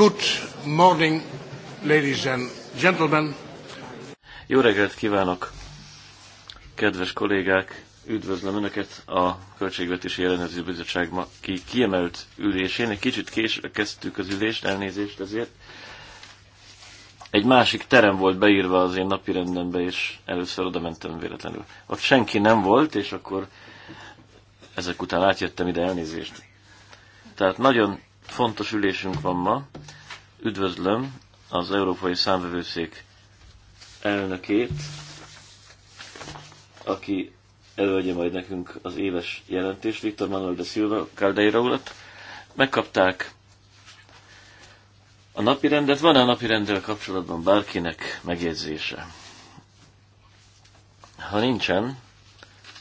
Good morning, ladies and gentlemen. Jó reggelt kívánok, kedves kollégák! Üdvözlöm Önöket a Költségvetési Ellenőrző Bizottság ma ki kiemelt ülésén. Egy kicsit késve kezdtük az ülést, elnézést ezért. Egy másik terem volt beírva az én napi rendembe, és először oda mentem véletlenül. Ott senki nem volt, és akkor ezek után átjöttem ide elnézést. Tehát nagyon Fontos ülésünk van ma. Üdvözlöm az Európai Számvevőszék elnökét, aki előadja majd nekünk az éves jelentést, Viktor Manuel de Silva Caldeira urat. Megkapták a napi rendet. Van-e a napi rendel kapcsolatban bárkinek megjegyzése? Ha nincsen,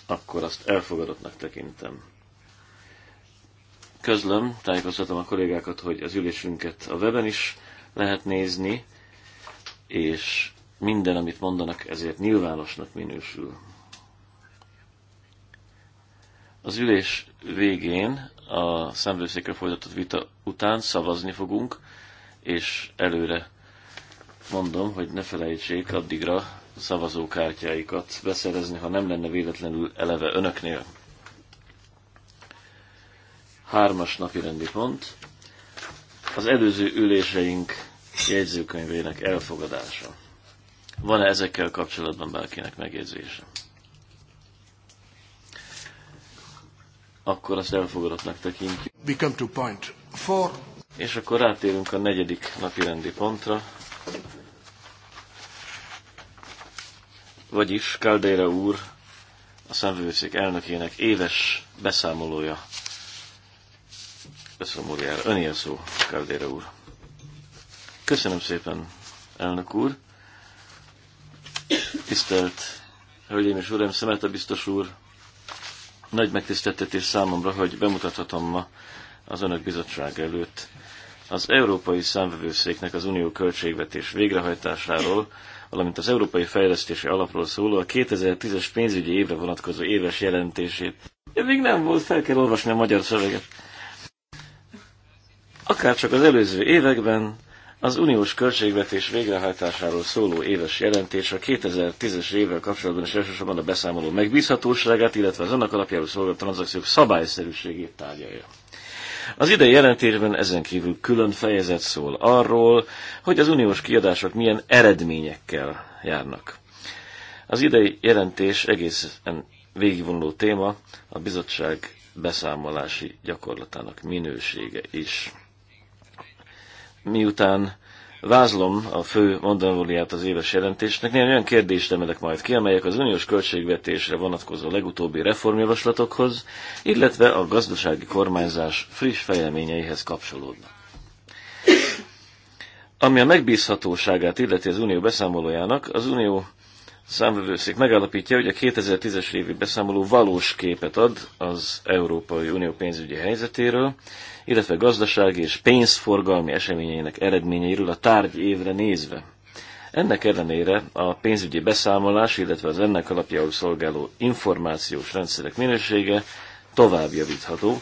akkor azt elfogadottnak tekintem. Közlöm, tájékoztatom a kollégákat, hogy az ülésünket a weben is lehet nézni, és minden, amit mondanak, ezért nyilvánosnak minősül. Az ülés végén a szemvőszékre folytatott vita után szavazni fogunk, és előre mondom, hogy ne felejtsék addigra szavazókártyáikat beszerezni, ha nem lenne véletlenül eleve önöknél hármas napi rendi pont, az előző üléseink jegyzőkönyvének elfogadása. Van-e ezekkel kapcsolatban bárkinek megjegyzése? Akkor azt elfogadottnak tekintjük. We come to point four. És akkor rátérünk a negyedik napi rendi pontra, vagyis Kaldéra úr, a szemvőszék elnökének éves beszámolója Köszönöm, úr jár. Ön szó, Kaldéra úr. Köszönöm szépen, elnök úr. Tisztelt Hölgyeim és Uraim, Szemete biztos úr, nagy megtiszteltetés számomra, hogy bemutathatom ma az Önök bizottság előtt az Európai Számvevőszéknek az Unió költségvetés végrehajtásáról, valamint az Európai Fejlesztési Alapról szóló a 2010-es pénzügyi évre vonatkozó éves jelentését. Én még nem volt, fel kell olvasni a magyar szöveget akár csak az előző években az uniós költségvetés végrehajtásáról szóló éves jelentés a 2010-es évvel kapcsolatban is elsősorban a beszámoló megbízhatóságát, illetve az annak alapjáról szóló tranzakciók szabályszerűségét tárgyalja. Az idei jelentésben ezen kívül külön fejezet szól arról, hogy az uniós kiadások milyen eredményekkel járnak. Az idei jelentés egészen végigvonuló téma a bizottság beszámolási gyakorlatának minősége is miután vázlom a fő mondanóliát az éves jelentésnek, néhány olyan kérdést emelek majd ki, amelyek az uniós költségvetésre vonatkozó legutóbbi reformjavaslatokhoz, illetve a gazdasági kormányzás friss fejleményeihez kapcsolódnak. Ami a megbízhatóságát illeti az unió beszámolójának, az unió számvevőszék megállapítja, hogy a 2010-es évi beszámoló valós képet ad az Európai Unió pénzügyi helyzetéről, illetve gazdasági és pénzforgalmi eseményeinek eredményeiről a tárgy évre nézve. Ennek ellenére a pénzügyi beszámolás, illetve az ennek alapjául szolgáló információs rendszerek minősége tovább javítható.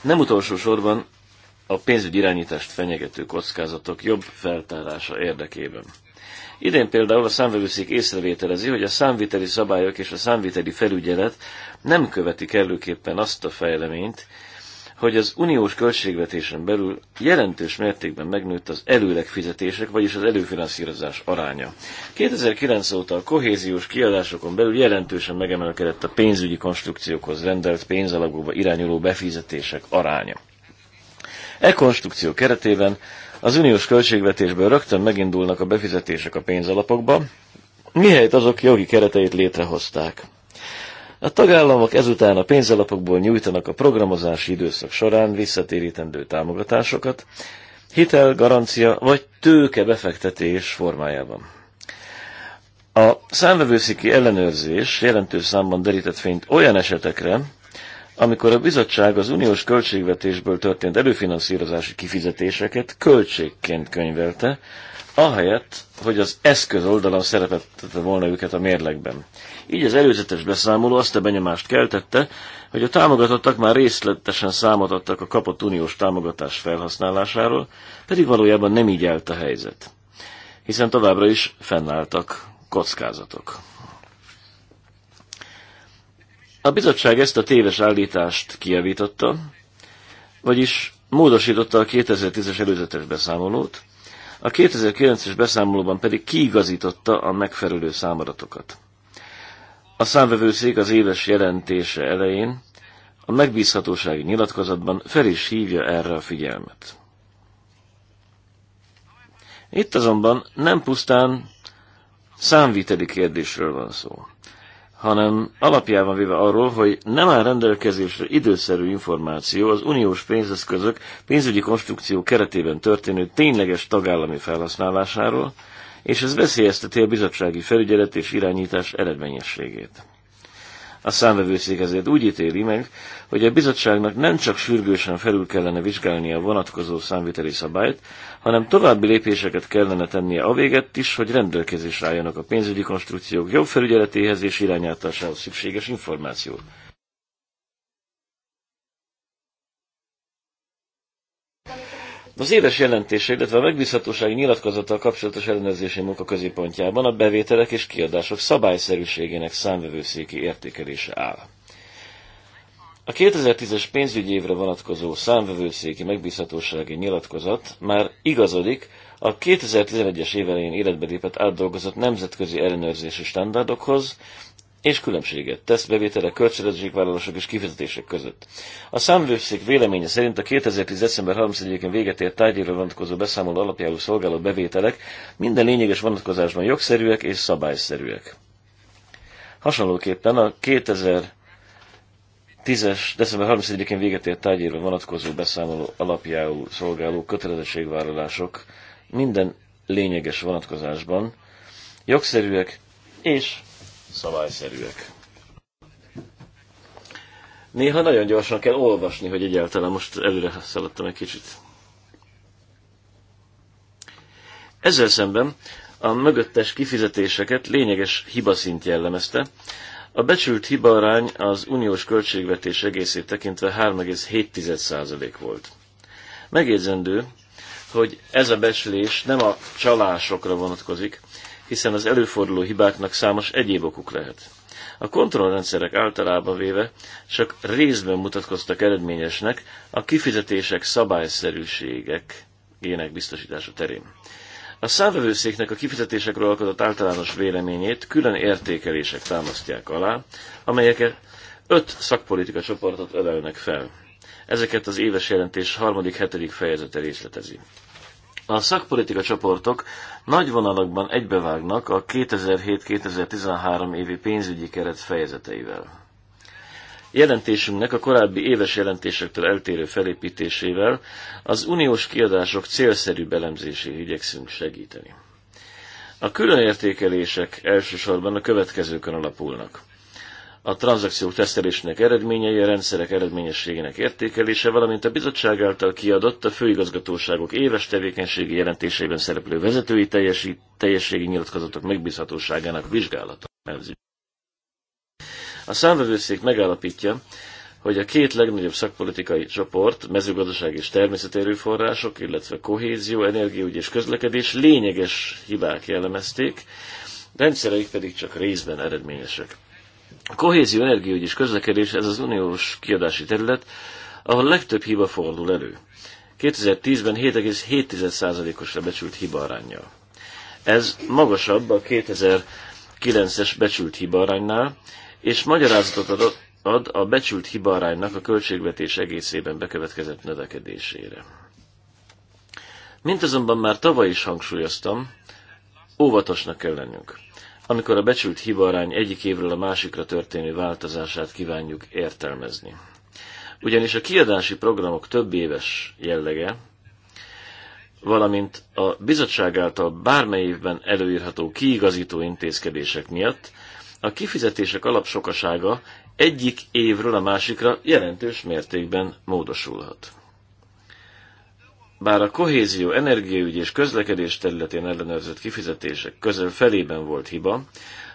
Nem utolsó sorban a pénzügyi irányítást fenyegető kockázatok jobb feltárása érdekében. Idén például a számvevőszék észrevételezi, hogy a számviteli szabályok és a számviteli felügyelet nem követi kellőképpen azt a fejleményt, hogy az uniós költségvetésen belül jelentős mértékben megnőtt az előleg fizetések, vagyis az előfinanszírozás aránya. 2009 óta a kohéziós kiadásokon belül jelentősen megemelkedett a pénzügyi konstrukciókhoz rendelt pénzalagúba irányuló befizetések aránya. E konstrukció keretében az uniós költségvetésből rögtön megindulnak a befizetések a pénzalapokba, mihelyt azok jogi kereteit létrehozták. A tagállamok ezután a pénzalapokból nyújtanak a programozási időszak során visszatérítendő támogatásokat, hitel, garancia vagy tőke befektetés formájában. A számvevőszéki ellenőrzés jelentős számban derített fényt olyan esetekre, amikor a bizottság az uniós költségvetésből történt előfinanszírozási kifizetéseket költségként könyvelte, ahelyett, hogy az eszköz oldalon szerepeltette volna őket a mérlegben. Így az előzetes beszámoló azt a benyomást keltette, hogy a támogatottak már részletesen számot adtak a kapott uniós támogatás felhasználásáról, pedig valójában nem így állt a helyzet, hiszen továbbra is fennálltak kockázatok. A bizottság ezt a téves állítást kijavította, vagyis módosította a 2010-es előzetes beszámolót, a 2009-es beszámolóban pedig kiigazította a megfelelő számadatokat a számvevőszék az éves jelentése elején a megbízhatósági nyilatkozatban fel is hívja erre a figyelmet. Itt azonban nem pusztán számviteli kérdésről van szó, hanem alapjában véve arról, hogy nem áll rendelkezésre időszerű információ az uniós pénzeszközök pénzügyi konstrukció keretében történő tényleges tagállami felhasználásáról, és ez veszélyezteti a bizottsági felügyelet és irányítás eredményességét. A számvevőszék ezért úgy ítéli meg, hogy a bizottságnak nem csak sürgősen felül kellene vizsgálnia a vonatkozó számviteli szabályt, hanem további lépéseket kellene tennie a véget is, hogy rendelkezésre álljanak a pénzügyi konstrukciók jobb felügyeletéhez és irányításához szükséges információk. Az éves jelentése, illetve a megbízhatósági nyilatkozattal kapcsolatos ellenőrzési munka középpontjában a bevételek és kiadások szabályszerűségének számvevőszéki értékelése áll. A 2010-es pénzügyi évre vonatkozó számvevőszéki megbízhatósági nyilatkozat már igazodik a 2011-es év elején életbe lépett átdolgozott nemzetközi ellenőrzési standardokhoz, és különbséget tesz bevételek, kölcsönözségvállalások és kifizetések között. A számvőszék véleménye szerint a 2010. december 31-én véget ért tárgyéről vonatkozó beszámoló alapjául szolgáló bevételek minden lényeges vonatkozásban jogszerűek és szabályszerűek. Hasonlóképpen a 2010-es december 31-én véget ért tárgyéről vonatkozó beszámoló alapjául szolgáló kötelezettségvállalások minden lényeges vonatkozásban jogszerűek és szabályszerűek. Néha nagyon gyorsan kell olvasni, hogy egyáltalán most előre szaladtam egy kicsit. Ezzel szemben a mögöttes kifizetéseket lényeges hibaszint jellemezte. A becsült hibarány az uniós költségvetés egészét tekintve 3,7% volt. Megjegyzendő, hogy ez a becslés nem a csalásokra vonatkozik, hiszen az előforduló hibáknak számos egyéb okuk lehet. A kontrollrendszerek általában véve csak részben mutatkoztak eredményesnek a kifizetések szabályszerűségének biztosítása terén. A számvevőszéknek a kifizetésekről alkotott általános véleményét külön értékelések támasztják alá, amelyeket öt szakpolitika csoportot ölelnek fel. Ezeket az éves jelentés harmadik, hetedik fejezete részletezi. A szakpolitika csoportok nagy vonalakban egybevágnak a 2007-2013 évi pénzügyi keret fejezeteivel. Jelentésünknek a korábbi éves jelentésektől eltérő felépítésével az uniós kiadások célszerű belemzésé igyekszünk segíteni. A különértékelések elsősorban a következőkön alapulnak a tranzakciók tesztelésének eredményei, a rendszerek eredményességének értékelése, valamint a bizottság által kiadott a főigazgatóságok éves tevékenységi jelentésében szereplő vezetői teljesi, teljességi nyilatkozatok megbízhatóságának vizsgálata. A számvevőszék megállapítja, hogy a két legnagyobb szakpolitikai csoport, mezőgazdaság és természetérőforrások, illetve kohézió, energiaügy és közlekedés lényeges hibák jellemezték, rendszereik pedig csak részben eredményesek. A kohézió, energiaügy és közlekedés, ez az uniós kiadási terület, ahol legtöbb hiba fordul elő. 2010-ben 7,7%-osra becsült aránya. Ez magasabb a 2009-es becsült aránynál, és magyarázatot ad a becsült hibaaránynak a költségvetés egészében bekövetkezett növekedésére. Mint azonban már tavaly is hangsúlyoztam, óvatosnak kell lennünk amikor a becsült hibarány egyik évről a másikra történő változását kívánjuk értelmezni. Ugyanis a kiadási programok több éves jellege, valamint a bizottság által bármely évben előírható kiigazító intézkedések miatt a kifizetések alapsokasága egyik évről a másikra jelentős mértékben módosulhat bár a kohézió, energiaügy és közlekedés területén ellenőrzött kifizetések közel felében volt hiba,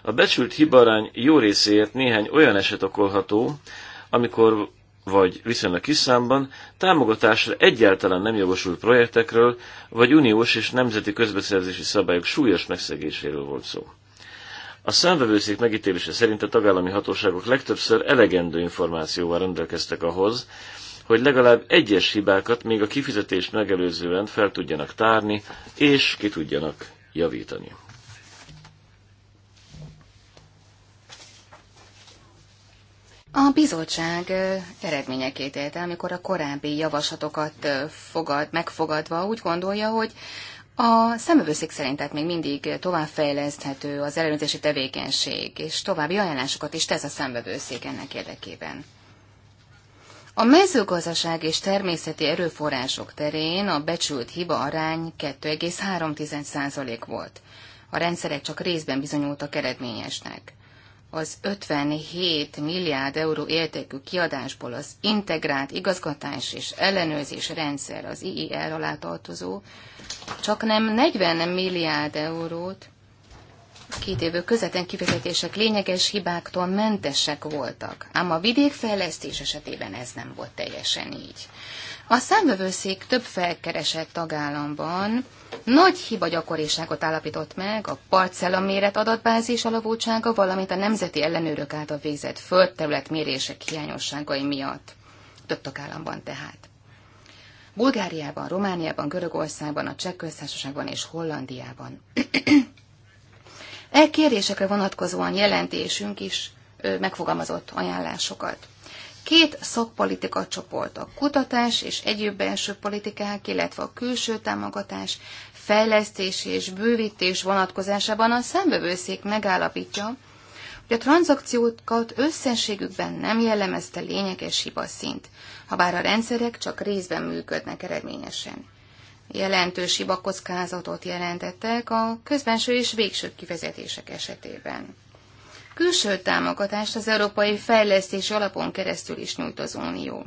a becsült hibarány jó részéért néhány olyan eset okolható, amikor vagy viszonylag kis számban támogatásra egyáltalán nem jogosult projektekről, vagy uniós és nemzeti közbeszerzési szabályok súlyos megszegéséről volt szó. A számvevőszék megítélése szerint a tagállami hatóságok legtöbbször elegendő információval rendelkeztek ahhoz, hogy legalább egyes hibákat még a kifizetés megelőzően fel tudjanak tárni, és ki tudjanak javítani. A bizottság eredményekét élte, amikor a korábbi javaslatokat fogad, megfogadva úgy gondolja, hogy a szemövőszék szerint tehát még mindig továbbfejleszthető az ellenőrzési tevékenység, és további ajánlásokat is tesz a szemövőszék ennek érdekében. A mezőgazdaság és természeti erőforrások terén a becsült hiba arány 2,3% volt. A rendszerek csak részben bizonyultak eredményesnek. Az 57 milliárd euró értékű kiadásból az integrált igazgatás és ellenőrzés rendszer, az IIR alá tartozó, csak nem 40 milliárd eurót két évő közvetlen kifizetések lényeges hibáktól mentesek voltak, ám a vidékfejlesztés esetében ez nem volt teljesen így. A számövőszék több felkeresett tagállamban nagy hiba gyakoriságot állapított meg a parcella méret adatbázis alavultsága, valamint a nemzeti ellenőrök által végzett földterület mérések hiányosságai miatt. Több tagállamban tehát. Bulgáriában, Romániában, Görögországban, a Cseh köztársaságban és Hollandiában. E kérdésekre vonatkozóan jelentésünk is megfogalmazott ajánlásokat. Két szakpolitika csoport, a kutatás és egyéb belső politikák, illetve a külső támogatás, fejlesztés és bővítés vonatkozásában a szembevőszék megállapítja, hogy a tranzakciókat összességükben nem jellemezte lényeges hibaszint, ha bár a rendszerek csak részben működnek eredményesen jelentős hibakockázatot jelentettek a közbenső és végső kivezetések esetében. Külső támogatást az Európai Fejlesztési Alapon keresztül is nyújt az Unió.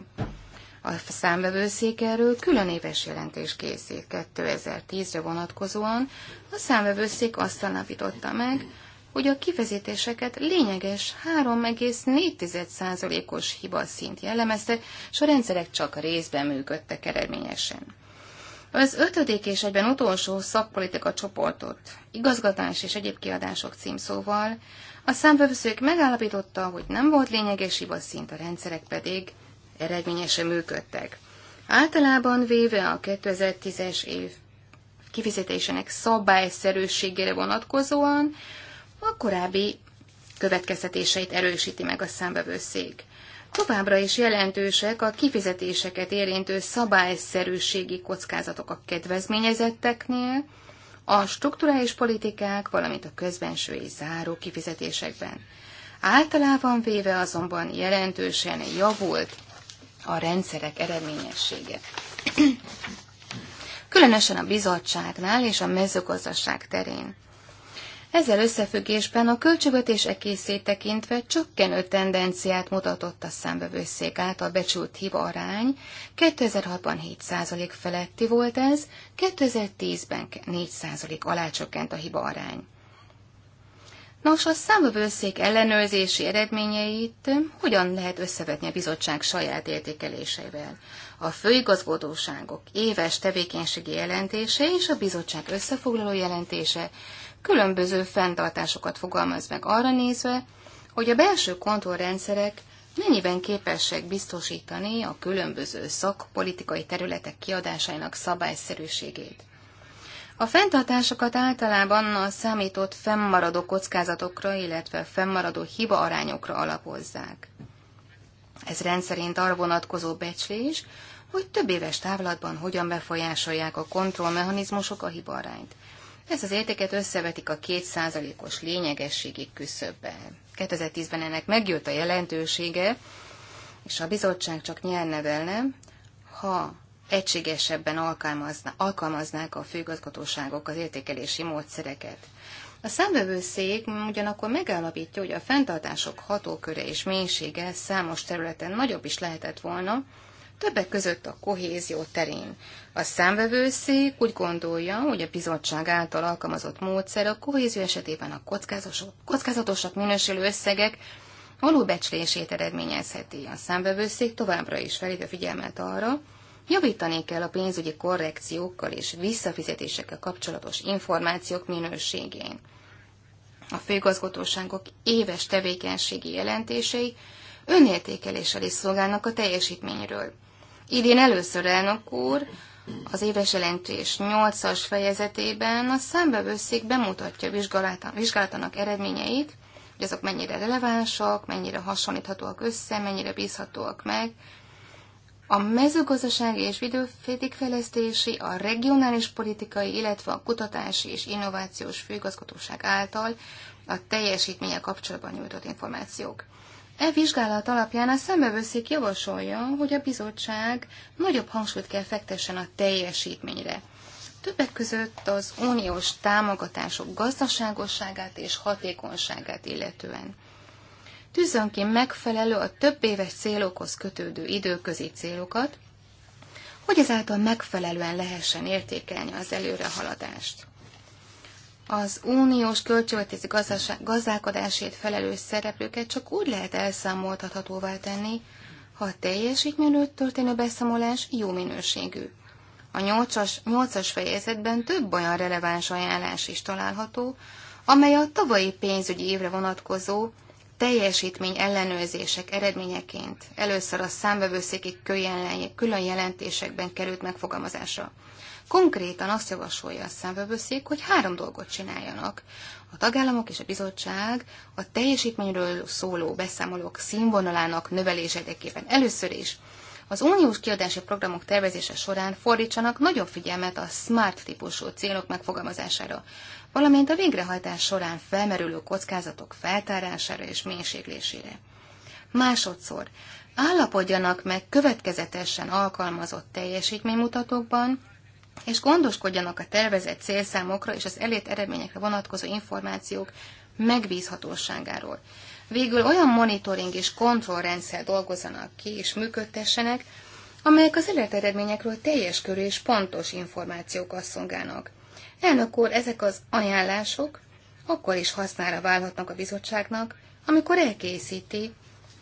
A számvevőszék erről külön éves jelentés készít 2010-re vonatkozóan. A számvevőszék azt állapította meg, hogy a kifezetéseket lényeges 3,4%-os hiba szint jellemezte, és a rendszerek csak részben működtek eredményesen. Az ötödik és egyben utolsó szakpolitika csoportot, igazgatás és egyéb kiadások címszóval, a számbevőszék megállapította, hogy nem volt lényeges szint, a rendszerek pedig eredményesen működtek. Általában véve a 2010-es év kifizetésének szabályszerűségére vonatkozóan a korábbi következtetéseit erősíti meg a számbevőszék. Továbbra is jelentősek a kifizetéseket érintő szabályszerűségi kockázatok a kedvezményezetteknél, a strukturális politikák, valamint a közbenső és záró kifizetésekben. Általában véve azonban jelentősen javult a rendszerek eredményessége. Különösen a bizottságnál és a mezőgazdaság terén. Ezzel összefüggésben a költségvetés egészét tekintve csökkenő tendenciát mutatott a számbevőszék által becsült hiba arány. 2006-ban 7% feletti volt ez, 2010-ben 4% alá csökkent a hiba arány. Nos, a számbevőszék ellenőrzési eredményeit hogyan lehet összevetni a bizottság saját értékeléseivel? A főigazgatóságok éves tevékenységi jelentése és a bizottság összefoglaló jelentése különböző fenntartásokat fogalmaz meg arra nézve, hogy a belső kontrollrendszerek mennyiben képesek biztosítani a különböző szakpolitikai területek kiadásainak szabályszerűségét. A fenntartásokat általában a számított fennmaradó kockázatokra, illetve fennmaradó hiba arányokra alapozzák. Ez rendszerint arra vonatkozó becslés, hogy több éves távlatban hogyan befolyásolják a kontrollmechanizmusok a arányt. Ezt az értéket összevetik a két százalékos lényegességi küszöbben. 2010-ben ennek megjött a jelentősége, és a bizottság csak nyerne vele, ha egységesebben alkalmazna, alkalmaznák a főgazgatóságok az értékelési módszereket. A számvevőszék ugyanakkor megállapítja, hogy a fenntartások hatóköre és mélysége számos területen nagyobb is lehetett volna, többek között a kohézió terén. A számvevőszék úgy gondolja, hogy a bizottság által alkalmazott módszer a kohézió esetében a kockázatosak minősülő összegek alulbecslését eredményezheti. A számvevőszék továbbra is felhívja figyelmet arra, javítani kell a pénzügyi korrekciókkal és visszafizetésekkel kapcsolatos információk minőségén. A főgazgatóságok éves tevékenységi jelentései önértékeléssel is szolgálnak a teljesítményről. Idén először elnök úr az éves jelentés 8-as fejezetében a számbevőszék bemutatja vizsgálatának eredményeit, hogy azok mennyire relevánsak, mennyire hasonlíthatóak össze, mennyire bízhatóak meg. A mezőgazdasági és vidőfédik fejlesztési, a regionális politikai, illetve a kutatási és innovációs főigazgatóság által a teljesítménye kapcsolatban nyújtott információk. E vizsgálat alapján a szemövőszék javasolja, hogy a bizottság nagyobb hangsúlyt kell fektessen a teljesítményre. Többek között az uniós támogatások gazdaságosságát és hatékonyságát illetően. Tűzönként megfelelő a több éves célokhoz kötődő időközi célokat, hogy ezáltal megfelelően lehessen értékelni az előrehaladást az uniós költségvetési gazdálkodásért felelős szereplőket csak úgy lehet elszámoltathatóvá tenni, ha a teljesítményről történő beszámolás jó minőségű. A nyolcas nyolcas fejezetben több olyan releváns ajánlás is található, amely a tavalyi pénzügyi évre vonatkozó teljesítmény ellenőrzések eredményeként először a számbevőszéki külön jelentésekben került megfogalmazásra konkrétan azt javasolja a számvevőszék, hogy három dolgot csináljanak. A tagállamok és a bizottság a teljesítményről szóló beszámolók színvonalának növelése érdekében először is az uniós kiadási programok tervezése során fordítsanak nagyobb figyelmet a smart típusú célok megfogalmazására, valamint a végrehajtás során felmerülő kockázatok feltárására és mélységlésére. Másodszor, állapodjanak meg következetesen alkalmazott teljesítménymutatókban, és gondoskodjanak a tervezett célszámokra és az elért eredményekre vonatkozó információk megbízhatóságáról. Végül olyan monitoring és kontrollrendszer dolgozzanak ki és működtessenek, amelyek az elért eredményekről teljes körű és pontos információkat szolgálnak. Elnök úr, ezek az ajánlások akkor is hasznára válhatnak a bizottságnak, amikor elkészíti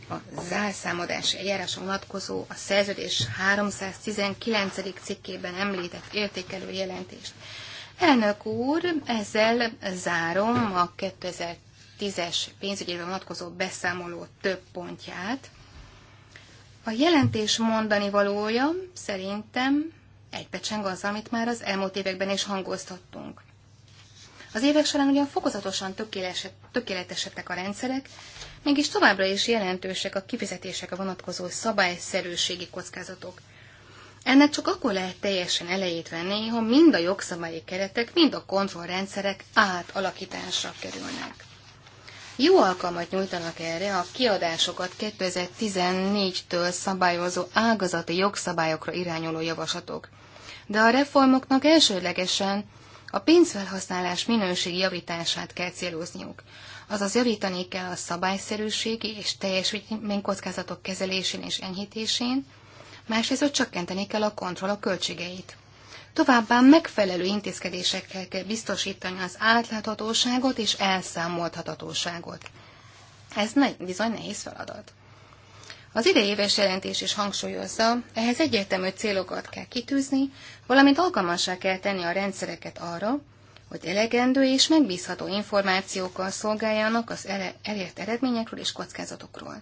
a zárszámadás eljárásra vonatkozó a szerződés 319. cikkében említett értékelő jelentést. Elnök úr, ezzel zárom a 2010-es pénzügyére vonatkozó beszámoló több pontját. A jelentés mondani valója szerintem egybecseng az, amit már az elmúlt években is hangoztattunk. Az évek során ugyan fokozatosan tökéletesedtek a rendszerek, mégis továbbra is jelentősek a a vonatkozó szabályszerűségi kockázatok. Ennek csak akkor lehet teljesen elejét venni, ha mind a jogszabályi keretek, mind a kontrollrendszerek átalakításra kerülnek. Jó alkalmat nyújtanak erre a kiadásokat 2014-től szabályozó ágazati jogszabályokra irányuló javaslatok, de a reformoknak elsődlegesen a pénzfelhasználás minőségi javítását kell célozniuk. Azaz javítani kell a szabályszerűségi és teljes kockázatok kezelésén és enyhítésén, másrészt csökkenteni kell a kontroll a költségeit. Továbbá megfelelő intézkedésekkel kell biztosítani az átláthatóságot és elszámolthatatóságot. Ez ne, bizony nehéz feladat. Az éves jelentés is hangsúlyozza, ehhez egyértelmű célokat kell kitűzni, valamint alkalmassá kell tenni a rendszereket arra, hogy elegendő és megbízható információkkal szolgáljanak az elért eredményekről és kockázatokról.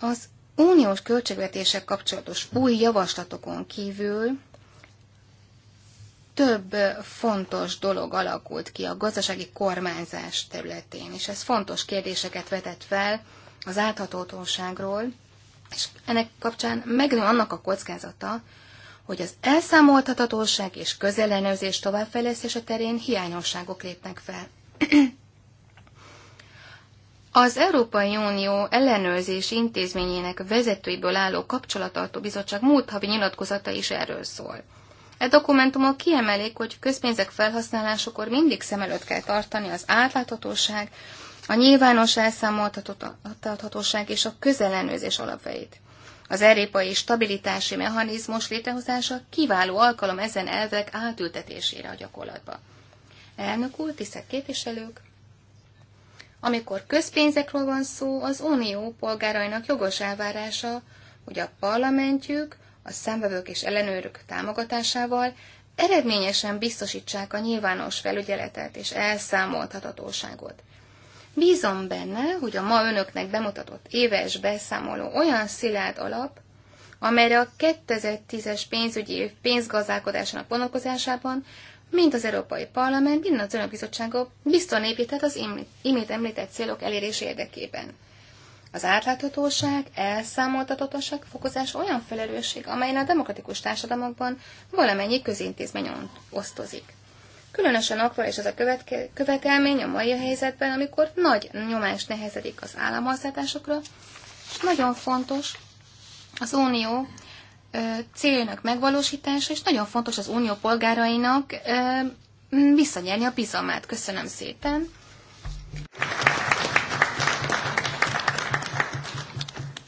Az uniós költségvetések kapcsolatos új javaslatokon kívül több fontos dolog alakult ki a gazdasági kormányzás területén, és ez fontos kérdéseket vetett fel az áthatótóságról, és ennek kapcsán megnő annak a kockázata, hogy az elszámolthatatóság és közellenőrzés továbbfejlesztése terén hiányosságok lépnek fel. Az Európai Unió ellenőrzési intézményének vezetőiből álló kapcsolatartó bizottság múlt havi nyilatkozata is erről szól. E dokumentumok kiemelik, hogy közpénzek felhasználásakor mindig szem előtt kell tartani az átláthatóság, a nyilvános elszámoltathatóság és a közelenőzés alapveit. Az erépai stabilitási mechanizmus létrehozása kiváló alkalom ezen elvek átültetésére a gyakorlatba. Elnök úr, tisztelt képviselők! Amikor közpénzekről van szó, az unió polgárainak jogos elvárása, hogy a parlamentjük, a számvevők és ellenőrök támogatásával eredményesen biztosítsák a nyilvános felügyeletet és elszámolthatatóságot. Bízom benne, hogy a ma önöknek bemutatott éves beszámoló olyan szilárd alap, amelyre a 2010-es pénzügyi év pénzgazdálkodásának vonatkozásában, mint az Európai Parlament, mind az Önök Bizottsága biztosan épített az imént említett célok elérés érdekében. Az átláthatóság, elszámoltatottaság fokozás olyan felelősség, amelyen a demokratikus társadalmakban valamennyi közintézmény osztozik. Különösen akkor, is ez a követke, követelmény a mai helyzetben, amikor nagy nyomás nehezedik az államháztartásokra, és nagyon fontos az unió céljának megvalósítása, és nagyon fontos az unió polgárainak visszanyerni a bizalmát. Köszönöm szépen!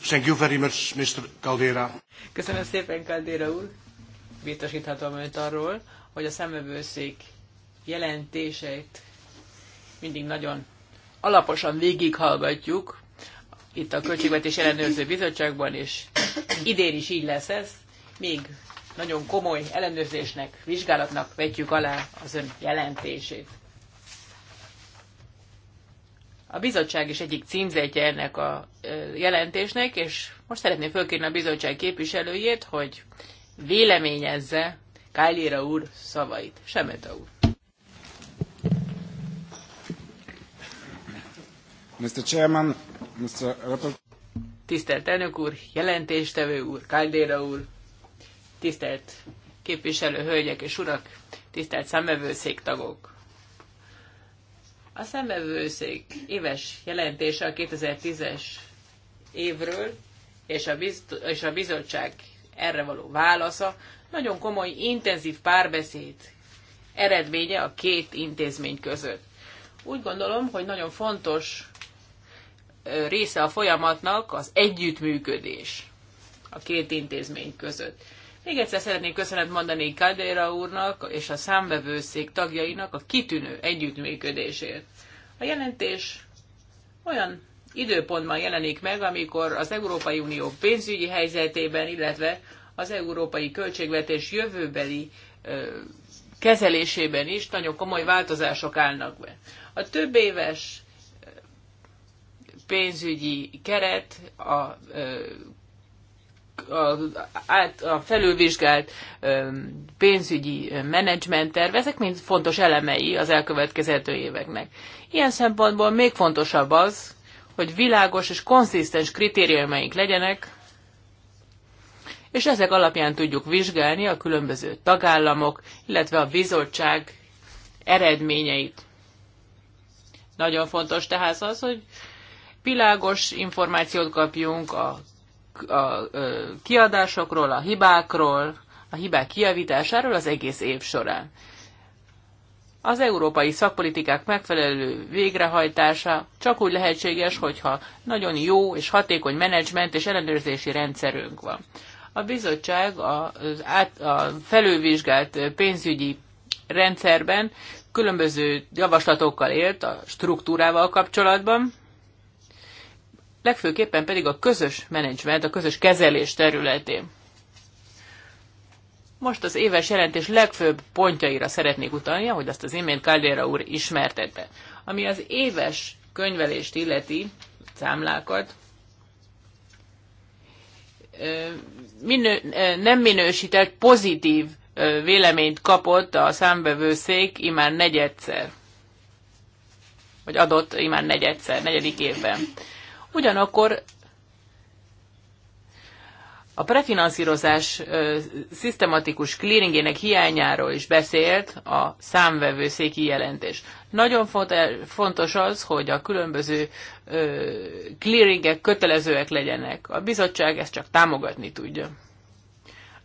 Thank you very much, Mr. Caldera. Köszönöm szépen, Caldera úr! Biztosíthatom őt arról, hogy a szemövőszék jelentéseit mindig nagyon alaposan végighallgatjuk itt a Költségvetés Ellenőrző Bizottságban, és idén is így lesz ez. Még nagyon komoly ellenőrzésnek, vizsgálatnak vetjük alá az ön jelentését. A bizottság is egyik címzetje ennek a jelentésnek, és most szeretném fölkérni a bizottság képviselőjét, hogy véleményezze Kálira úr szavait. Semeta úr. Mr. Chairman, Mr. Rapport... Tisztelt elnök úr, jelentéstevő úr, Kaldéra úr, tisztelt képviselő hölgyek és urak, tisztelt számvevőszék tagok. A számvevőszék éves jelentése a 2010-es évről és a, bizt- és a bizottság erre való válasza nagyon komoly, intenzív párbeszéd eredménye a két intézmény között. Úgy gondolom, hogy nagyon fontos része a folyamatnak az együttműködés a két intézmény között. Még egyszer szeretnék köszönet mondani Kadeira úrnak és a számbevőszék tagjainak a kitűnő együttműködésért. A jelentés olyan időpontban jelenik meg, amikor az Európai Unió pénzügyi helyzetében, illetve az európai költségvetés jövőbeli ö, kezelésében is nagyon komoly változások állnak be. A több éves pénzügyi keret, a, a, a, a felülvizsgált pénzügyi menedzsmentterv, ezek mind fontos elemei az elkövetkezhető éveknek. Ilyen szempontból még fontosabb az, hogy világos és konszisztens kritériumaink legyenek, és ezek alapján tudjuk vizsgálni a különböző tagállamok, illetve a bizottság eredményeit. Nagyon fontos tehát az, hogy világos információt kapjunk a, a, a kiadásokról, a hibákról, a hibák kijavításáról az egész év során. Az európai szakpolitikák megfelelő végrehajtása csak úgy lehetséges, hogyha nagyon jó és hatékony menedzsment és ellenőrzési rendszerünk van. A bizottság a, a, a felülvizsgált pénzügyi rendszerben különböző javaslatokkal élt a struktúrával kapcsolatban, legfőképpen pedig a közös menedzsment, a közös kezelés területén. Most az éves jelentés legfőbb pontjaira szeretnék utalni, hogy azt az imént Caldera úr ismertette. Ami az éves könyvelést illeti, számlákat, minő, nem minősített pozitív véleményt kapott a számbevőszék imán negyedszer. Vagy adott imán negyedszer, negyedik évben. Ugyanakkor a prefinanszírozás szisztematikus clearingének hiányáról is beszélt a számvevőszéki jelentés. Nagyon fontos az, hogy a különböző clearingek kötelezőek legyenek. A bizottság ezt csak támogatni tudja.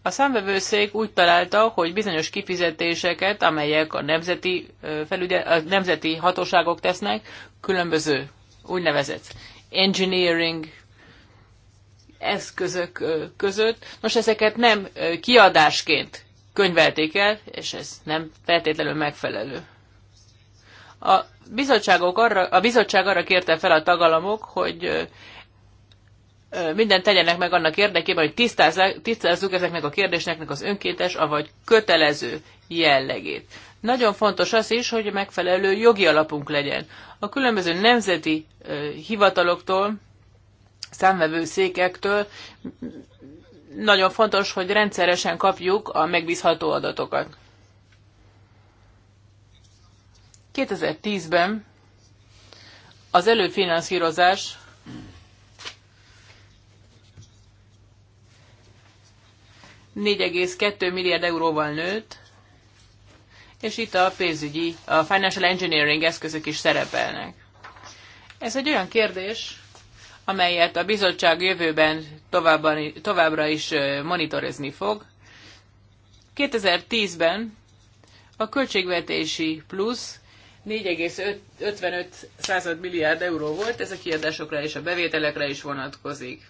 A számvevőszék úgy találta, hogy bizonyos kifizetéseket, amelyek a nemzeti, felügye, a nemzeti hatóságok tesznek, különböző úgynevezett engineering eszközök között. Nos, ezeket nem kiadásként könyvelték el, és ez nem feltétlenül megfelelő. A, bizottságok arra, a bizottság arra kérte fel a tagalamok, hogy mindent tegyenek meg annak érdekében, hogy tisztázzuk ezeknek a kérdéseknek az önkéntes, avagy kötelező jellegét. Nagyon fontos az is, hogy megfelelő jogi alapunk legyen. A különböző nemzeti hivataloktól, székektől nagyon fontos, hogy rendszeresen kapjuk a megbízható adatokat. 2010-ben az előfinanszírozás ...4,2 milliárd euróval nőtt, és itt a pénzügyi, a financial engineering eszközök is szerepelnek. Ez egy olyan kérdés, amelyet a bizottság jövőben továbbra is monitorozni fog. 2010-ben a költségvetési plusz 4,55 milliárd euró volt, ez a kiadásokra és a bevételekre is vonatkozik.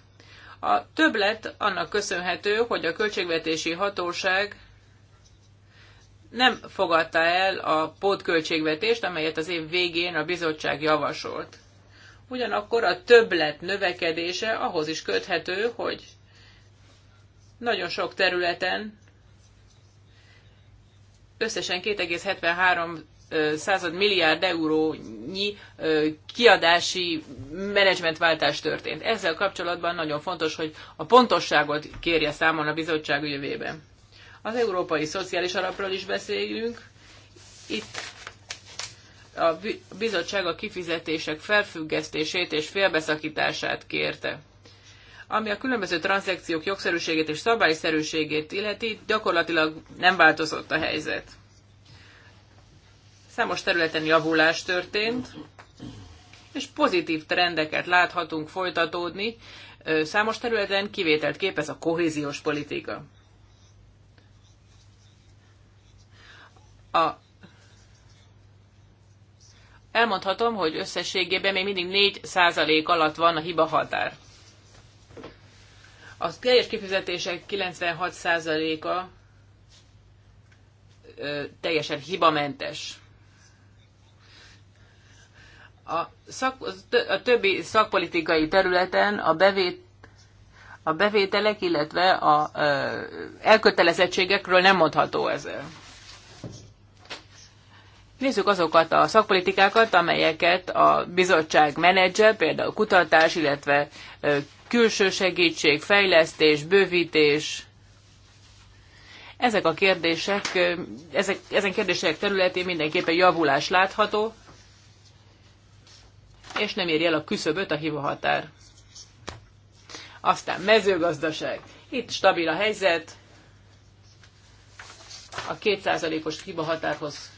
A többlet annak köszönhető, hogy a költségvetési hatóság nem fogadta el a pótköltségvetést, amelyet az év végén a bizottság javasolt. Ugyanakkor a többlet növekedése ahhoz is köthető, hogy nagyon sok területen összesen 2,73 század milliárd eurónyi kiadási menedzsmentváltás történt. Ezzel kapcsolatban nagyon fontos, hogy a pontosságot kérje számon a bizottság jövőben. Az Európai Szociális Alapról is beszélünk. Itt a bizottság a kifizetések felfüggesztését és félbeszakítását kérte. Ami a különböző tranzakciók jogszerűségét és szabályszerűségét illeti, gyakorlatilag nem változott a helyzet. Számos területen javulás történt, és pozitív trendeket láthatunk folytatódni. Számos területen kivételt képez a kohéziós politika. A Elmondhatom, hogy összességében még mindig 4 százalék alatt van a hiba határ. A teljes kifizetések 96 százaléka teljesen hibamentes. A, szak, a többi szakpolitikai területen a bevét a bevételek, illetve a a elkötelezettségekről nem mondható ezzel. Nézzük azokat a szakpolitikákat, amelyeket a bizottság menedzser, például kutatás, illetve külső segítség, fejlesztés, bővítés. Ezek a kérdések, ezek, ezen kérdések területén mindenképpen javulás látható, és nem érje el a küszöböt a hivahatár. Aztán mezőgazdaság. Itt stabil a helyzet, a kétszázalékos hibahatárhoz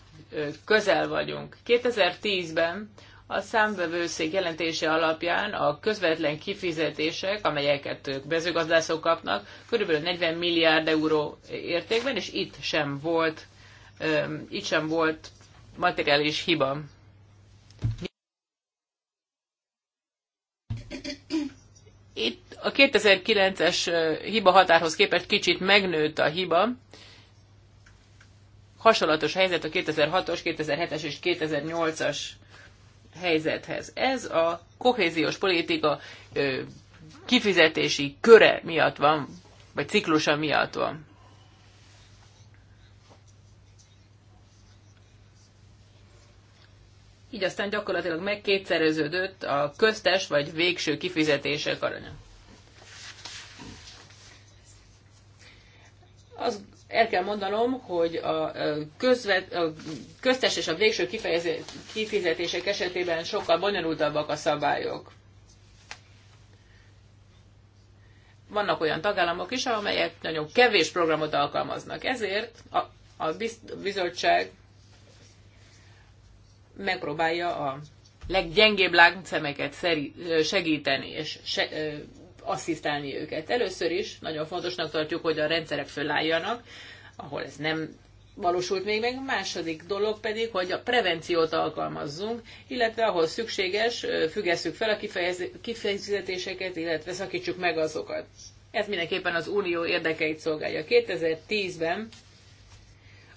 közel vagyunk. 2010-ben a számvevőszék jelentése alapján a közvetlen kifizetések, amelyeket ők mezőgazdászok kapnak, kb. 40 milliárd euró értékben, és itt sem volt, itt sem volt materiális hiba. Itt a 2009-es hiba határhoz képest kicsit megnőtt a hiba, hasonlatos helyzet a 2006-os, 2007-es és 2008-as helyzethez. Ez a kohéziós politika kifizetési köre miatt van, vagy ciklusa miatt van. Így aztán gyakorlatilag megkétszereződött a köztes vagy végső kifizetések aranya. Az, el kell mondanom, hogy a, közvet, a köztes és a végső kifizetések esetében sokkal bonyolultabbak a szabályok. Vannak olyan tagállamok is, amelyek nagyon kevés programot alkalmaznak. Ezért a, a bizottság megpróbálja a leggyengébb láncszemeket segíteni és asszisztálni őket. Először is nagyon fontosnak tartjuk, hogy a rendszerek fölálljanak, ahol ez nem valósult még meg. második dolog pedig, hogy a prevenciót alkalmazzunk, illetve ahol szükséges, függesszük fel a kifejezéseket, illetve szakítsuk meg azokat. Ez mindenképpen az unió érdekeit szolgálja. 2010-ben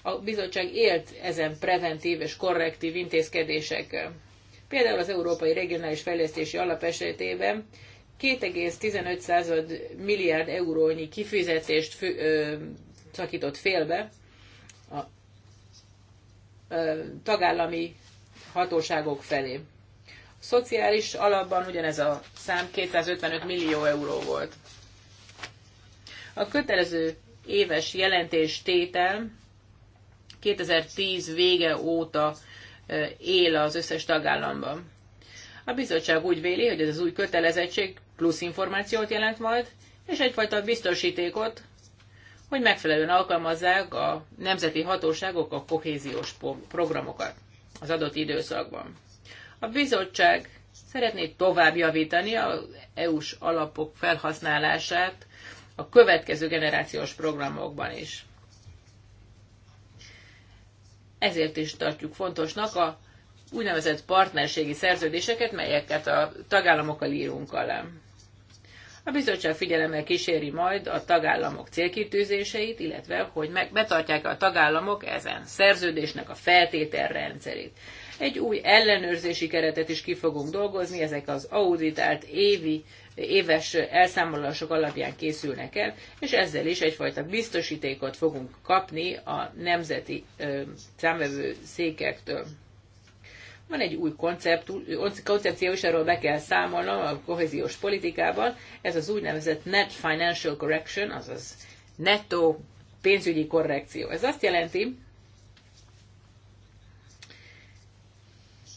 a bizottság élt ezen preventív és korrektív intézkedésekkel. Például az Európai Regionális Fejlesztési Alap esetében 2,15 milliárd eurónyi kifizetést fő, ö, szakított félbe a ö, tagállami hatóságok felé. A szociális alapban ugyanez a szám 255 millió euró volt. A kötelező éves jelentés tétel 2010 vége óta él az összes tagállamban. A bizottság úgy véli, hogy ez az új kötelezettség plusz információt jelent majd, és egyfajta biztosítékot, hogy megfelelően alkalmazzák a nemzeti hatóságok a kohéziós programokat az adott időszakban. A bizottság szeretné tovább javítani az EU-s alapok felhasználását a következő generációs programokban is. Ezért is tartjuk fontosnak a úgynevezett partnerségi szerződéseket, melyeket a tagállamokkal írunk alá. A bizottság figyelemmel kíséri majd a tagállamok célkitűzéseit, illetve hogy meg, betartják a tagállamok ezen szerződésnek a feltételrendszerét. Egy új ellenőrzési keretet is ki fogunk dolgozni, ezek az auditált évi, éves elszámolások alapján készülnek el, és ezzel is egyfajta biztosítékot fogunk kapni a nemzeti ö, számvevő székektől. Van egy új koncepció, és erről be kell számolnom a kohéziós politikában, ez az úgynevezett net financial correction, azaz netto pénzügyi korrekció. Ez azt jelenti,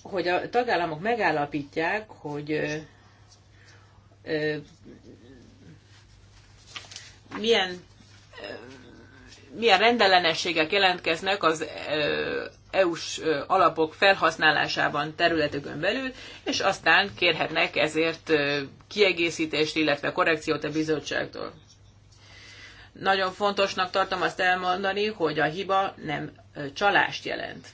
hogy a tagállamok megállapítják, hogy ö, ö, milyen, ö, milyen rendellenességek jelentkeznek az EU-s alapok felhasználásában területükön belül, és aztán kérhetnek ezért kiegészítést, illetve korrekciót a bizottságtól. Nagyon fontosnak tartom azt elmondani, hogy a hiba nem csalást jelent.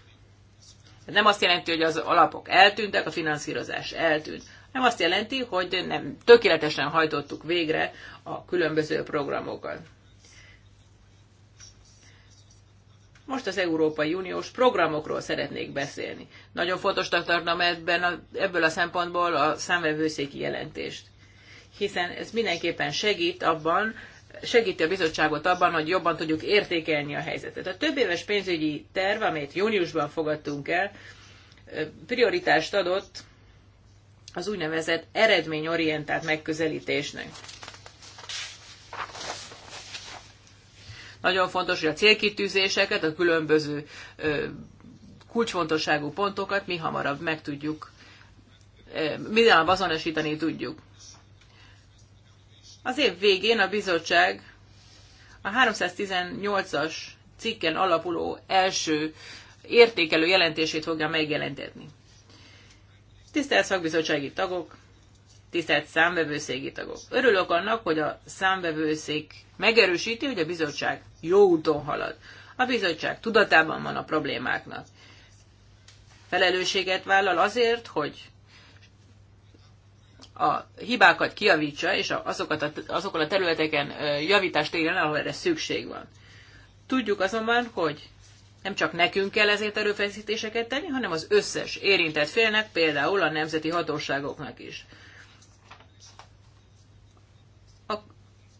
Nem azt jelenti, hogy az alapok eltűntek, a finanszírozás eltűnt, hanem azt jelenti, hogy nem tökéletesen hajtottuk végre a különböző programokat. Most az Európai Uniós programokról szeretnék beszélni. Nagyon fontosnak tartom ebben a, ebből a szempontból a számvevőszéki jelentést, hiszen ez mindenképpen segít abban, segíti a bizottságot abban, hogy jobban tudjuk értékelni a helyzetet. A több éves pénzügyi terv, amit júniusban fogadtunk el, prioritást adott az úgynevezett eredményorientált megközelítésnek. Nagyon fontos, hogy a célkitűzéseket, a különböző kulcsfontosságú pontokat mi hamarabb meg tudjuk, minden azonosítani tudjuk. Az év végén a bizottság a 318-as cikken alapuló első értékelő jelentését fogja megjelentetni. Tisztelt szakbizottsági tagok, tisztelt számvevőszégi tagok! Örülök annak, hogy a számvevőszék megerősíti, hogy a bizottság jó úton halad. A bizottság tudatában van a problémáknak. Felelősséget vállal azért, hogy a hibákat kiavítsa, és azokat a, azokon a területeken javítást érjen, ahol erre szükség van. Tudjuk azonban, hogy nem csak nekünk kell ezért erőfeszítéseket tenni, hanem az összes érintett félnek, például a nemzeti hatóságoknak is.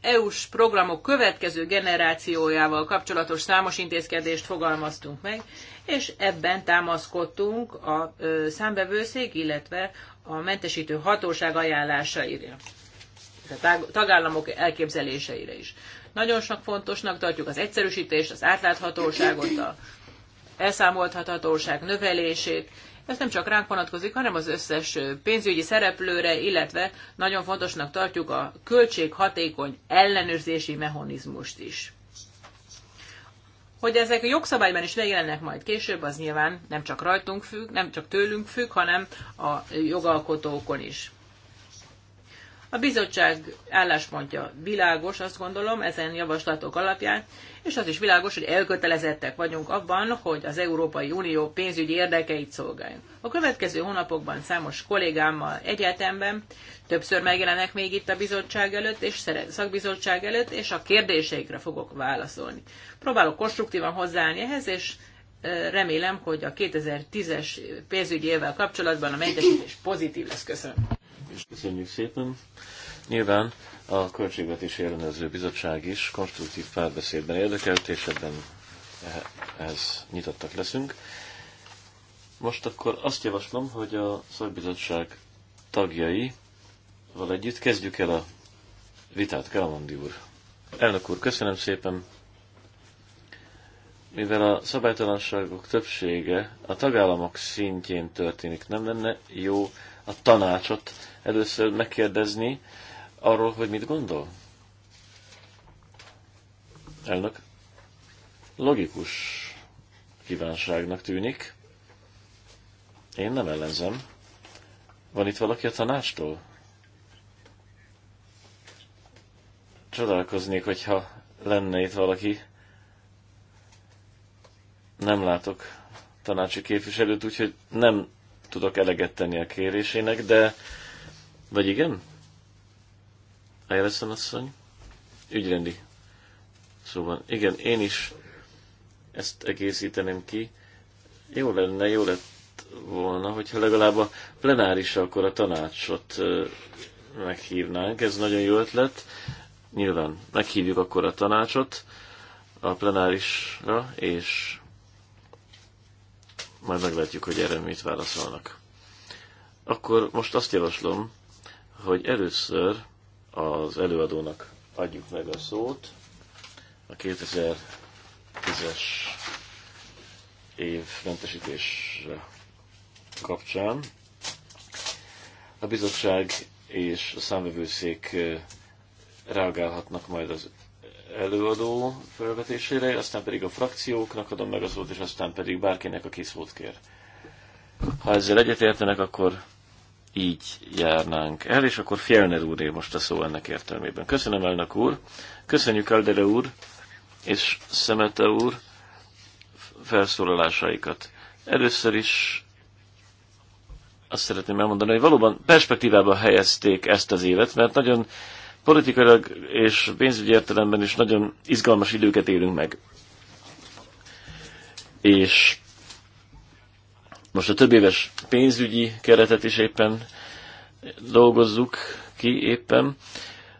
EU-s programok következő generációjával kapcsolatos számos intézkedést fogalmaztunk meg, és ebben támaszkodtunk a számbevőszék, illetve a mentesítő hatóság ajánlásaira, a tagállamok elképzeléseire is. Nagyon sok fontosnak tartjuk az egyszerűsítést, az átláthatóságot, a elszámoltathatóság növelését. Ez nem csak ránk vonatkozik, hanem az összes pénzügyi szereplőre, illetve nagyon fontosnak tartjuk a költséghatékony ellenőrzési mechanizmust is. Hogy ezek a jogszabályban is megjelennek majd később, az nyilván nem csak rajtunk függ, nem csak tőlünk függ, hanem a jogalkotókon is. A bizottság álláspontja világos, azt gondolom, ezen javaslatok alapján, és az is világos, hogy elkötelezettek vagyunk abban, hogy az Európai Unió pénzügyi érdekeit szolgáljunk. A következő hónapokban számos kollégámmal egyetemben többször megjelenek még itt a bizottság előtt, és szakbizottság előtt, és a kérdéseikre fogok válaszolni. Próbálok konstruktívan hozzáállni ehhez, és remélem, hogy a 2010-es pénzügyi évvel kapcsolatban a mentesítés pozitív lesz. Köszönöm. Köszönjük szépen. Nyilván a Költségvetési Ellenőrző Bizottság is konstruktív párbeszédben érdekelt, és ebben ehhez nyitottak leszünk. Most akkor azt javaslom, hogy a szakbizottság tagjai val együtt kezdjük el a vitát, Kalmandi úr. Elnök úr, köszönöm szépen. Mivel a szabálytalanságok többsége a tagállamok szintjén történik, nem lenne jó a tanácsot először megkérdezni arról, hogy mit gondol. Elnök logikus kívánságnak tűnik. Én nem ellenzem. Van itt valaki a tanástól? Csodálkoznék, hogyha lenne itt valaki. Nem látok tanácsi képviselőt, úgyhogy nem tudok eleget tenni a kérésének, de vagy igen? Elveszem asszony? Ügyrendi. Szóval, igen, én is ezt egészíteném ki. Jó lenne, jó lett volna, hogyha legalább a plenáris akkor a tanácsot meghívnánk. Ez nagyon jó ötlet. Nyilván meghívjuk akkor a tanácsot a plenárisra, és majd meglátjuk, hogy erre mit válaszolnak. Akkor most azt javaslom, hogy először az előadónak adjuk meg a szót a 2010-es év mentesítés kapcsán. A bizottság és a számvevőszék reagálhatnak majd az előadó felvetésére, aztán pedig a frakcióknak adom meg a szót, és aztán pedig bárkinek, aki szót kér. Ha ezzel egyetértenek, akkor így járnánk el, és akkor Fjellner úré most a szó ennek értelmében. Köszönöm, elnök úr, köszönjük Eldere úr és Szemete úr felszólalásaikat. Először is azt szeretném elmondani, hogy valóban perspektívába helyezték ezt az évet, mert nagyon politikailag és pénzügyi értelemben is nagyon izgalmas időket élünk meg. És most a több éves pénzügyi keretet is éppen dolgozzuk ki éppen,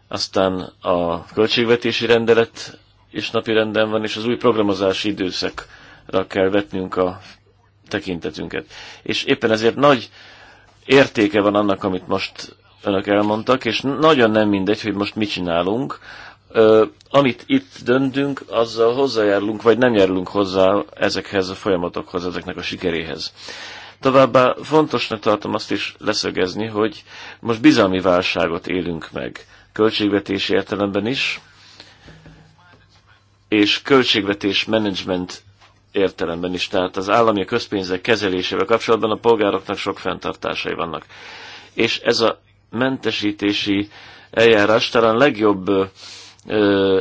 aztán a költségvetési rendelet is napi renden van, és az új programozási időszakra kell vetnünk a tekintetünket. És éppen ezért nagy értéke van annak, amit most önök elmondtak, és nagyon nem mindegy, hogy most mit csinálunk, amit itt döntünk, azzal hozzájárulunk, vagy nem járulunk hozzá ezekhez a folyamatokhoz, ezeknek a sikeréhez. Továbbá fontosnak tartom azt is leszögezni, hogy most bizalmi válságot élünk meg, költségvetési értelemben is, és költségvetés menedzsment értelemben is, tehát az állami közpénzek kezelésével kapcsolatban a polgároknak sok fenntartásai vannak. És ez a mentesítési eljárás talán legjobb ö,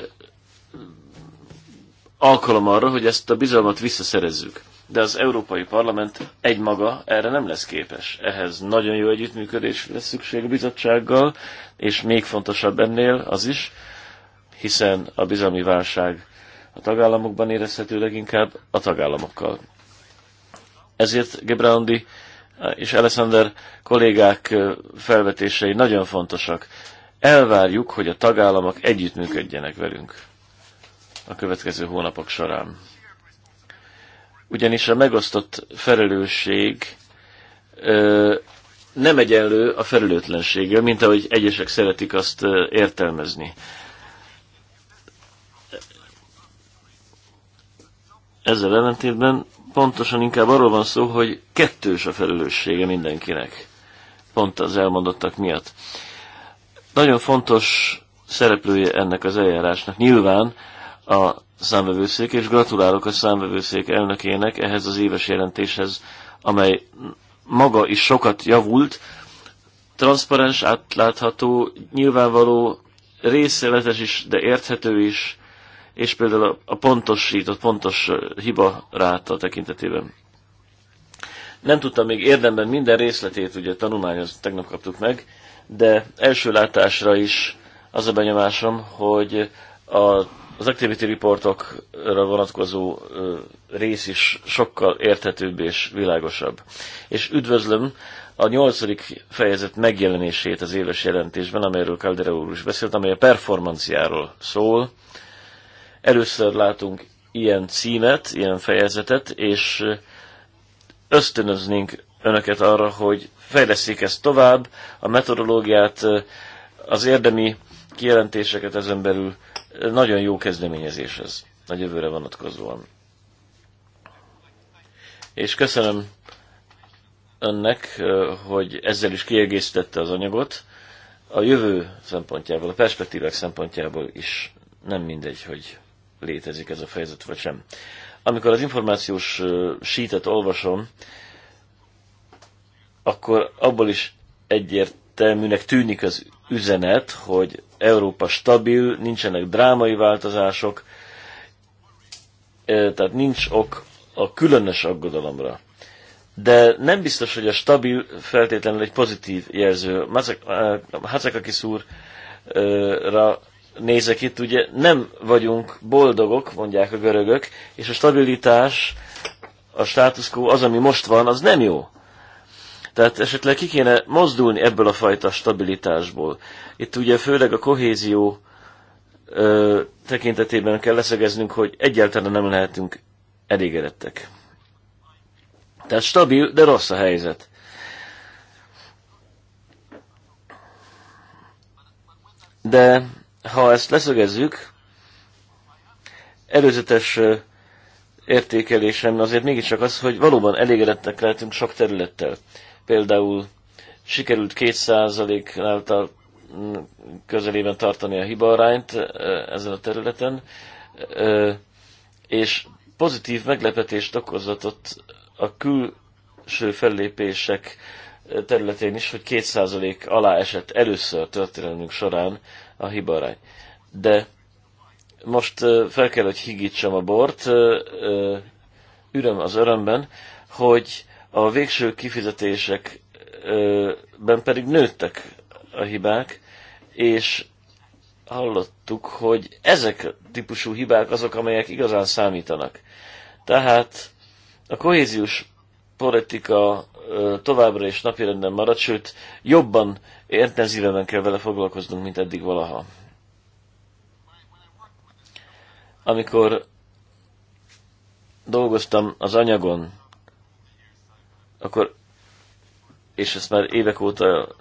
alkalom arra, hogy ezt a bizalmat visszaszerezzük. De az Európai Parlament egymaga erre nem lesz képes. Ehhez nagyon jó együttműködés lesz szükség a bizottsággal, és még fontosabb ennél az is, hiszen a bizalmi válság a tagállamokban érezhető leginkább a tagállamokkal. Ezért Gebrandi és Alexander kollégák felvetései nagyon fontosak elvárjuk, hogy a tagállamok együttműködjenek velünk a következő hónapok során. Ugyanis a megosztott felelősség ö, nem egyenlő a felelőtlenséggel, mint ahogy egyesek szeretik azt értelmezni. Ezzel ellentétben pontosan inkább arról van szó, hogy kettős a felelőssége mindenkinek. Pont az elmondottak miatt. Nagyon fontos szereplője ennek az eljárásnak nyilván a számvevőszék, és gratulálok a számvevőszék elnökének ehhez az éves jelentéshez, amely maga is sokat javult, transzparens, átlátható, nyilvánvaló, részletes is, de érthető is, és például a pontosított, pontos hiba ráta tekintetében. Nem tudtam még érdemben minden részletét, ugye tanulmányozni, tegnap kaptuk meg, de első látásra is az a benyomásom, hogy a az activity reportokra vonatkozó rész is sokkal érthetőbb és világosabb. És üdvözlöm a nyolcadik fejezet megjelenését az éves jelentésben, amelyről Caldera úr is beszélt, amely a performanciáról szól. Először látunk ilyen címet, ilyen fejezetet, és ösztönöznénk önöket arra, hogy fejleszik ezt tovább, a metodológiát, az érdemi kijelentéseket ezen belül nagyon jó kezdeményezés ez a jövőre vonatkozóan. És köszönöm önnek, hogy ezzel is kiegészítette az anyagot. A jövő szempontjából, a perspektívák szempontjából is nem mindegy, hogy létezik ez a fejezet vagy sem. Amikor az információs sítet olvasom, akkor abból is egyértelműnek tűnik az üzenet, hogy Európa stabil, nincsenek drámai változások, tehát nincs ok a különös aggodalomra. De nem biztos, hogy a stabil feltétlenül egy pozitív jelző. Hacekakis úrra nézek itt, ugye nem vagyunk boldogok, mondják a görögök, és a stabilitás, a status quo, az, ami most van, az nem jó. Tehát esetleg ki kéne mozdulni ebből a fajta stabilitásból. Itt ugye főleg a kohézió ö, tekintetében kell leszegeznünk, hogy egyáltalán nem lehetünk elégedettek. Tehát stabil, de rossz a helyzet. De ha ezt leszögezzük, előzetes értékelésem azért mégiscsak az, hogy valóban elégedettek lehetünk sok területtel. Például sikerült 2% által közelében tartani a hibarányt ezen a területen, és pozitív meglepetést ott a külső fellépések területén is, hogy 2% alá esett először történelmünk során a hibarány. De most fel kell, hogy higítsam a bort, üröm az örömben, hogy a végső kifizetésekben pedig nőttek a hibák, és hallottuk, hogy ezek a típusú hibák azok, amelyek igazán számítanak. Tehát a kohéziós politika továbbra is napirenden marad, sőt, jobban, intenzívebben kell vele foglalkoznunk, mint eddig valaha. Amikor dolgoztam az anyagon, akkor, és ezt már évek óta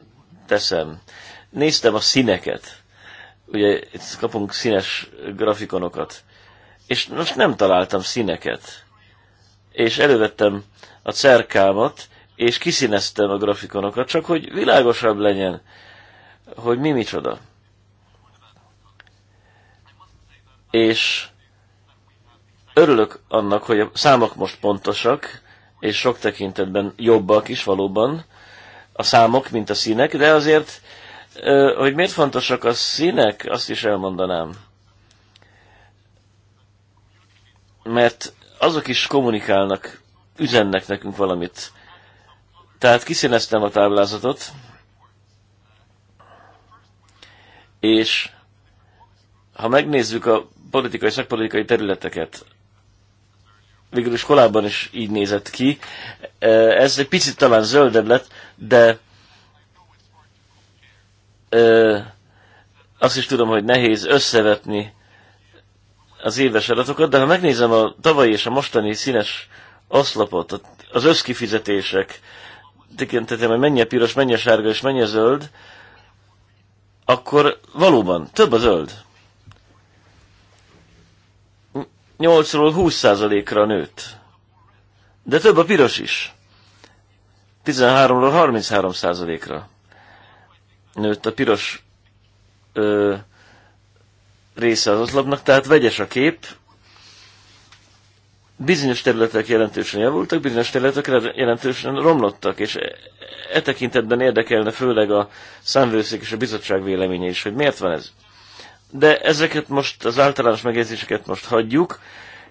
teszem, néztem a színeket. Ugye itt kapunk színes grafikonokat. És most nem találtam színeket. És elővettem a cerkámat, és kiszíneztem a grafikonokat, csak hogy világosabb legyen, hogy mi micsoda. És örülök annak, hogy a számok most pontosak, és sok tekintetben jobbak is valóban a számok, mint a színek, de azért, hogy miért fontosak a színek, azt is elmondanám. Mert azok is kommunikálnak, üzennek nekünk valamit. Tehát kiszíneztem a táblázatot, és ha megnézzük a politikai, szakpolitikai területeket, végül is korábban is így nézett ki. Ez egy picit talán zöldebb lett, de azt is tudom, hogy nehéz összevetni az éves adatokat, de ha megnézem a tavalyi és a mostani színes oszlopot, az összkifizetések, tekintetem, hogy mennyi a piros, mennyi a sárga és mennyi a zöld, akkor valóban több a zöld. 8-ról 20%-ra nőtt. De több a piros is. 13-ról 33%-ra nőtt a piros ö, része az oszlopnak, tehát vegyes a kép. Bizonyos területek jelentősen javultak, bizonyos területek jelentősen romlottak, és e, e tekintetben érdekelne főleg a számvőszék és a bizottság véleménye is, hogy miért van ez. De ezeket most, az általános megjegyzéseket most hagyjuk,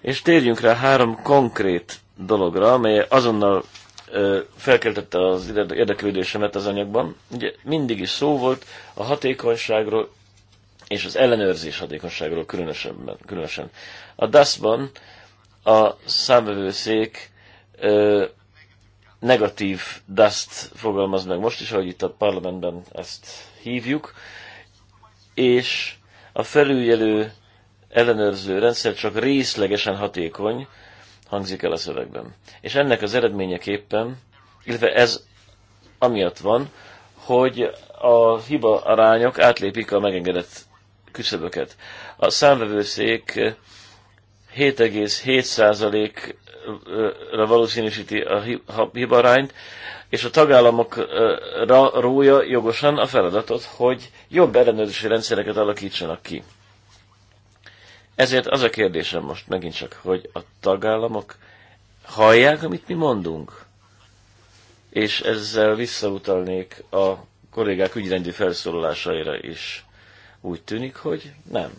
és térjünk rá három konkrét dologra, amely azonnal ö, felkeltette az érdeklődésemet az anyagban. Ugye mindig is szó volt a hatékonyságról, és az ellenőrzés hatékonyságról különösen. különösen. A DAS-ban a számvevőszék ö, negatív DAS-t fogalmaz meg most is, ahogy itt a parlamentben ezt hívjuk, és a felüljelő ellenőrző rendszer csak részlegesen hatékony, hangzik el a szövegben. És ennek az eredményeképpen, illetve ez amiatt van, hogy a hiba arányok átlépik a megengedett küszöböket. A számvevőszék 7,7%-ra valószínűsíti a hibarányt, és a tagállamokra rója jogosan a feladatot, hogy jobb ellenőrzési rendszereket alakítsanak ki. Ezért az a kérdésem most megint csak, hogy a tagállamok hallják, amit mi mondunk? És ezzel visszautalnék a kollégák ügyrendi felszólalásaira is. Úgy tűnik, hogy nem.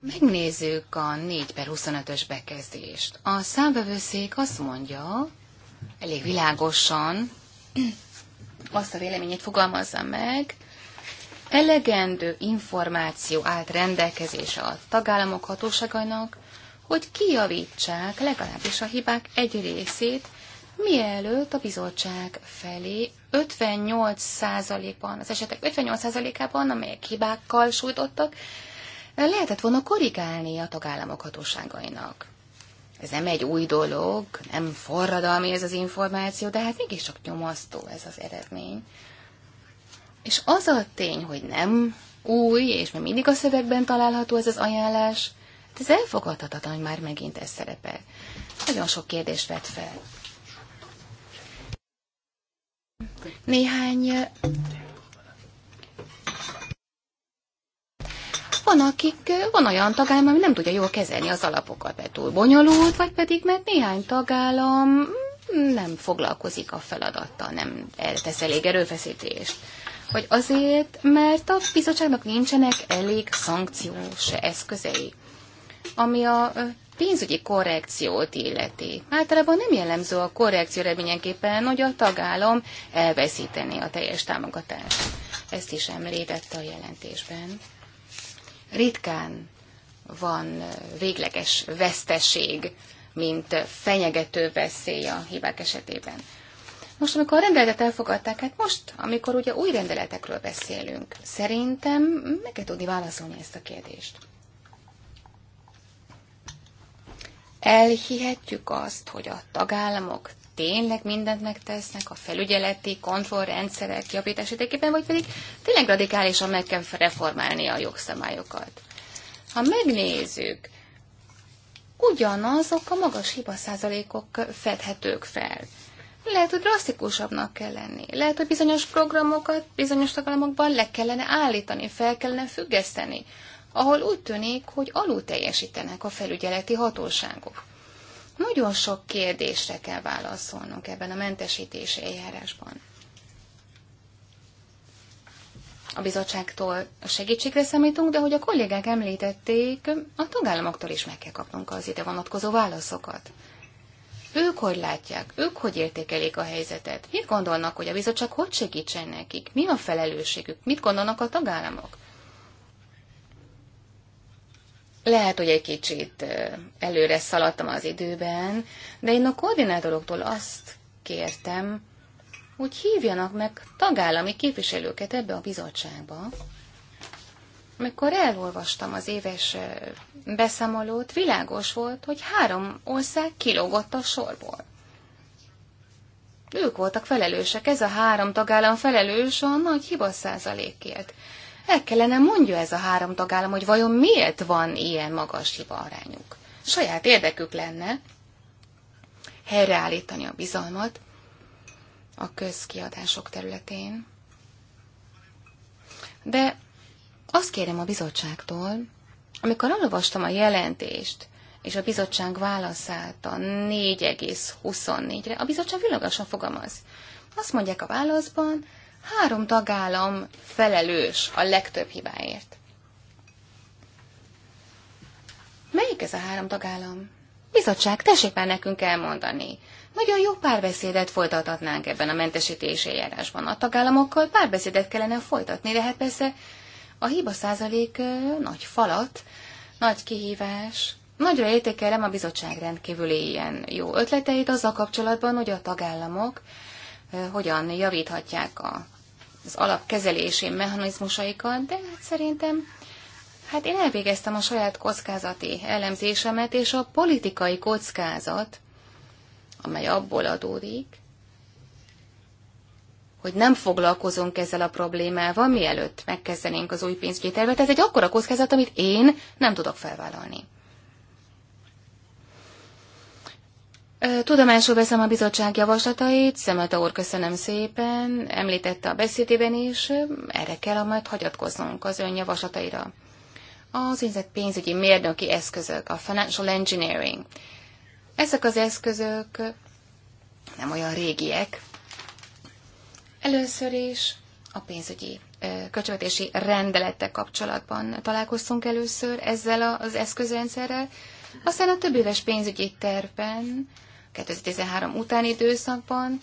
Megnézzük a 4 per 25-ös bekezdést. A számvevőszék azt mondja, elég világosan azt a véleményét fogalmazza meg, elegendő információ állt rendelkezése a tagállamok hatóságainak, hogy kijavítsák legalábbis a hibák egy részét, mielőtt a bizottság felé 58%-ban, az esetek 58%-ában, amelyek hibákkal sújtottak, lehetett volna korrigálni a tagállamok hatóságainak ez nem egy új dolog, nem forradalmi ez az információ, de hát mégiscsak nyomasztó ez az eredmény. És az a tény, hogy nem új, és még mindig a szövegben található ez az ajánlás, hát ez elfogadhatatlan, hogy már megint ez szerepel. Nagyon sok kérdést vett fel. Néhány Van, akik, van olyan tagállam, ami nem tudja jól kezelni az alapokat, mert túl bonyolult, vagy pedig mert néhány tagállam nem foglalkozik a feladattal, nem tesz elég erőfeszítést. Vagy azért, mert a bizottságnak nincsenek elég szankciós eszközei, ami a pénzügyi korrekciót illeti. Általában nem jellemző a korrekció reményenképpen, hogy a tagállam elveszíteni a teljes támogatást. Ezt is említette a jelentésben ritkán van végleges veszteség, mint fenyegető veszély a hibák esetében. Most, amikor a rendeletet elfogadták, hát most, amikor ugye új rendeletekről beszélünk, szerintem meg kell tudni válaszolni ezt a kérdést. Elhihetjük azt, hogy a tagállamok tényleg mindent megtesznek a felügyeleti kontrollrendszerek javítás érdekében, vagy pedig tényleg radikálisan meg kell reformálni a jogszabályokat. Ha megnézzük, ugyanazok a magas hibaszázalékok fedhetők fel. Lehet, hogy drasztikusabbnak kell lenni. Lehet, hogy bizonyos programokat bizonyos tagállamokban le kellene állítani, fel kellene függeszteni, ahol úgy tűnik, hogy alul teljesítenek a felügyeleti hatóságok. Nagyon sok kérdésre kell válaszolnunk ebben a mentesítési eljárásban. A bizottságtól segítségre számítunk, de hogy a kollégák említették, a tagállamoktól is meg kell kapnunk az ide vonatkozó válaszokat. Ők hogy látják, ők hogy értékelik a helyzetet, mit gondolnak, hogy a bizottság hogy segítsen nekik, mi a felelősségük, mit gondolnak a tagállamok. Lehet, hogy egy kicsit előre szaladtam az időben, de én a koordinátoroktól azt kértem, hogy hívjanak meg tagállami képviselőket ebbe a bizottságba. Amikor elolvastam az éves beszámolót, világos volt, hogy három ország kilógott a sorból. Ők voltak felelősek, ez a három tagállam felelős a nagy hiba százalékért. El kellene mondja ez a három tagállam, hogy vajon miért van ilyen magas hiba arányuk. Saját érdekük lenne helyreállítani a bizalmat a közkiadások területén. De azt kérem a bizottságtól, amikor olvastam a jelentést, és a bizottság válaszát a 4,24-re, a bizottság világosan fogalmaz. Azt mondják a válaszban, Három tagállam felelős a legtöbb hibáért. Melyik ez a három tagállam? Bizottság, tessék már nekünk elmondani. Nagyon jó párbeszédet folytathatnánk ebben a mentesítési eljárásban. A tagállamokkal párbeszédet kellene folytatni, de hát persze a hiba százalék nagy falat, nagy kihívás. Nagyra értékelem a bizottság rendkívüli ilyen jó ötleteit azzal kapcsolatban, hogy a tagállamok hogyan javíthatják a, az alapkezelési mechanizmusaikat, de hát szerintem hát én elvégeztem a saját kockázati elemzésemet, és a politikai kockázat, amely abból adódik, hogy nem foglalkozunk ezzel a problémával, mielőtt megkezdenénk az új pénzügyi tervet, ez egy akkora kockázat, amit én nem tudok felvállalni. Tudomásul veszem a bizottság javaslatait, Szemete úr köszönöm szépen, említette a beszédében is, erre kell majd hagyatkoznunk az ön javaslataira. Az úgynevezett pénzügyi mérnöki eszközök, a financial engineering. Ezek az eszközök nem olyan régiek. Először is a pénzügyi költségvetési rendelettel kapcsolatban találkoztunk először ezzel az eszközrendszerrel, aztán a több éves pénzügyi tervben 2013 utáni időszakban.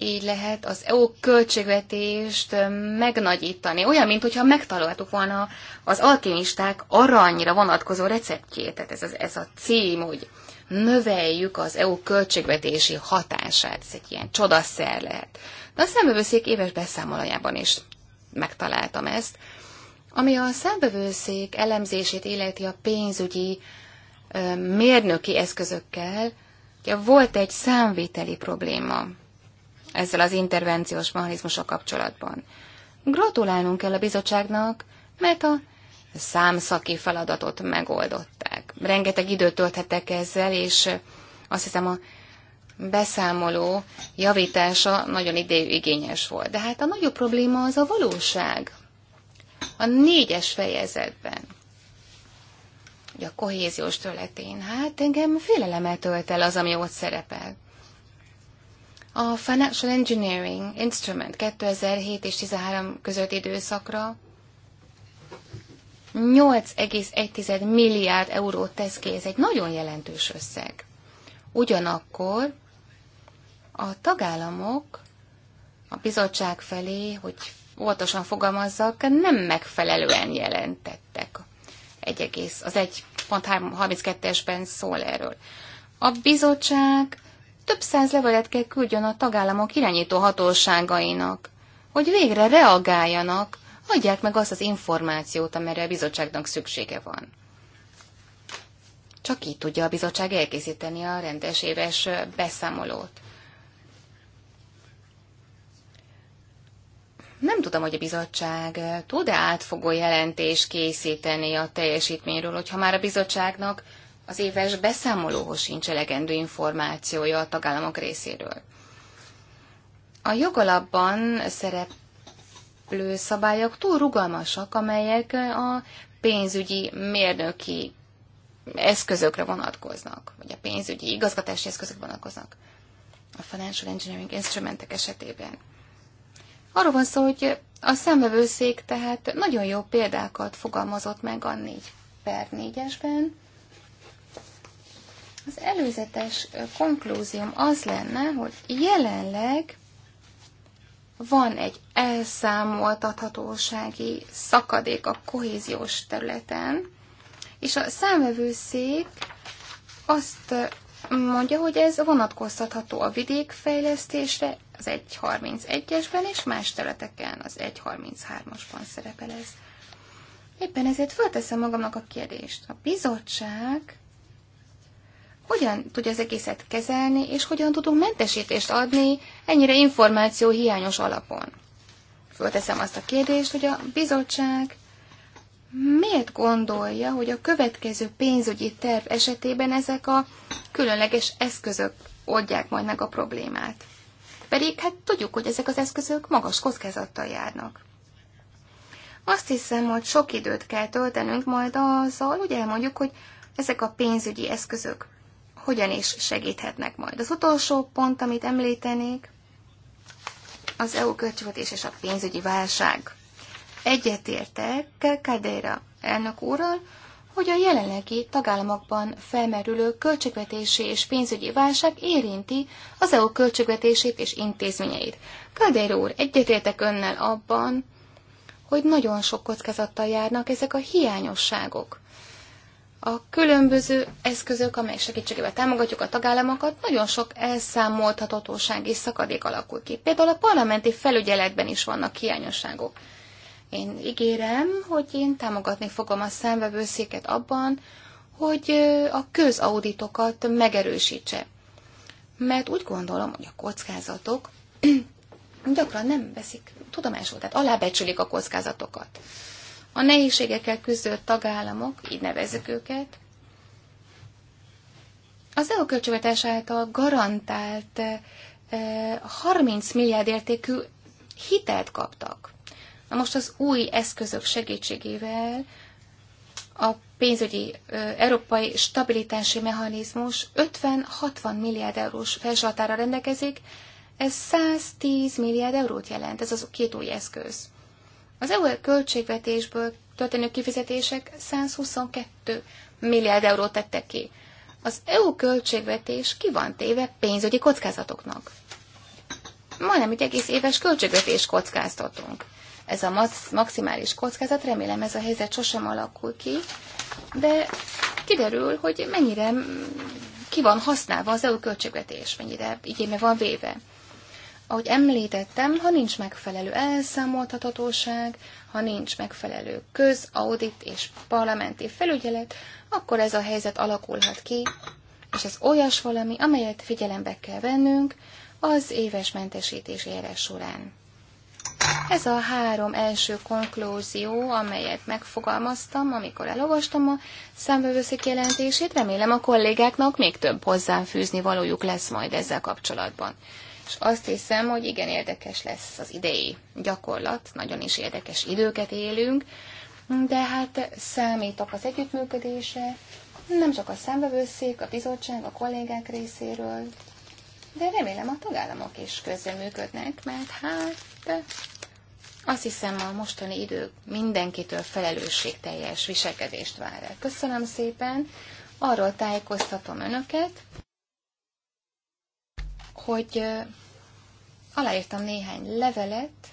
Így lehet az EU költségvetést megnagyítani. Olyan, mintha megtaláltuk volna az alkimisták aranyra vonatkozó receptjét. Tehát ez, az, ez a cím, hogy növeljük az EU költségvetési hatását. Ez egy ilyen csodaszer lehet. De a szembevőszék éves beszámolójában is megtaláltam ezt. Ami a számbevőszék elemzését illeti a pénzügyi mérnöki eszközökkel, ugye volt egy számvételi probléma ezzel az intervenciós mechanizmusok kapcsolatban. Gratulálnunk kell a bizottságnak, mert a számszaki feladatot megoldották. Rengeteg időt tölthettek ezzel, és azt hiszem a beszámoló javítása nagyon igényes volt. De hát a nagyobb probléma az a valóság. A négyes fejezetben hogy a kohéziós töletén. hát engem félelemet tölt el az, ami ott szerepel. A Financial Engineering Instrument 2007 és 2013 között időszakra 8,1 milliárd eurót tesz ki, ez egy nagyon jelentős összeg. Ugyanakkor a tagállamok a bizottság felé, hogy óvatosan fogalmazzak, nem megfelelően jelentettek egy egész, az 1.32-esben szól erről. A bizottság több száz levelet kell küldjön a tagállamok irányító hatóságainak, hogy végre reagáljanak, adják meg azt az információt, amire a bizottságnak szüksége van. Csak így tudja a bizottság elkészíteni a rendes éves beszámolót. Nem tudom, hogy a bizottság eh, tud-e átfogó jelentést készíteni a teljesítményről, hogyha már a bizottságnak az éves beszámolóhoz sincs elegendő információja a tagállamok részéről. A jogalapban szereplő szabályok túl rugalmasak, amelyek eh, a pénzügyi mérnöki eszközökre vonatkoznak, vagy a pénzügyi igazgatási eszközök vonatkoznak a financial engineering instrumentek esetében. Arról van szó, hogy a szemvevőszék tehát nagyon jó példákat fogalmazott meg a 4 per 4-esben. Az előzetes konklúzióm az lenne, hogy jelenleg van egy elszámoltathatósági szakadék a kohéziós területen, és a számvevőszék azt mondja, hogy ez vonatkoztatható a vidékfejlesztésre az 1.31-esben és más területeken az 1.33-asban szerepel ez. Éppen ezért fölteszem magamnak a kérdést. A bizottság hogyan tudja az egészet kezelni, és hogyan tudunk mentesítést adni ennyire információ hiányos alapon? Fölteszem azt a kérdést, hogy a bizottság miért gondolja, hogy a következő pénzügyi terv esetében ezek a különleges eszközök oldják majd meg a problémát? Pedig hát tudjuk, hogy ezek az eszközök magas kockázattal járnak. Azt hiszem, hogy sok időt kell töltenünk majd azzal, hogy elmondjuk, hogy ezek a pénzügyi eszközök hogyan is segíthetnek majd. Az utolsó pont, amit említenék, az EU költségvetés és a pénzügyi válság egyetértek Kadeira elnök úrral, hogy a jelenlegi tagállamokban felmerülő költségvetési és pénzügyi válság érinti az EU költségvetését és intézményeit. Kadeira úr, egyetértek önnel abban, hogy nagyon sok kockázattal járnak ezek a hiányosságok. A különböző eszközök, amelyek segítségével támogatjuk a tagállamokat, nagyon sok elszámolthatatóság és szakadék alakul ki. Például a parlamenti felügyeletben is vannak hiányosságok. Én ígérem, hogy én támogatni fogom a szemvevőszéket abban, hogy a közauditokat megerősítse. Mert úgy gondolom, hogy a kockázatok gyakran nem veszik tudomásul, tehát alábecsülik a kockázatokat. A nehézségekkel küzdő tagállamok, így nevezzük őket, az EU költségvetés által garantált 30 milliárd értékű hitelt kaptak. Na most az új eszközök segítségével a pénzügyi európai stabilitási mechanizmus 50-60 milliárd eurós felsatára rendelkezik, ez 110 milliárd eurót jelent, ez az két új eszköz. Az EU költségvetésből történő kifizetések 122 milliárd eurót tettek ki. Az EU költségvetés ki van téve pénzügyi kockázatoknak. Majdnem egy egész éves költségvetés kockáztatunk ez a maximális kockázat, remélem ez a helyzet sosem alakul ki, de kiderül, hogy mennyire ki van használva az EU költségvetés, mennyire igénybe van véve. Ahogy említettem, ha nincs megfelelő elszámoltathatóság, ha nincs megfelelő közaudit és parlamenti felügyelet, akkor ez a helyzet alakulhat ki, és ez olyas valami, amelyet figyelembe kell vennünk az éves mentesítés eljárás során. Ez a három első konklúzió, amelyet megfogalmaztam, amikor elolvastam a számbevőszék jelentését, remélem a kollégáknak még több hozzáfűzni valójuk lesz majd ezzel kapcsolatban. És azt hiszem, hogy igen érdekes lesz az idei gyakorlat, nagyon is érdekes időket élünk, de hát számítok az együttműködése, nem csak a számbevőszék, a bizottság, a kollégák részéről, de remélem a tagállamok is közreműködnek, mert hát azt hiszem a mostani idő mindenkitől felelősségteljes viselkedést vár el. Köszönöm szépen, arról tájékoztatom önöket, hogy aláírtam néhány levelet,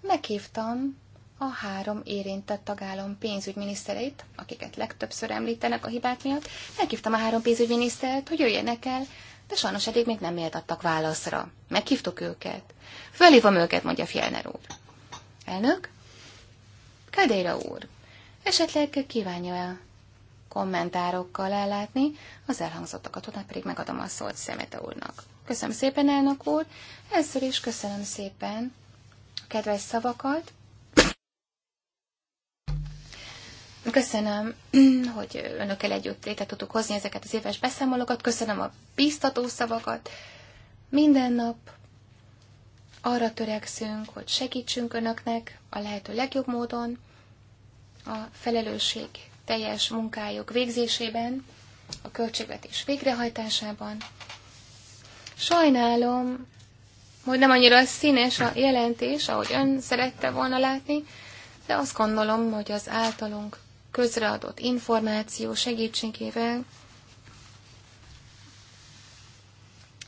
meghívtam a három érintett tagállam pénzügyminisztereit, akiket legtöbbször említenek a hibák miatt, meghívtam a három pénzügyminisztert, hogy jöjjenek el de sajnos eddig még nem méltattak válaszra. Meghívtok őket. Fölhívom őket, mondja Fjellner úr. Elnök? Kadéra úr, esetleg kívánja-e kommentárokkal ellátni az elhangzottakat, utána pedig megadom a szót Szemete úrnak. Köszönöm szépen, elnök úr, ezzel is köszönöm szépen a kedves szavakat, Köszönöm, hogy önökkel együtt létre tudtuk hozni ezeket az éves beszámolókat. Köszönöm a biztató szavakat. Minden nap arra törekszünk, hogy segítsünk önöknek a lehető legjobb módon a felelősség teljes munkájuk végzésében, a költségvetés végrehajtásában. Sajnálom, hogy nem annyira színes a jelentés, ahogy ön szerette volna látni, de azt gondolom, hogy az általunk közreadott információ segítségével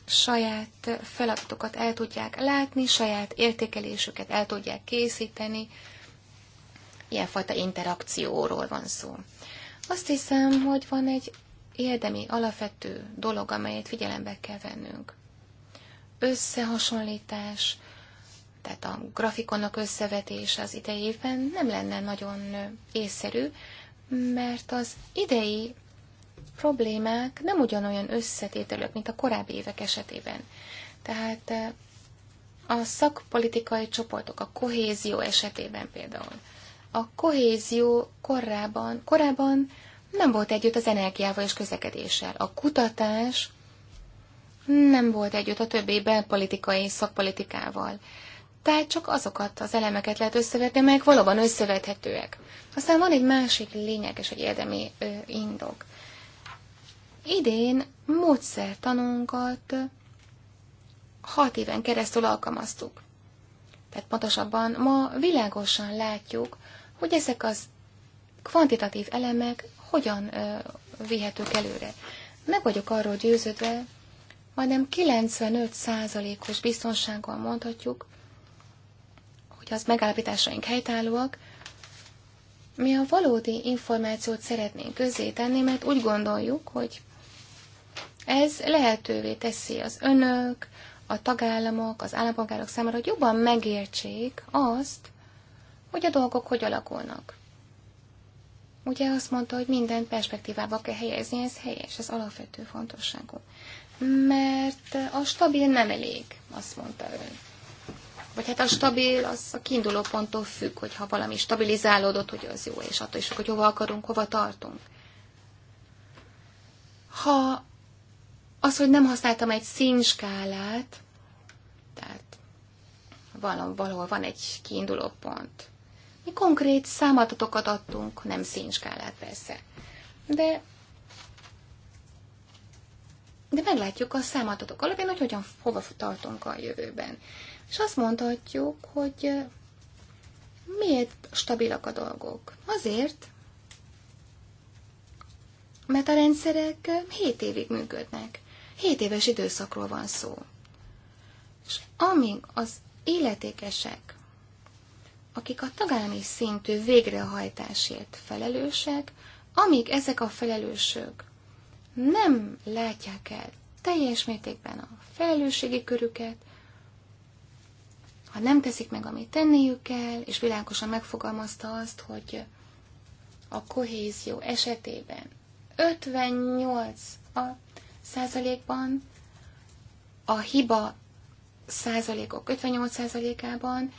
saját feladatokat el tudják látni, saját értékelésüket el tudják készíteni. Ilyenfajta interakcióról van szó. Azt hiszem, hogy van egy érdemi, alapvető dolog, amelyet figyelembe kell vennünk. Összehasonlítás, tehát a grafikonok összevetése az idejében nem lenne nagyon észszerű, mert az idei problémák nem ugyanolyan összetételők, mint a korábbi évek esetében. Tehát eh, a szakpolitikai csoportok, a kohézió esetében például. A kohézió korábban, korábban nem volt együtt az energiával és közlekedéssel. A kutatás nem volt együtt a többi belpolitikai szakpolitikával. Tehát csak azokat az elemeket lehet összevetni, amelyek valóban összevethetőek. Aztán van egy másik lényeges, egy érdemi ö, indok. Idén módszertanunkat hat éven keresztül alkalmaztuk. Tehát pontosabban ma világosan látjuk, hogy ezek az kvantitatív elemek hogyan ö, vihetők előre. Meg vagyok arról győződve, majdnem 95%-os biztonsággal mondhatjuk, hogy az megállapításaink helytállóak, mi a valódi információt szeretnénk közzétenni, mert úgy gondoljuk, hogy ez lehetővé teszi az önök, a tagállamok, az állampolgárok számára, hogy jobban megértsék azt, hogy a dolgok hogy alakulnak. Ugye azt mondta, hogy minden perspektívába kell helyezni, ez helyes, ez alapvető fontosságú. Mert a stabil nem elég, azt mondta ön vagy hát a stabil, az a kiinduló ponttól függ, hogy ha valami stabilizálódott, hogy az jó, és attól is függ, hogy hova akarunk, hova tartunk. Ha az, hogy nem használtam egy színskálát, tehát valahol, valahol van egy kiinduló pont. Mi konkrét számadatokat adtunk, nem színskálát persze. De de meglátjuk a számadatok alapján, hogy hogyan, hova tartunk a jövőben és azt mondhatjuk, hogy miért stabilak a dolgok? Azért, mert a rendszerek 7 évig működnek. 7 éves időszakról van szó. És amíg az életékesek, akik a tagállami szintű végrehajtásért felelősek, amíg ezek a felelősök nem látják el teljes mértékben a felelősségi körüket, ha nem teszik meg, amit tenniük kell, és világosan megfogalmazta azt, hogy a kohézió esetében 58 a százalékban a hiba százalékok 58 százalékában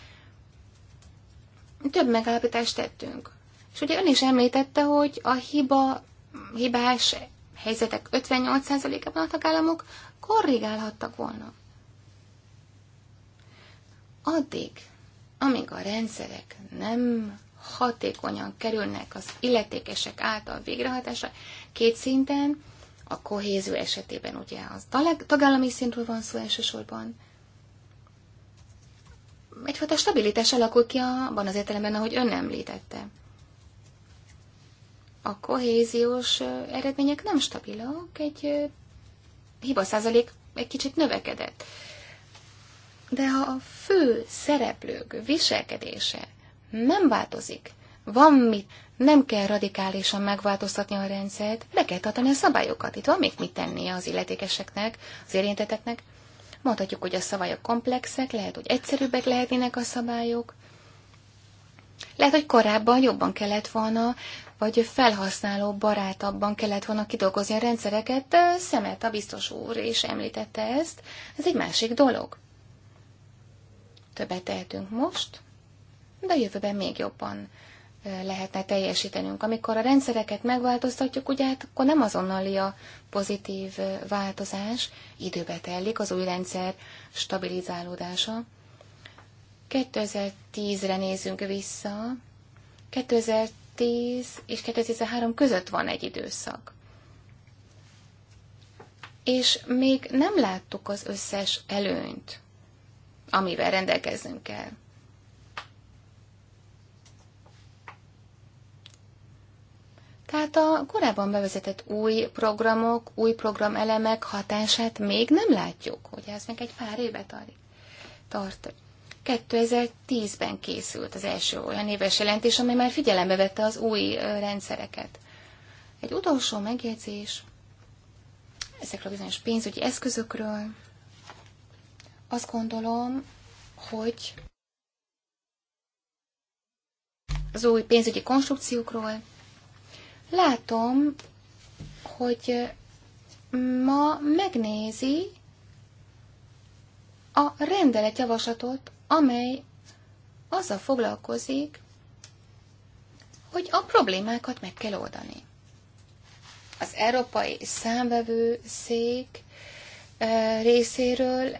több megállapítást tettünk. És ugye ön is említette, hogy a hiba, hibás helyzetek 58 százalékában a tagállamok korrigálhattak volna addig, amíg a rendszerek nem hatékonyan kerülnek az illetékesek által végrehajtásra, két szinten, a kohéző esetében ugye az tagállami szintről van szó elsősorban, egyfajta stabilitás alakul ki abban az értelemben, ahogy ön említette. A kohéziós eredmények nem stabilak, egy hiba százalék egy kicsit növekedett. De ha a fő szereplők viselkedése nem változik, van mit, nem kell radikálisan megváltoztatni a rendszert, be kell tartani a szabályokat. Itt van még mit tennie az illetékeseknek, az érinteteknek. Mondhatjuk, hogy a szabályok komplexek, lehet, hogy egyszerűbbek lehetnének a szabályok. Lehet, hogy korábban jobban kellett volna, vagy felhasználó barátabban kellett volna kidolgozni a rendszereket, szemet a biztos úr is említette ezt, ez egy másik dolog. Többet tehetünk most, de a jövőben még jobban lehetne teljesítenünk. Amikor a rendszereket megváltoztatjuk, ugye hát akkor nem azonnali a pozitív változás, időbe telik az új rendszer stabilizálódása. 2010-re nézünk vissza. 2010 és 2013 között van egy időszak. És még nem láttuk az összes előnyt, amivel rendelkeznünk kell. Tehát a korábban bevezetett új programok, új programelemek hatását még nem látjuk, hogy ez meg egy pár éve tart. 2010-ben készült az első olyan éves jelentés, amely már figyelembe vette az új rendszereket. Egy utolsó megjegyzés ezekről a bizonyos pénzügyi eszközökről. Azt gondolom, hogy az új pénzügyi konstrukciókról látom, hogy ma megnézi a rendeletjavaslatot, amely azzal foglalkozik, hogy a problémákat meg kell oldani. Az Európai Számvevő Szék eh, részéről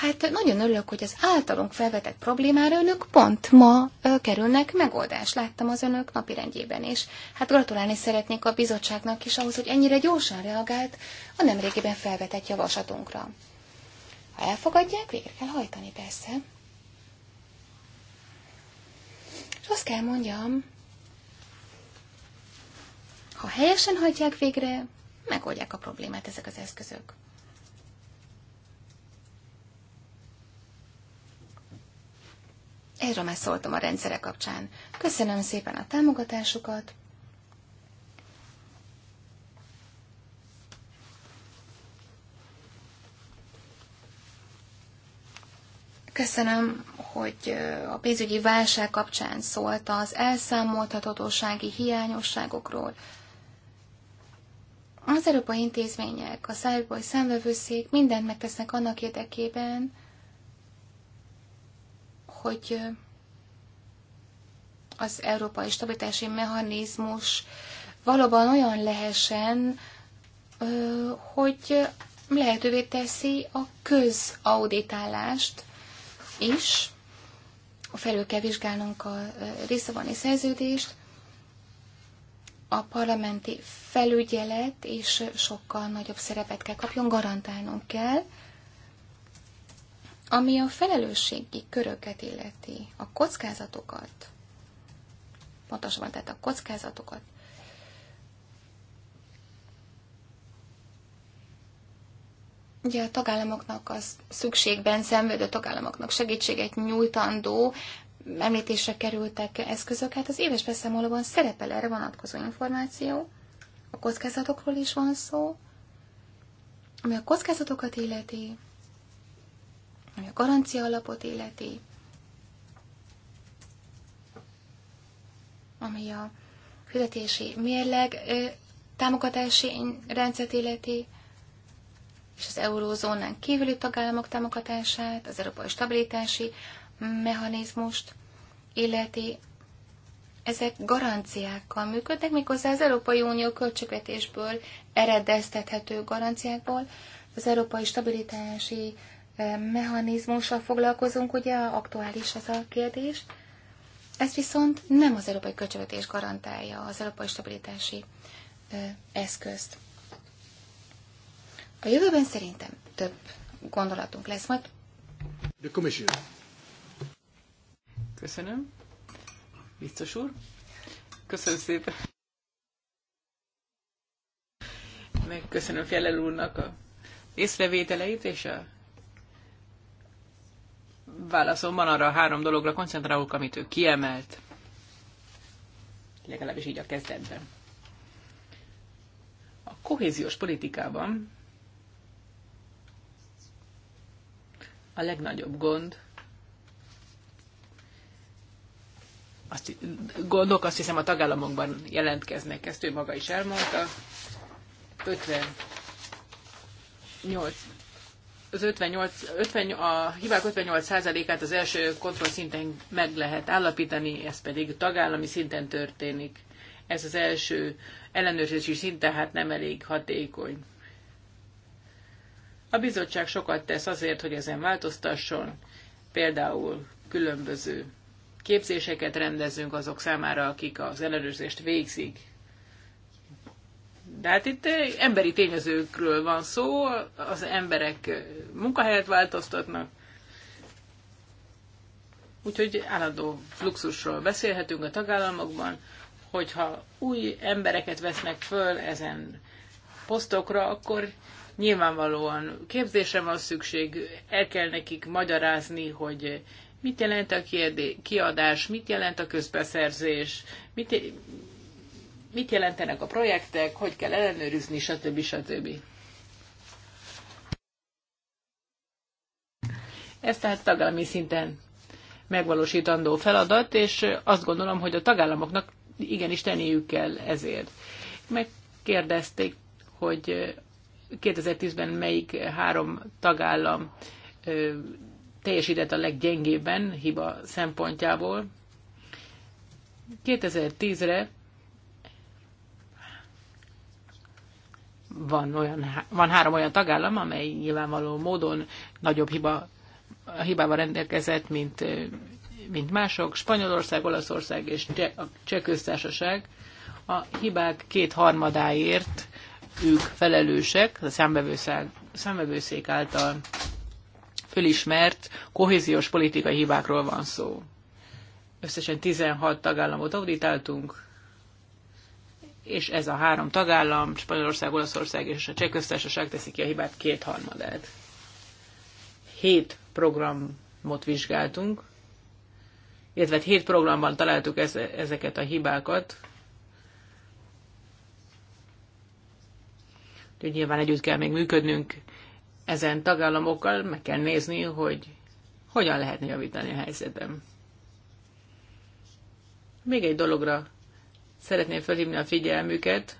Hát nagyon örülök, hogy az általunk felvetett problémára önök pont ma kerülnek megoldást. Láttam az önök napirendjében is. Hát gratulálni szeretnék a bizottságnak is ahhoz, hogy ennyire gyorsan reagált a nemrégiben felvetett javaslatunkra. Ha elfogadják, végre kell hajtani, persze. És azt kell mondjam, ha helyesen hajtják végre, megoldják a problémát ezek az eszközök. Erről már szóltam a rendszere kapcsán. Köszönöm szépen a támogatásukat. Köszönöm, hogy a pénzügyi válság kapcsán szólt az elszámoltathatósági hiányosságokról. Az európai intézmények, a szájból számvevőszék mindent megtesznek annak érdekében, hogy az európai stabilitási mechanizmus valóban olyan lehessen, hogy lehetővé teszi a közauditálást is, felül kell vizsgálnunk a Lisszaboni szerződést, a parlamenti felügyelet és sokkal nagyobb szerepet kell kapjon, garantálnunk kell, ami a felelősségi köröket illeti, a kockázatokat, pontosabban tehát a kockázatokat, Ugye a tagállamoknak az szükségben szenvedő tagállamoknak segítséget nyújtandó említésre kerültek eszközök, hát az éves beszámolóban szerepel erre vonatkozó információ, a kockázatokról is van szó, ami a kockázatokat illeti, ami a garancia alapot életi, ami a fizetési mérleg támogatási rendszert életi, és az eurózónán kívüli tagállamok támogatását, az európai stabilitási mechanizmust illeti. Ezek garanciákkal működnek, méghozzá az Európai Unió költségvetésből eredeztethető garanciákból, az európai stabilitási mechanizmussal foglalkozunk, ugye aktuális ez a kérdés. Ez viszont nem az európai költségvetés garantálja az európai stabilitási eszközt. A jövőben szerintem több gondolatunk lesz majd. The commission. Köszönöm. Biztos úr. Köszönöm szépen. Megköszönöm Fjellel úrnak a észrevételeit és a válaszomban arra a három dologra koncentrálok, amit ő kiemelt. Legalábbis így a kezdetben. A kohéziós politikában a legnagyobb gond, azt, gondok azt hiszem a tagállamokban jelentkeznek, ezt ő maga is elmondta, 58 az 58, 50, a hibák 58%-át az első kontroll szinten meg lehet állapítani, ez pedig tagállami szinten történik. Ez az első ellenőrzési szint, tehát nem elég hatékony. A bizottság sokat tesz azért, hogy ezen változtasson, például különböző képzéseket rendezünk azok számára, akik az ellenőrzést végzik. De hát itt eh, emberi tényezőkről van szó, az emberek eh, munkahelyet változtatnak, úgyhogy állandó fluxusról beszélhetünk a tagállamokban, hogyha új embereket vesznek föl ezen posztokra, akkor nyilvánvalóan képzésre van szükség, el kell nekik magyarázni, hogy mit jelent a kiadás, mit jelent a közbeszerzés, mit, mit jelentenek a projektek, hogy kell ellenőrizni, stb. stb. Ez tehát tagállami szinten megvalósítandó feladat, és azt gondolom, hogy a tagállamoknak igenis tenniük kell ezért. Megkérdezték, hogy 2010-ben melyik három tagállam teljesített a leggyengébben hiba szempontjából. 2010-re van, olyan, van három olyan tagállam, amely nyilvánvaló módon nagyobb hiba, hibával rendelkezett, mint, mint mások. Spanyolország, Olaszország és a Cseh köztársaság a hibák kétharmadáért ők felelősek, a számbevőszék által fölismert kohéziós politikai hibákról van szó. Összesen 16 tagállamot auditáltunk, és ez a három tagállam, Spanyolország, Olaszország és a Cseh Köztársaság teszi ki a hibát kétharmadát. Hét programot vizsgáltunk, illetve hát hét programban találtuk ezeket a hibákat, Úgyhogy nyilván együtt kell még működnünk ezen tagállamokkal, meg kell nézni, hogy hogyan lehetne javítani a helyzetem. Még egy dologra Szeretném felhívni a figyelmüket.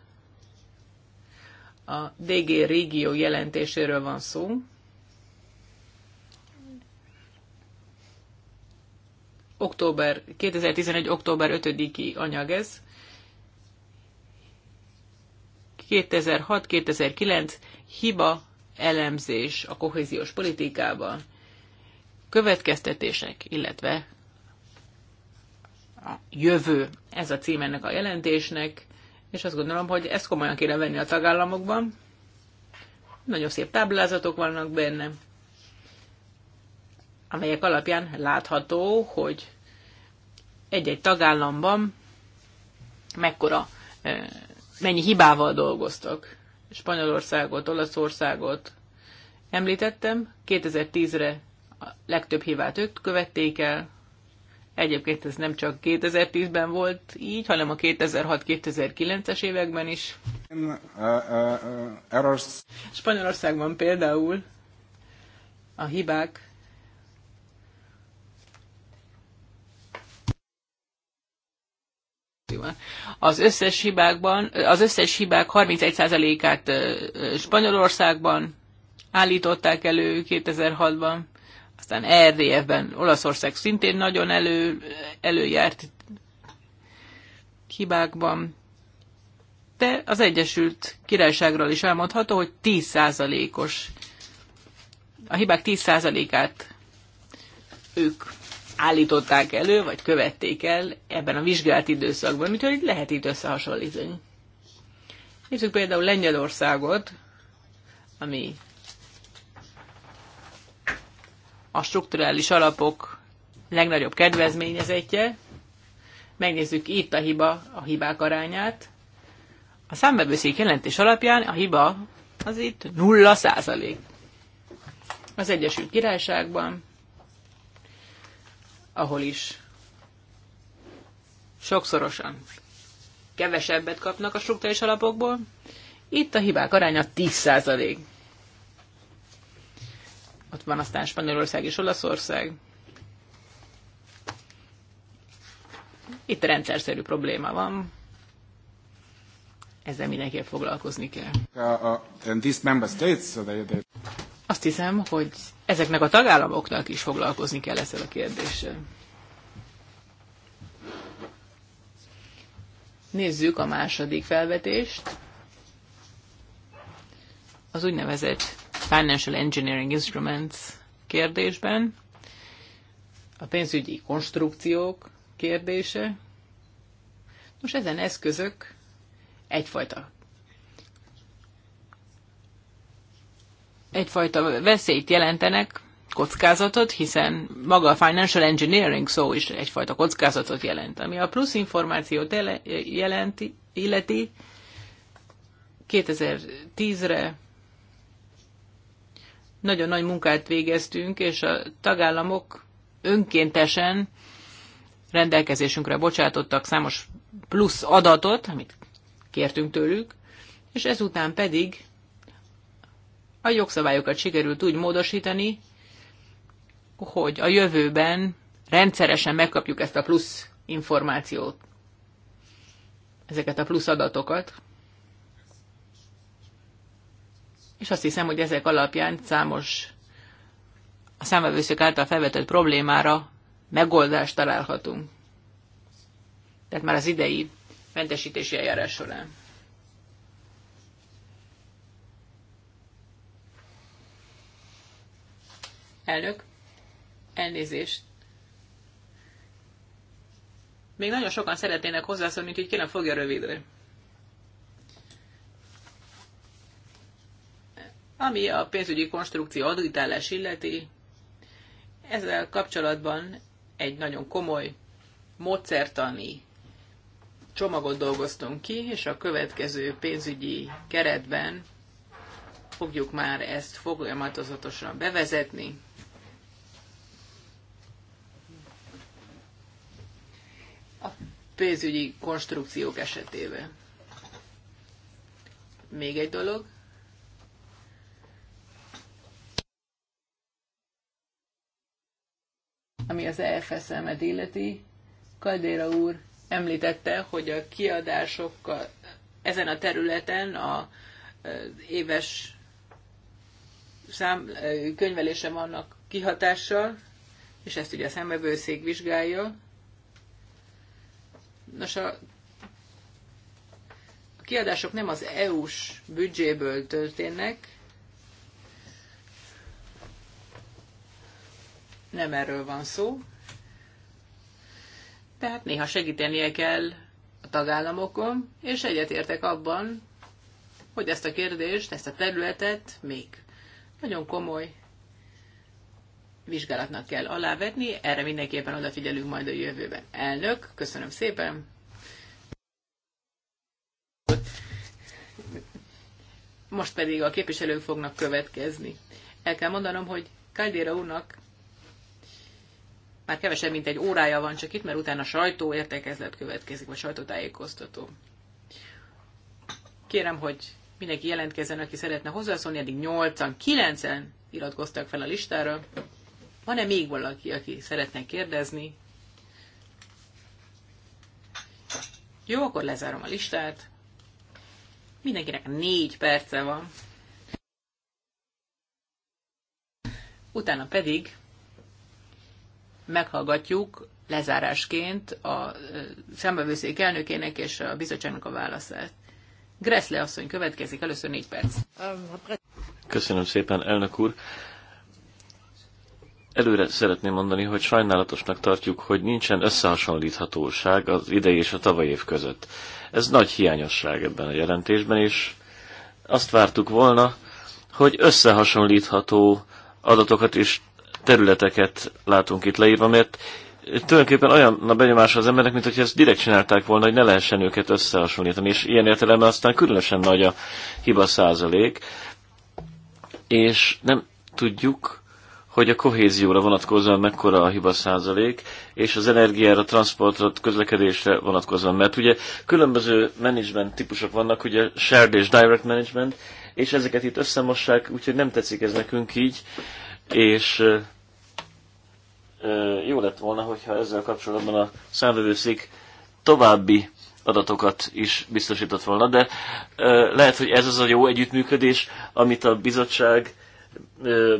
A DG régió jelentéséről van szó. Október, 2011. október 5-i anyag ez. 2006-2009 hiba elemzés a kohéziós politikában, következtetések, illetve a jövő, ez a cím ennek a jelentésnek, és azt gondolom, hogy ezt komolyan kéne venni a tagállamokban. Nagyon szép táblázatok vannak benne, amelyek alapján látható, hogy egy-egy tagállamban mekkora, mennyi hibával dolgoztak. Spanyolországot, Olaszországot említettem, 2010-re a legtöbb hibát ők követték el, Egyébként ez nem csak 2010-ben volt így, hanem a 2006-2009-es években is. Uh, uh, Spanyolországban például a hibák Az összes hibákban, az összes hibák 31%-át Spanyolországban állították elő 2006-ban. Aztán rdf ben Olaszország szintén nagyon elő, előjárt hibákban, de az Egyesült Királyságról is elmondható, hogy 10%-os, a hibák 10%-át ők állították elő, vagy követték el ebben a vizsgált időszakban, úgyhogy lehet itt összehasonlítani. Nézzük például Lengyelországot, ami a strukturális alapok legnagyobb kedvezményezetje. Megnézzük itt a, hiba, a hibák arányát. A számbevőszék jelentés alapján a hiba az itt 0 százalék. Az Egyesült Királyságban, ahol is sokszorosan kevesebbet kapnak a struktúrális alapokból, itt a hibák aránya 10 százalék. Ott van aztán Spanyolország és Olaszország. Itt rendszerszerű probléma van. Ezzel mindenképp foglalkozni kell. Uh, Azt hiszem, hogy ezeknek a tagállamoknak is foglalkozni kell ezzel a kérdéssel. Nézzük a második felvetést. Az úgynevezett Financial Engineering Instruments kérdésben, a pénzügyi konstrukciók kérdése. Most ezen eszközök egyfajta egyfajta veszélyt jelentenek, kockázatot, hiszen maga a financial engineering szó is egyfajta kockázatot jelent. Ami a plusz információt jelenti, illeti, 2010-re nagyon nagy munkát végeztünk, és a tagállamok önkéntesen rendelkezésünkre bocsátottak számos plusz adatot, amit kértünk tőlük, és ezután pedig a jogszabályokat sikerült úgy módosítani, hogy a jövőben rendszeresen megkapjuk ezt a plusz információt, ezeket a plusz adatokat, és azt hiszem, hogy ezek alapján számos a számvevőszék által felvetett problémára megoldást találhatunk. Tehát már az idei mentesítési eljárás során. Elnök, elnézést. Még nagyon sokan szeretnének hozzászólni, úgyhogy kérem fogja rövidre. Ami a pénzügyi konstrukció adóitállás illeti, ezzel kapcsolatban egy nagyon komoly módszertani csomagot dolgoztunk ki, és a következő pénzügyi keretben fogjuk már ezt folyamatosan bevezetni. A pénzügyi konstrukciók esetében. Még egy dolog, Ami az EFSM-et illeti, Kaldéra úr említette, hogy a kiadásokkal ezen a területen a éves szám, könyvelése vannak kihatással, és ezt ugye a szembevőszék vizsgálja. Nos, a kiadások nem az EU-s büdzséből történnek, nem erről van szó. Tehát néha segítenie kell a tagállamokon, és egyetértek abban, hogy ezt a kérdést, ezt a területet még nagyon komoly vizsgálatnak kell alávetni, erre mindenképpen odafigyelünk majd a jövőben. Elnök, köszönöm szépen! Most pedig a képviselők fognak következni. El kell mondanom, hogy Kajdéra úrnak már kevesebb, mint egy órája van csak itt, mert utána sajtó értekezlet következik, vagy sajtótájékoztató. Kérem, hogy mindenki jelentkezzen, aki szeretne hozzászólni, eddig 8-an, 9-en iratkoztak fel a listára. Van-e még valaki, aki szeretne kérdezni? Jó, akkor lezárom a listát. Mindenkinek négy perce van. Utána pedig meghallgatjuk lezárásként a szembevőszék elnökének és a bizottságnak a válaszát. Gressle asszony következik, először négy perc. Köszönöm szépen, elnök úr. Előre szeretném mondani, hogy sajnálatosnak tartjuk, hogy nincsen összehasonlíthatóság az idei és a tavaly év között. Ez nagy hiányosság ebben a jelentésben, és azt vártuk volna, hogy összehasonlítható adatokat és területeket látunk itt leírva, mert tulajdonképpen olyan a benyomás az embernek, mint hogy ezt direkt csinálták volna, hogy ne lehessen őket összehasonlítani, és ilyen értelemben aztán különösen nagy a hiba százalék, és nem tudjuk, hogy a kohézióra vonatkozóan mekkora a hiba százalék, és az energiára, transportra, közlekedésre vonatkozóan. Mert ugye különböző management típusok vannak, ugye shared és direct management, és ezeket itt összemossák, úgyhogy nem tetszik ez nekünk így, és jó lett volna, hogyha ezzel kapcsolatban a számvevőszék további adatokat is biztosított volna, de lehet, hogy ez az a jó együttműködés, amit a bizottság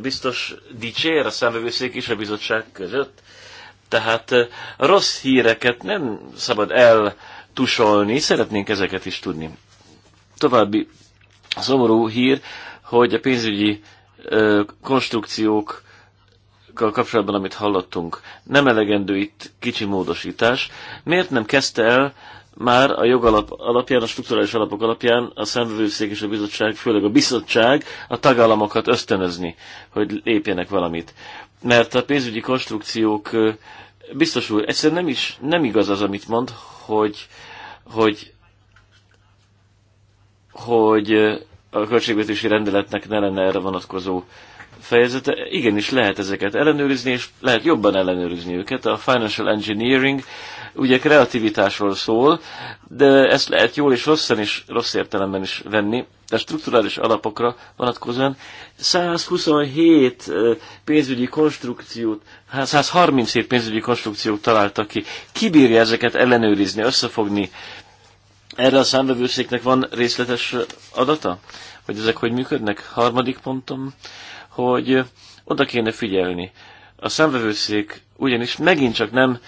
biztos dicsér, a számvevőszék és a bizottság között. Tehát a rossz híreket nem szabad eltusolni, szeretnénk ezeket is tudni. További szomorú hír, hogy a pénzügyi konstrukciók azokkal kapcsolatban, amit hallottunk, nem elegendő itt kicsi módosítás. Miért nem kezdte el már a jogalap alapján, a strukturális alapok alapján a szemvőszék és a bizottság, főleg a bizottság a tagállamokat ösztönözni, hogy lépjenek valamit. Mert a pénzügyi konstrukciók biztos úr, egyszerűen nem, is, nem igaz az, amit mond, hogy, hogy, hogy a költségvetési rendeletnek ne lenne erre vonatkozó fejezete, igenis lehet ezeket ellenőrizni, és lehet jobban ellenőrizni őket. A financial engineering ugye kreativitásról szól, de ezt lehet jól és rosszan is, rossz értelemben is venni, de strukturális alapokra vonatkozóan 127 pénzügyi konstrukciót, 137 pénzügyi konstrukciót találtak ki. bírja ezeket ellenőrizni, összefogni? Erre a számvevőszéknek van részletes adata? Hogy ezek hogy működnek? Harmadik pontom hogy oda kéne figyelni. A szemvevőszék ugyanis megint csak nem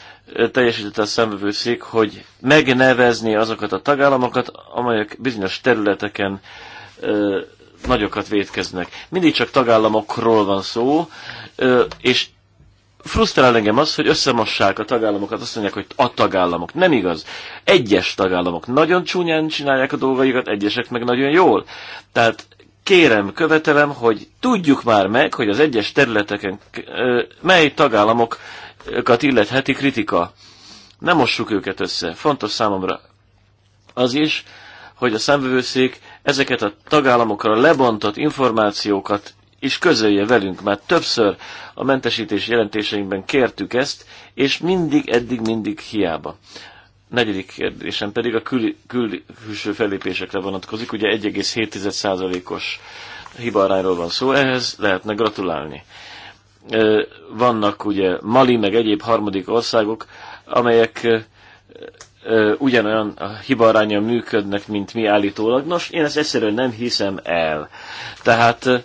teljesítette a szemvevőszék, hogy megnevezni azokat a tagállamokat, amelyek bizonyos területeken ö, nagyokat vétkeznek. Mindig csak tagállamokról van szó, ö, és frusztrál engem az, hogy összemossák a tagállamokat, azt mondják, hogy a tagállamok. Nem igaz. Egyes tagállamok nagyon csúnyán csinálják a dolgaikat, egyesek meg nagyon jól. Tehát kérem, követelem, hogy tudjuk már meg, hogy az egyes területeken mely tagállamokat illetheti kritika. Nem mossuk őket össze. Fontos számomra az is, hogy a számvevőszék ezeket a tagállamokra lebontott információkat is közölje velünk. mert többször a mentesítés jelentéseinkben kértük ezt, és mindig, eddig, mindig hiába negyedik kérdésem pedig a kül, kül, külső fellépésekre vonatkozik. Ugye 1,7%-os hibaarányról van szó, ehhez lehetne gratulálni. Vannak ugye Mali, meg egyéb harmadik országok, amelyek ugyanolyan hibarányon működnek, mint mi állítólag. Nos, én ezt egyszerűen nem hiszem el. Tehát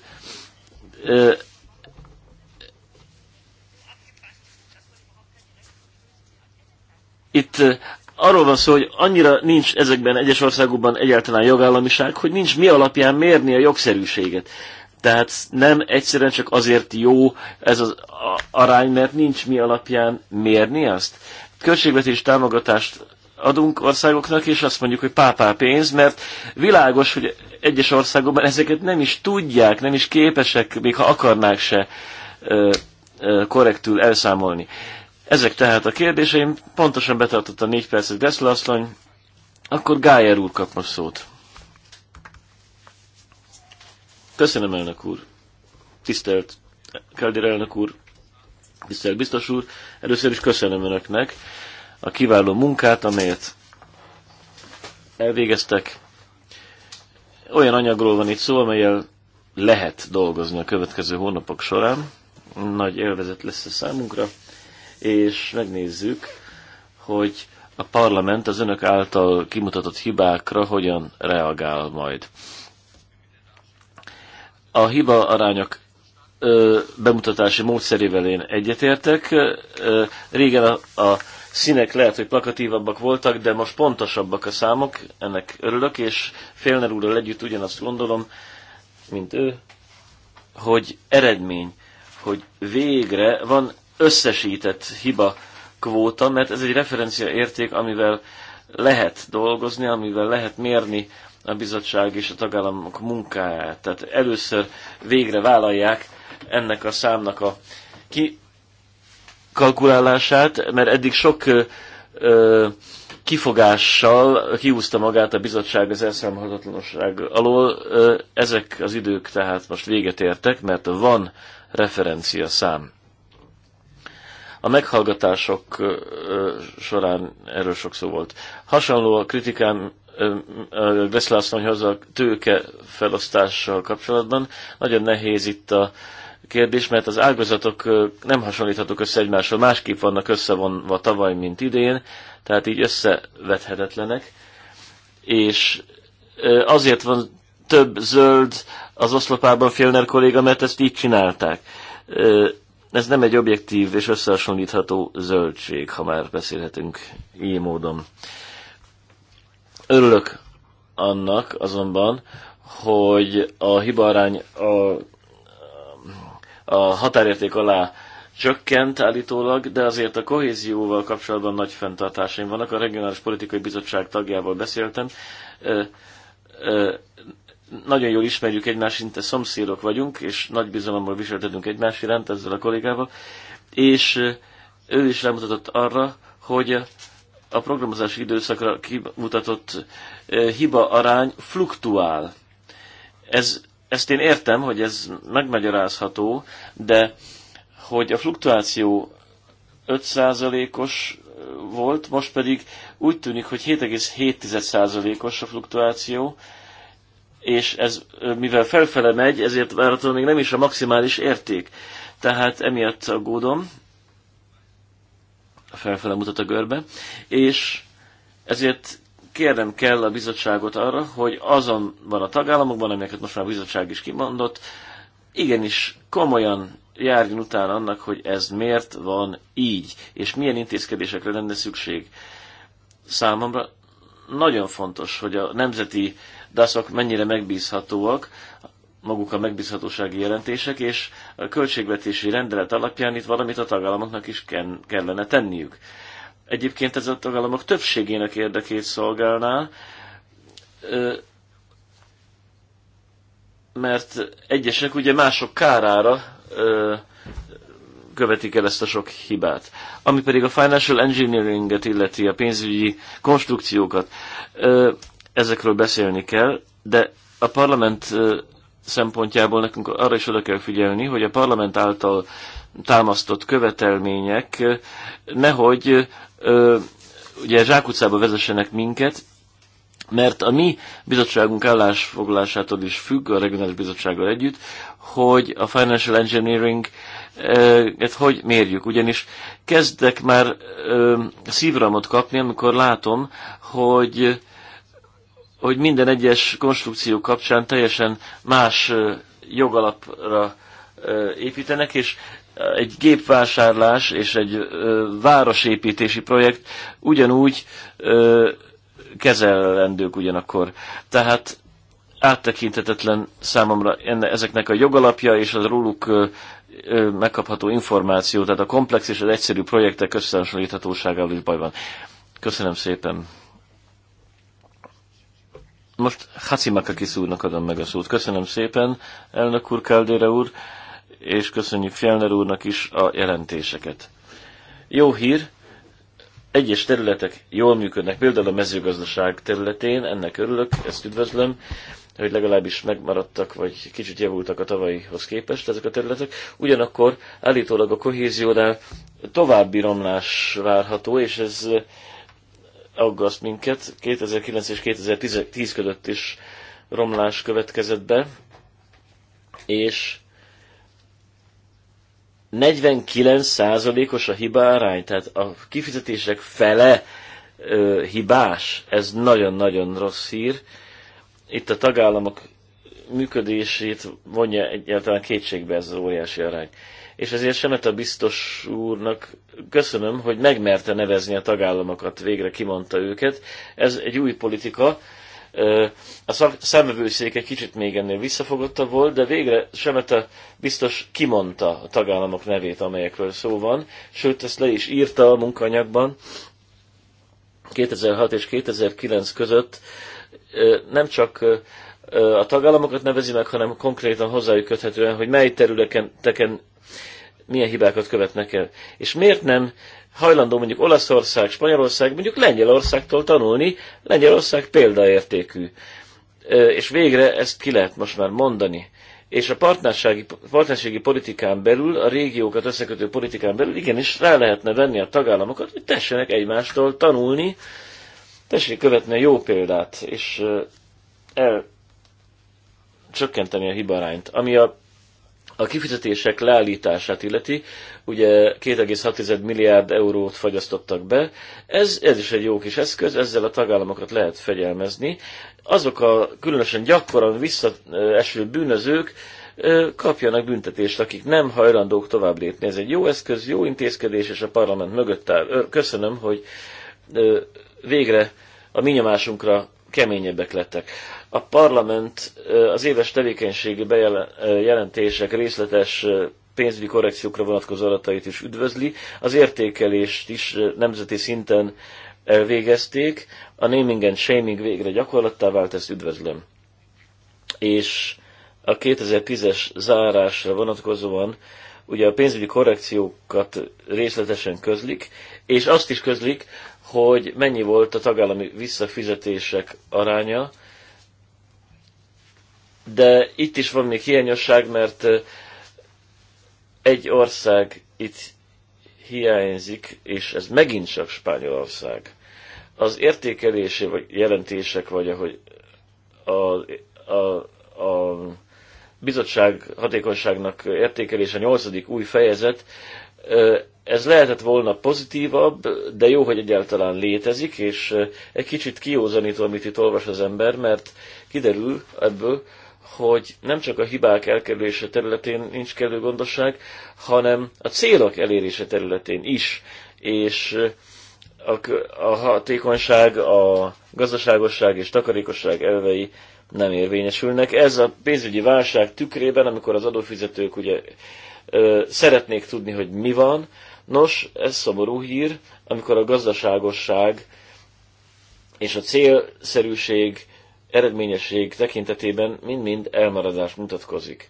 itt arról van szó, hogy annyira nincs ezekben egyes országokban egyáltalán jogállamiság, hogy nincs mi alapján mérni a jogszerűséget. Tehát nem egyszerűen csak azért jó ez az arány, mert nincs mi alapján mérni azt. Költségvetés támogatást adunk országoknak, és azt mondjuk, hogy pápá pénz, mert világos, hogy egyes országokban ezeket nem is tudják, nem is képesek, még ha akarnák se korrektül elszámolni. Ezek tehát a kérdéseim. Pontosan a négy percet Deszla asszony. Akkor Gájer úr kap most szót. Köszönöm, elnök úr. Tisztelt Keldér elnök úr, tisztelt biztos úr. Először is köszönöm önöknek a kiváló munkát, amelyet elvégeztek. Olyan anyagról van itt szó, amelyel lehet dolgozni a következő hónapok során. Nagy élvezet lesz a számunkra és megnézzük, hogy a parlament az önök által kimutatott hibákra hogyan reagál majd. A hiba arányok ö, bemutatási módszerével én egyetértek. Ö, régen a, a színek lehet, hogy plakatívabbak voltak, de most pontosabbak a számok, ennek örülök, és Félner úrral együtt ugyanazt gondolom, mint ő, hogy eredmény, hogy végre van összesített hiba kvóta, mert ez egy referencia érték, amivel lehet dolgozni, amivel lehet mérni a bizottság és a tagállamok munkáját. Tehát először végre vállalják ennek a számnak a kikalkulálását, mert eddig sok ö, kifogással kiúzta magát a bizottság az elszámolhatatlanság alól. Ezek az idők tehát most véget értek, mert van referencia szám. A meghallgatások során erről sok szó volt. Hasonló a kritikám Veszlászlónyhoz a tőke felosztással kapcsolatban. Nagyon nehéz itt a kérdés, mert az ágazatok nem hasonlíthatók össze egymással, másképp vannak összevonva tavaly, mint idén, tehát így összevethetetlenek, és azért van több zöld az oszlopában Félner kolléga, mert ezt így csinálták. Ez nem egy objektív és összehasonlítható zöldség, ha már beszélhetünk így módon. Örülök annak azonban, hogy a hibarány a, a határérték alá csökkent állítólag, de azért a kohézióval kapcsolatban nagy fenntartásaim vannak. A regionális politikai bizottság tagjával beszéltem. Ö, ö, nagyon jól ismerjük egymást, szinte szomszédok vagyunk, és nagy bizalommal viseltetünk egymás iránt ezzel a kollégával, és ő is rámutatott arra, hogy a programozási időszakra kimutatott hiba arány fluktuál. Ez, ezt én értem, hogy ez megmagyarázható, de hogy a fluktuáció 5%-os volt, most pedig úgy tűnik, hogy 7,7%-os a fluktuáció, és ez mivel felfele megy, ezért várhatóan még nem is a maximális érték. Tehát emiatt aggódom, felfele mutat a görbe, és ezért kérnem kell a bizottságot arra, hogy azon van a tagállamokban, amelyeket most már a bizottság is kimondott, igenis komolyan járjon utána annak, hogy ez miért van így, és milyen intézkedésekre lenne szükség. Számomra nagyon fontos, hogy a nemzeti DASZok mennyire megbízhatóak, maguk a megbízhatósági jelentések, és a költségvetési rendelet alapján itt valamit a tagállamoknak is kellene tenniük. Egyébként ez a tagállamok többségének érdekét szolgálná, mert egyesek ugye mások kárára követik el ezt a sok hibát. Ami pedig a financial engineeringet illeti, a pénzügyi konstrukciókat ezekről beszélni kell, de a parlament szempontjából nekünk arra is oda kell figyelni, hogy a parlament által támasztott követelmények nehogy ugye zsákutcába vezessenek minket, mert a mi bizottságunk állásfoglalásától is függ a regionális bizottsággal együtt, hogy a financial engineering et hogy mérjük. Ugyanis kezdek már szívramot kapni, amikor látom, hogy hogy minden egyes konstrukció kapcsán teljesen más jogalapra építenek, és egy gépvásárlás és egy városépítési projekt ugyanúgy kezelendők ugyanakkor. Tehát áttekintetetlen számomra enne, ezeknek a jogalapja és az róluk ö, ö, megkapható információ, tehát a komplex és az egyszerű projektek összehasonlíthatóságával is baj van. Köszönöm szépen! Most Hacimaka kiszúrnak adom meg a szót. Köszönöm szépen, elnök úr, Keldére úr, és köszönjük Fjellner úrnak is a jelentéseket. Jó hír, egyes területek jól működnek, például a mezőgazdaság területén, ennek örülök, ezt üdvözlöm, hogy legalábbis megmaradtak, vagy kicsit javultak a tavalyihoz képest ezek a területek. Ugyanakkor állítólag a kohéziónál további romlás várható, és ez aggaszt minket. 2009 és 2010 között is romlás következett be, és 49%-os a hiba arány, tehát a kifizetések fele ö, hibás, ez nagyon-nagyon rossz hír. Itt a tagállamok működését vonja egyáltalán kétségbe ez az óriási arány és ezért Semeta biztos úrnak köszönöm, hogy megmerte nevezni a tagállamokat, végre kimondta őket. Ez egy új politika, a számövőszék egy kicsit még ennél visszafogotta volt, de végre Semeta biztos kimondta a tagállamok nevét, amelyekről szó van, sőt, ezt le is írta a munkanyagban. 2006 és 2009 között nem csak a tagállamokat nevezi meg, hanem konkrétan hozzájuk köthetően, hogy mely területeken milyen hibákat követnek el. És miért nem hajlandó mondjuk Olaszország, Spanyolország, mondjuk Lengyelországtól tanulni, Lengyelország példaértékű. És végre ezt ki lehet most már mondani. És a partnerségi, partnerségi politikán belül, a régiókat összekötő politikán belül igenis rá lehetne venni a tagállamokat, hogy tessenek egymástól tanulni, tessék követni a jó példát, és el csökkenteni a hibarányt. Ami a a kifizetések leállítását illeti, ugye 2,6 milliárd eurót fagyasztottak be, ez, ez is egy jó kis eszköz, ezzel a tagállamokat lehet fegyelmezni. Azok a különösen gyakran visszaeső bűnözők kapjanak büntetést, akik nem hajlandók tovább lépni. Ez egy jó eszköz, jó intézkedés, és a parlament mögött áll. Köszönöm, hogy végre a minyomásunkra keményebbek lettek a parlament az éves tevékenységi bejelentések részletes pénzügyi korrekciókra vonatkozó adatait is üdvözli. Az értékelést is nemzeti szinten elvégezték. A naming and shaming végre gyakorlattá vált, ezt üdvözlöm. És a 2010-es zárásra vonatkozóan ugye a pénzügyi korrekciókat részletesen közlik, és azt is közlik, hogy mennyi volt a tagállami visszafizetések aránya, de itt is van még hiányosság, mert egy ország itt hiányzik, és ez megint csak Spanyolország. Az értékelése vagy jelentések, vagy ahogy a, a, a bizottság hatékonyságnak értékelése, nyolcadik új fejezet, ez lehetett volna pozitívabb, de jó, hogy egyáltalán létezik, és egy kicsit kiózanító, amit itt olvas az ember, mert kiderül ebből, hogy nem csak a hibák elkerülése területén nincs kellő gondosság, hanem a célok elérése területén is, és a, a hatékonyság, a gazdaságosság és takarékosság elvei nem érvényesülnek. Ez a pénzügyi válság tükrében, amikor az adófizetők ugye ö, szeretnék tudni, hogy mi van, nos, ez szomorú hír, amikor a gazdaságosság és a célszerűség eredményesség tekintetében mind-mind elmaradás mutatkozik.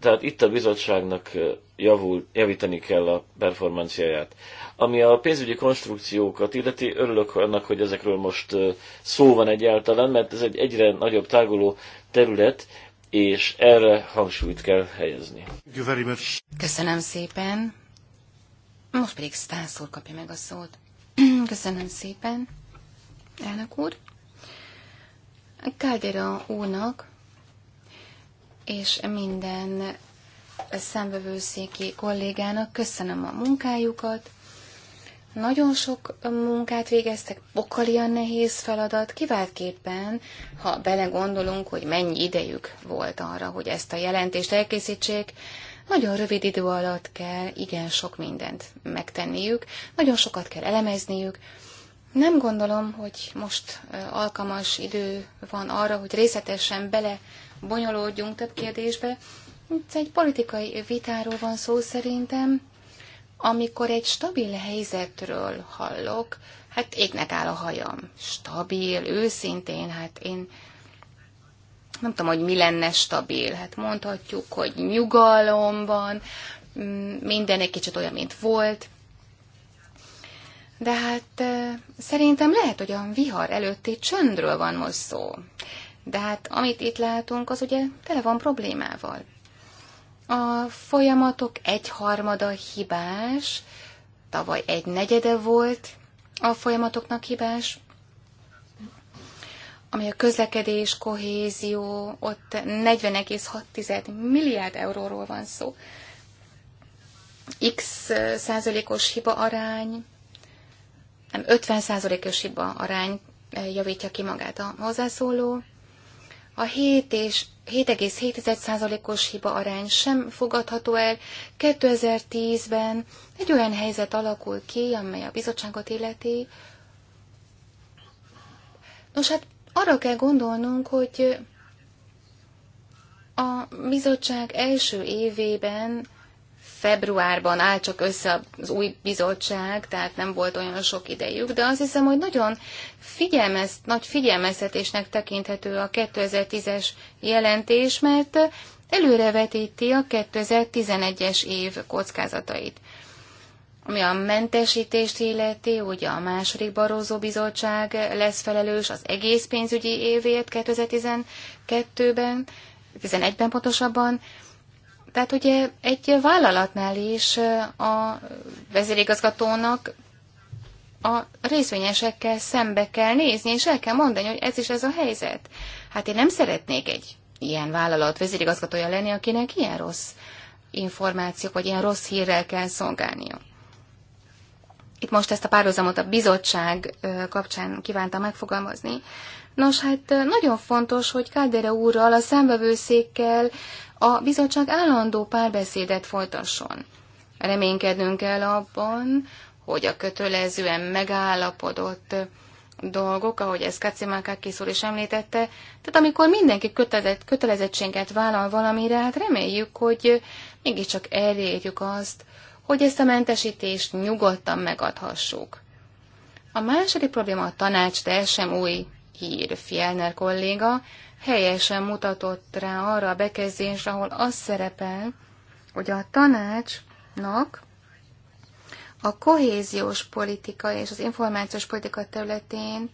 Tehát itt a bizottságnak javul, javítani kell a performanciáját. Ami a pénzügyi konstrukciókat illeti, örülök annak, hogy ezekről most szó van egyáltalán, mert ez egy egyre nagyobb táguló terület, és erre hangsúlyt kell helyezni. Köszönöm szépen. Most pedig Stász kapja meg a szót. Köszönöm szépen, elnök úr. Káldera úrnak és minden szembevőszéki kollégának köszönöm a munkájukat. Nagyon sok munkát végeztek, pokalian nehéz feladat, kiváltképpen, ha belegondolunk, hogy mennyi idejük volt arra, hogy ezt a jelentést elkészítsék, nagyon rövid idő alatt kell igen sok mindent megtenniük, nagyon sokat kell elemezniük, nem gondolom, hogy most alkalmas idő van arra, hogy részletesen bele bonyolódjunk több kérdésbe. Itt egy politikai vitáról van szó szerintem. Amikor egy stabil helyzetről hallok, hát égnek áll a hajam. Stabil, őszintén, hát én nem tudom, hogy mi lenne stabil. Hát mondhatjuk, hogy nyugalom van, minden egy kicsit olyan, mint volt. De hát szerintem lehet, hogy a vihar előtti csöndről van most szó. De hát amit itt látunk, az ugye tele van problémával. A folyamatok egyharmada hibás, tavaly egy negyede volt a folyamatoknak hibás, ami a közlekedés, kohézió, ott 40,6 milliárd euróról van szó. X százalékos hiba arány, nem 50%-os hiba arány eh, javítja ki magát a hozzászóló. A 7 és 7,7%-os hiba arány sem fogadható el. 2010-ben egy olyan helyzet alakul ki, amely a bizottságot illeti. Nos, hát arra kell gondolnunk, hogy a bizottság első évében februárban áll csak össze az új bizottság, tehát nem volt olyan sok idejük, de azt hiszem, hogy nagyon figyelmez, nagy figyelmeztetésnek tekinthető a 2010-es jelentés, mert előrevetíti a 2011-es év kockázatait. Ami a mentesítést illeti, ugye a második Barózó Bizottság lesz felelős az egész pénzügyi évért 2012-ben, 2011 ben pontosabban, tehát ugye egy vállalatnál is a vezérigazgatónak a részvényesekkel szembe kell nézni, és el kell mondani, hogy ez is ez a helyzet. Hát én nem szeretnék egy ilyen vállalat vezérigazgatója lenni, akinek ilyen rossz információk, vagy ilyen rossz hírrel kell szolgálnia. Itt most ezt a párhuzamot a bizottság kapcsán kívánta megfogalmazni. Nos, hát nagyon fontos, hogy Kádere úrral, a szembevőszékkel, a bizottság állandó párbeszédet folytasson. Reménykedünk el abban, hogy a kötelezően megállapodott dolgok, ahogy ezt Kacimákákész úr is említette, tehát amikor mindenki kötelezett, kötelezettséget vállal valamire, hát reméljük, hogy mégiscsak elérjük azt, hogy ezt a mentesítést nyugodtan megadhassuk. A második probléma a tanács, de ez sem új hír, Fielner kolléga, helyesen mutatott rá arra a bekezdés, ahol az szerepel, hogy a tanácsnak a kohéziós politika és az információs politika területén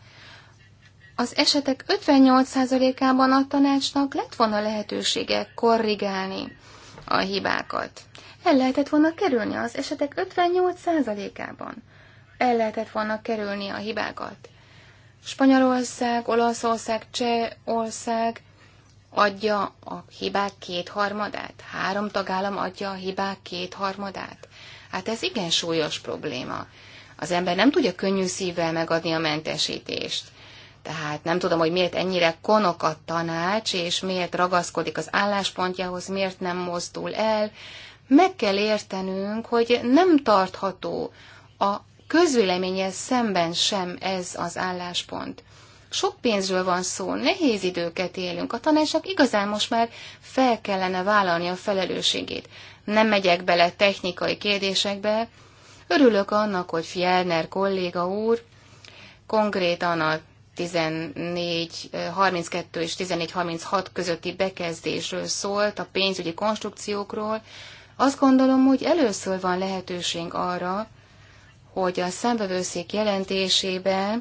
az esetek 58%-ában a tanácsnak lett volna lehetősége korrigálni a hibákat. El lehetett volna kerülni az esetek 58%-ában. El lehetett volna kerülni a hibákat. Spanyolország, Olaszország, Csehország adja a hibák kétharmadát? Három tagállam adja a hibák kétharmadát? Hát ez igen súlyos probléma. Az ember nem tudja könnyű szívvel megadni a mentesítést. Tehát nem tudom, hogy miért ennyire konok a tanács, és miért ragaszkodik az álláspontjához, miért nem mozdul el. Meg kell értenünk, hogy nem tartható a közvéleménye szemben sem ez az álláspont. Sok pénzről van szó, nehéz időket élünk, a tanácsnak igazán most már fel kellene vállalni a felelősségét. Nem megyek bele technikai kérdésekbe, örülök annak, hogy Fjellner kolléga úr konkrétan a 14.32 és 14.36 közötti bekezdésről szólt, a pénzügyi konstrukciókról, azt gondolom, hogy először van lehetőség arra, hogy a számbevőszék jelentésébe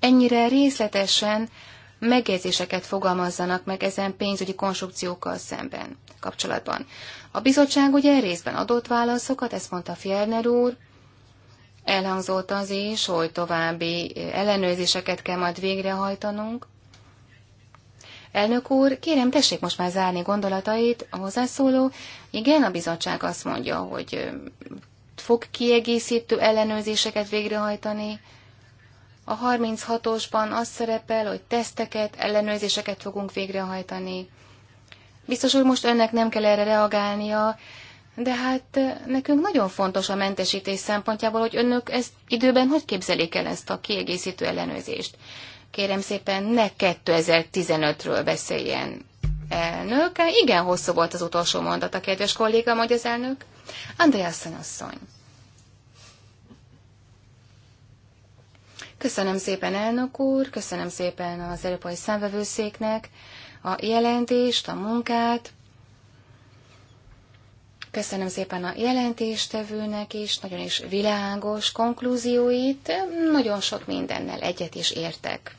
ennyire részletesen megjegyzéseket fogalmazzanak meg ezen pénzügyi konstrukciókkal szemben kapcsolatban. A bizottság ugye részben adott válaszokat, ezt mondta Fjellner úr, elhangzott az is, hogy további ellenőrzéseket kell majd végrehajtanunk. Elnök úr, kérem, tessék most már zárni gondolatait, a hozzászóló. Igen, a bizottság azt mondja, hogy fog kiegészítő ellenőrzéseket végrehajtani. A 36-osban az szerepel, hogy teszteket, ellenőrzéseket fogunk végrehajtani. Biztos, hogy most önnek nem kell erre reagálnia, de hát eh, nekünk nagyon fontos a mentesítés szempontjából, hogy önök ezt időben hogy képzelik el ezt a kiegészítő ellenőrzést. Kérem szépen, ne 2015-ről beszéljen elnök. Igen, hosszú volt az utolsó mondat a kedves kolléga, mondja az elnök. Andreas asszony. Köszönöm szépen, elnök úr, köszönöm szépen az Európai Számvevőszéknek a jelentést, a munkát. Köszönöm szépen a jelentéstevőnek is, nagyon is világos konklúzióit, nagyon sok mindennel egyet is értek.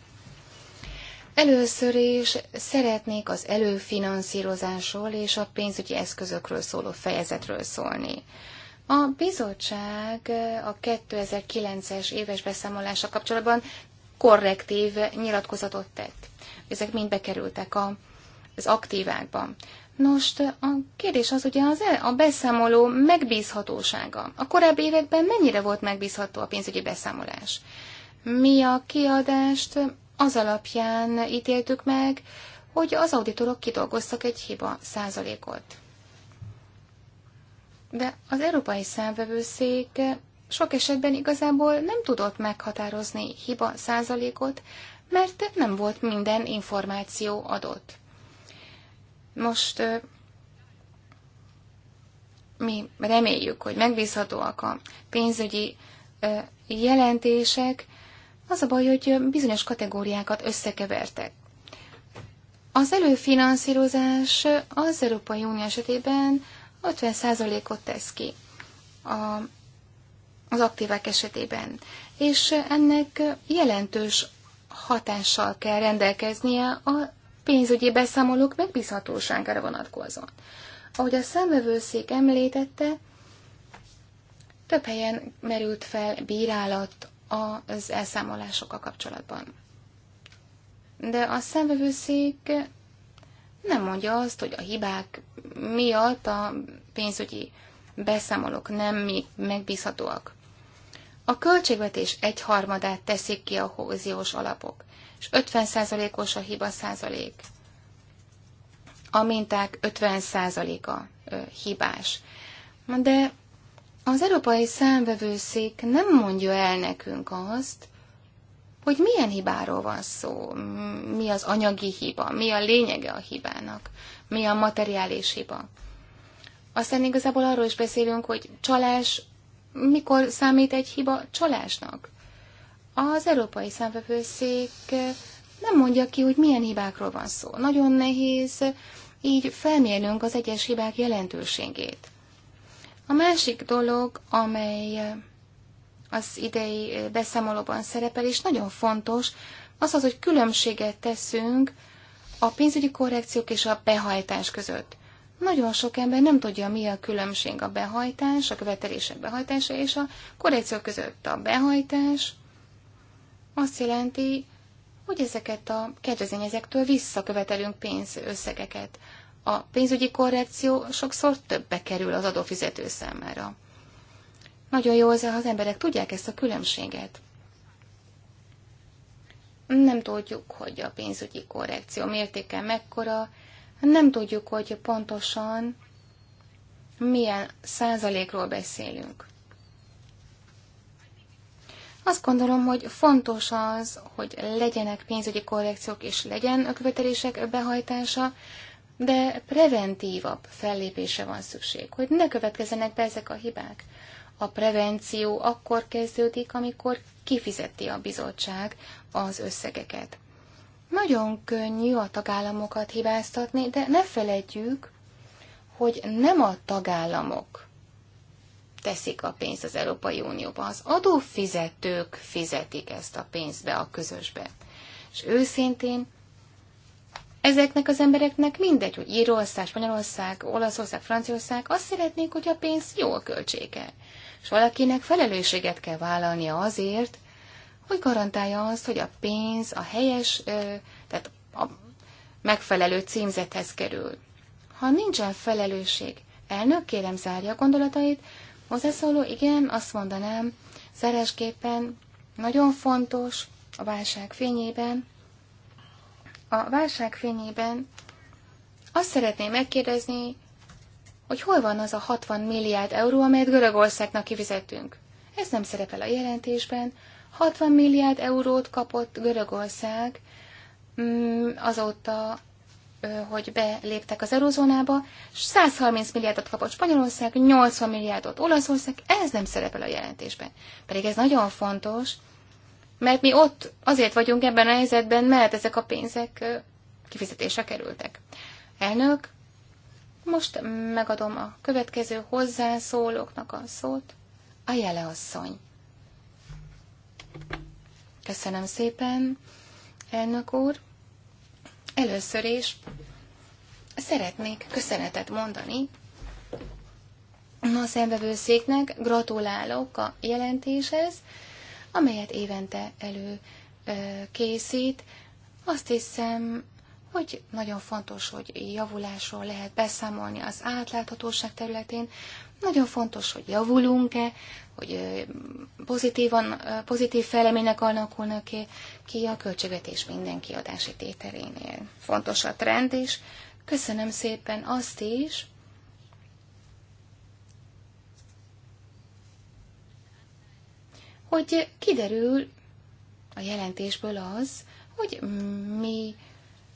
Először is szeretnék az előfinanszírozásról és a pénzügyi eszközökről szóló fejezetről szólni. A bizottság eh, a 2009-es éves beszámolása kapcsolatban korrektív nyilatkozatot tett. Ezek mind bekerültek a, az aktívákba. Nos, a kérdés az ugye az a beszámoló megbízhatósága. A korábbi években mennyire volt megbízható a pénzügyi beszámolás? Mi a kiadást az alapján ítéltük meg, hogy az auditorok kidolgoztak egy hiba százalékot de az Európai Számvevőszék sok esetben igazából nem tudott meghatározni hiba százalékot, mert nem volt minden információ adott. Most mi reméljük, hogy megbízhatóak a pénzügyi jelentések. Az a baj, hogy bizonyos kategóriákat összekevertek. Az előfinanszírozás az Európai Unió esetében 50%-ot tesz ki a, az aktívák esetében. És ennek jelentős hatással kell rendelkeznie a pénzügyi beszámolók megbízhatóságára vonatkozóan. Ahogy a számövőszék említette, több helyen merült fel bírálat az elszámolásokkal kapcsolatban. De a számvevőszék nem mondja azt, hogy a hibák miatt a pénzügyi beszámolók nem még megbízhatóak. A költségvetés egyharmadát teszik ki a hóziós alapok, és 50%-os a hiba százalék. A minták 50%-a hibás. De az Európai Számvevőszék nem mondja el nekünk azt, hogy milyen hibáról van szó, mi az anyagi hiba, mi a lényege a hibának, mi a materiális hiba. Aztán igazából arról is beszélünk, hogy csalás, mikor számít egy hiba csalásnak. Az Európai Számvevőszék eh, nem mondja ki, hogy milyen hibákról van szó. Nagyon nehéz így felmérnünk az egyes hibák jelentőségét. A másik dolog, amely eh, az idei beszámolóban szerepel, és nagyon fontos az az, hogy különbséget teszünk a pénzügyi korrekciók és a behajtás között. Nagyon sok ember nem tudja, mi a különbség a behajtás, a követelések behajtása és a korrekció között. A behajtás azt jelenti, hogy ezeket a kedvezményezektől visszakövetelünk pénzösszegeket. A pénzügyi korrekció sokszor többe kerül az adófizető számára. Nagyon jó az, ha az emberek tudják ezt a különbséget. Nem tudjuk, hogy a pénzügyi korrekció mértéke mekkora, nem tudjuk, hogy pontosan milyen százalékról beszélünk. Azt gondolom, hogy fontos az, hogy legyenek pénzügyi korrekciók és legyen a követelések behajtása, de preventívabb fellépése van szükség, hogy ne következzenek be ezek a hibák. A prevenció akkor kezdődik, amikor kifizeti a bizottság az összegeket. Nagyon könnyű a tagállamokat hibáztatni, de ne felejtjük, hogy nem a tagállamok teszik a pénzt az Európai Unióba, az adófizetők fizetik ezt a pénzt be a közösbe. És őszintén ezeknek az embereknek mindegy, hogy Írország, Spanyolország, Olaszország, Franciaország, azt szeretnék, hogy a pénz jól költsék el és valakinek felelősséget kell vállalnia azért, hogy garantálja azt, hogy a pénz a helyes, tehát a megfelelő címzethez kerül. Ha nincsen felelősség, elnök kérem zárja a gondolatait, hozzászóló igen, azt mondanám, szeresképpen nagyon fontos a válság fényében, a válság fényében azt szeretném megkérdezni, hogy hol van az a 60 milliárd euró, amelyet Görögországnak kifizetünk. Ez nem szerepel a jelentésben. 60 milliárd eurót kapott Görögország mm, azóta, hogy beléptek az eurozónába, 130 milliárdot kapott Spanyolország, 80 milliárdot Olaszország, ez nem szerepel a jelentésben. Pedig ez nagyon fontos, mert mi ott azért vagyunk ebben a helyzetben, mert ezek a pénzek kifizetésre kerültek. Elnök, most megadom a következő hozzászólóknak a szót. A jele asszony. Köszönöm szépen, elnök úr. Először is szeretnék köszönetet mondani a szembevőszéknek. Gratulálok a jelentéshez, amelyet évente elő készít. Azt hiszem, hogy nagyon fontos, hogy javulásról lehet beszámolni az átláthatóság területén, nagyon fontos, hogy javulunk-e, hogy pozitívan, pozitív felemének alakulnak ki, ki a költségvetés minden kiadási tételénél. Fontos a trend is. Köszönöm szépen azt is, hogy kiderül a jelentésből az, hogy mi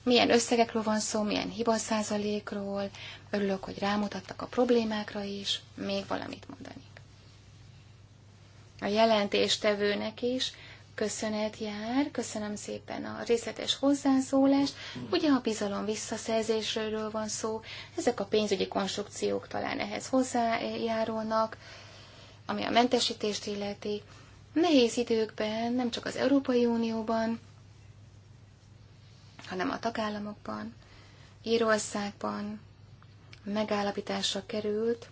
milyen összegekről van szó, milyen hibaszázalékról. Örülök, hogy rámutattak a problémákra is. Még valamit mondanék. A jelentéstevőnek is köszönet jár, köszönöm szépen a részletes hozzászólást. Ugye a bizalom visszaszerzésről van szó, ezek a pénzügyi konstrukciók talán ehhez hozzájárulnak, ami a mentesítést illeti. Nehéz időkben, nem csak az Európai Unióban, hanem a tagállamokban, Írországban megállapításra került,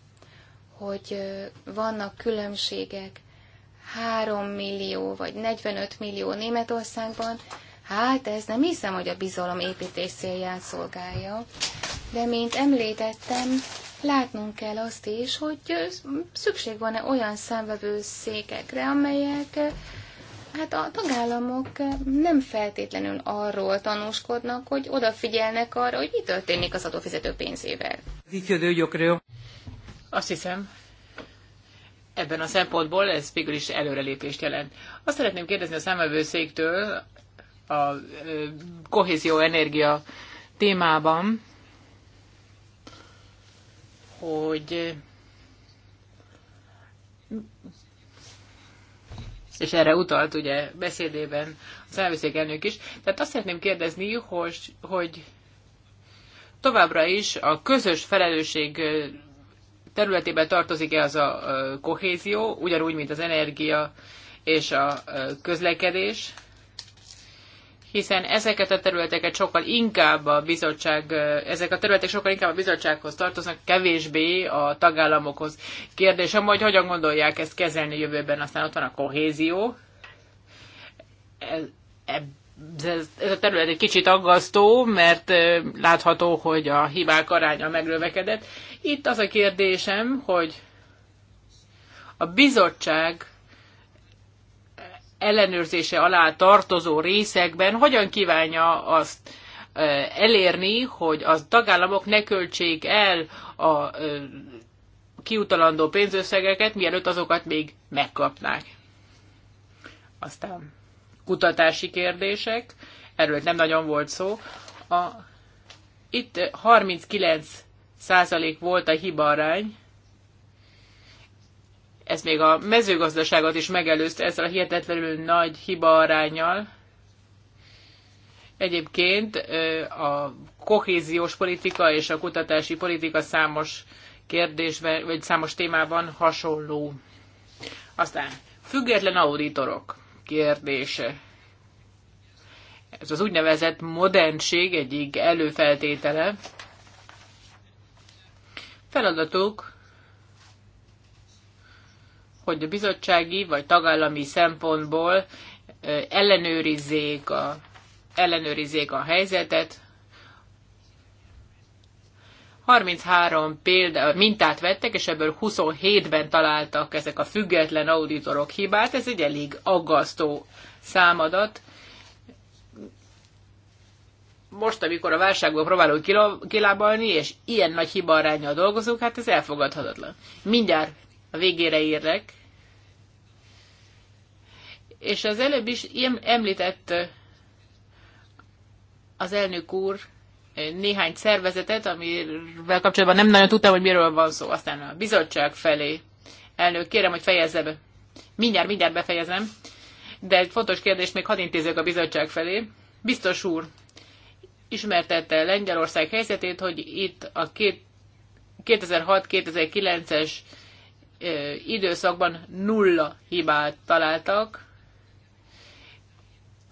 hogy vannak különbségek 3 millió vagy 45 millió Németországban, hát ez nem hiszem, hogy a bizalom építés célját szolgálja. De mint említettem, látnunk kell azt is, hogy szükség van-e olyan számvevő székekre, amelyek Hát a tagállamok nem feltétlenül arról tanúskodnak, hogy odafigyelnek arra, hogy mi történik az adófizető pénzével. Azt hiszem, ebben a szempontból ez végül is előrelépést jelent. Azt szeretném kérdezni a számvevőszéktől a kohézió energia témában, hogy és erre utalt ugye beszédében a szervezék elnök is. Tehát azt szeretném kérdezni, hogy, hogy továbbra is a közös felelősség területében tartozik-e az a kohézió, ugyanúgy, mint az energia és a közlekedés, hiszen ezeket a területeket sokkal inkább a bizottság, ezek a területek sokkal inkább a bizottsághoz tartoznak, kevésbé a tagállamokhoz. Kérdésem, hogy hogyan gondolják ezt kezelni jövőben, aztán ott van a kohézió. Ez, ez, ez a terület egy kicsit aggasztó, mert látható, hogy a hibák aránya megrövekedett. Itt az a kérdésem, hogy a bizottság ellenőrzése alá tartozó részekben hogyan kívánja azt elérni, hogy a tagállamok ne költsék el a kiutalandó pénzösszegeket, mielőtt azokat még megkapnák. Aztán kutatási kérdések, erről nem nagyon volt szó. A, itt 39 százalék volt a hibarány, ez még a mezőgazdaságot is megelőzte ezzel a hihetetlenül nagy hiba arányjal. Egyébként a kohéziós politika és a kutatási politika számos kérdésben, vagy számos témában hasonló. Aztán független auditorok kérdése. Ez az úgynevezett modernség egyik előfeltétele. Feladatuk hogy a bizottsági vagy tagállami szempontból ellenőrizzék a, ellenőrizzék a helyzetet. 33 példa, mintát vettek, és ebből 27-ben találtak ezek a független auditorok hibát. Ez egy elég aggasztó számadat. Most, amikor a válságból próbálunk kilábalni, és ilyen nagy hibaarányjal dolgozunk, hát ez elfogadhatatlan. Mindjárt a végére érlek, és az előbb is említett az elnök úr néhány szervezetet, amivel kapcsolatban nem nagyon tudtam, hogy miről van szó. Aztán a bizottság felé. Elnök, kérem, hogy fejezze be. Mindjárt, mindjárt befejezem. De egy fontos kérdést még hadd intézek a bizottság felé. Biztos úr, ismertette Lengyelország helyzetét, hogy itt a 2006-2009-es időszakban nulla hibát találtak.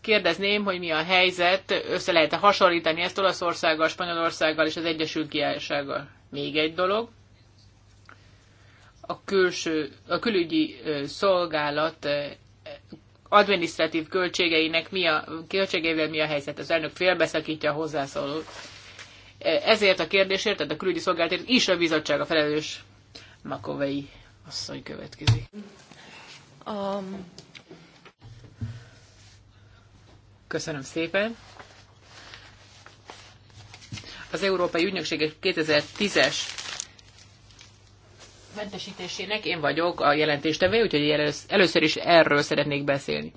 Kérdezném, hogy mi a helyzet, össze lehet-e hasonlítani ezt Olaszországgal, Spanyolországgal és az Egyesült Királysággal? Még egy dolog. A, külső, a külügyi szolgálat adminisztratív költségeinek mi a, költségeivel mi a helyzet? Az elnök félbeszakítja a hozzászólót. Ezért a kérdésért, tehát a külügyi szolgálatért is a bizottság a felelős Makovei asszony következik. Um, köszönöm szépen. Az Európai Ügynökség 2010-es mentesítésének én vagyok a jelentéstevő, úgyhogy először is erről szeretnék beszélni.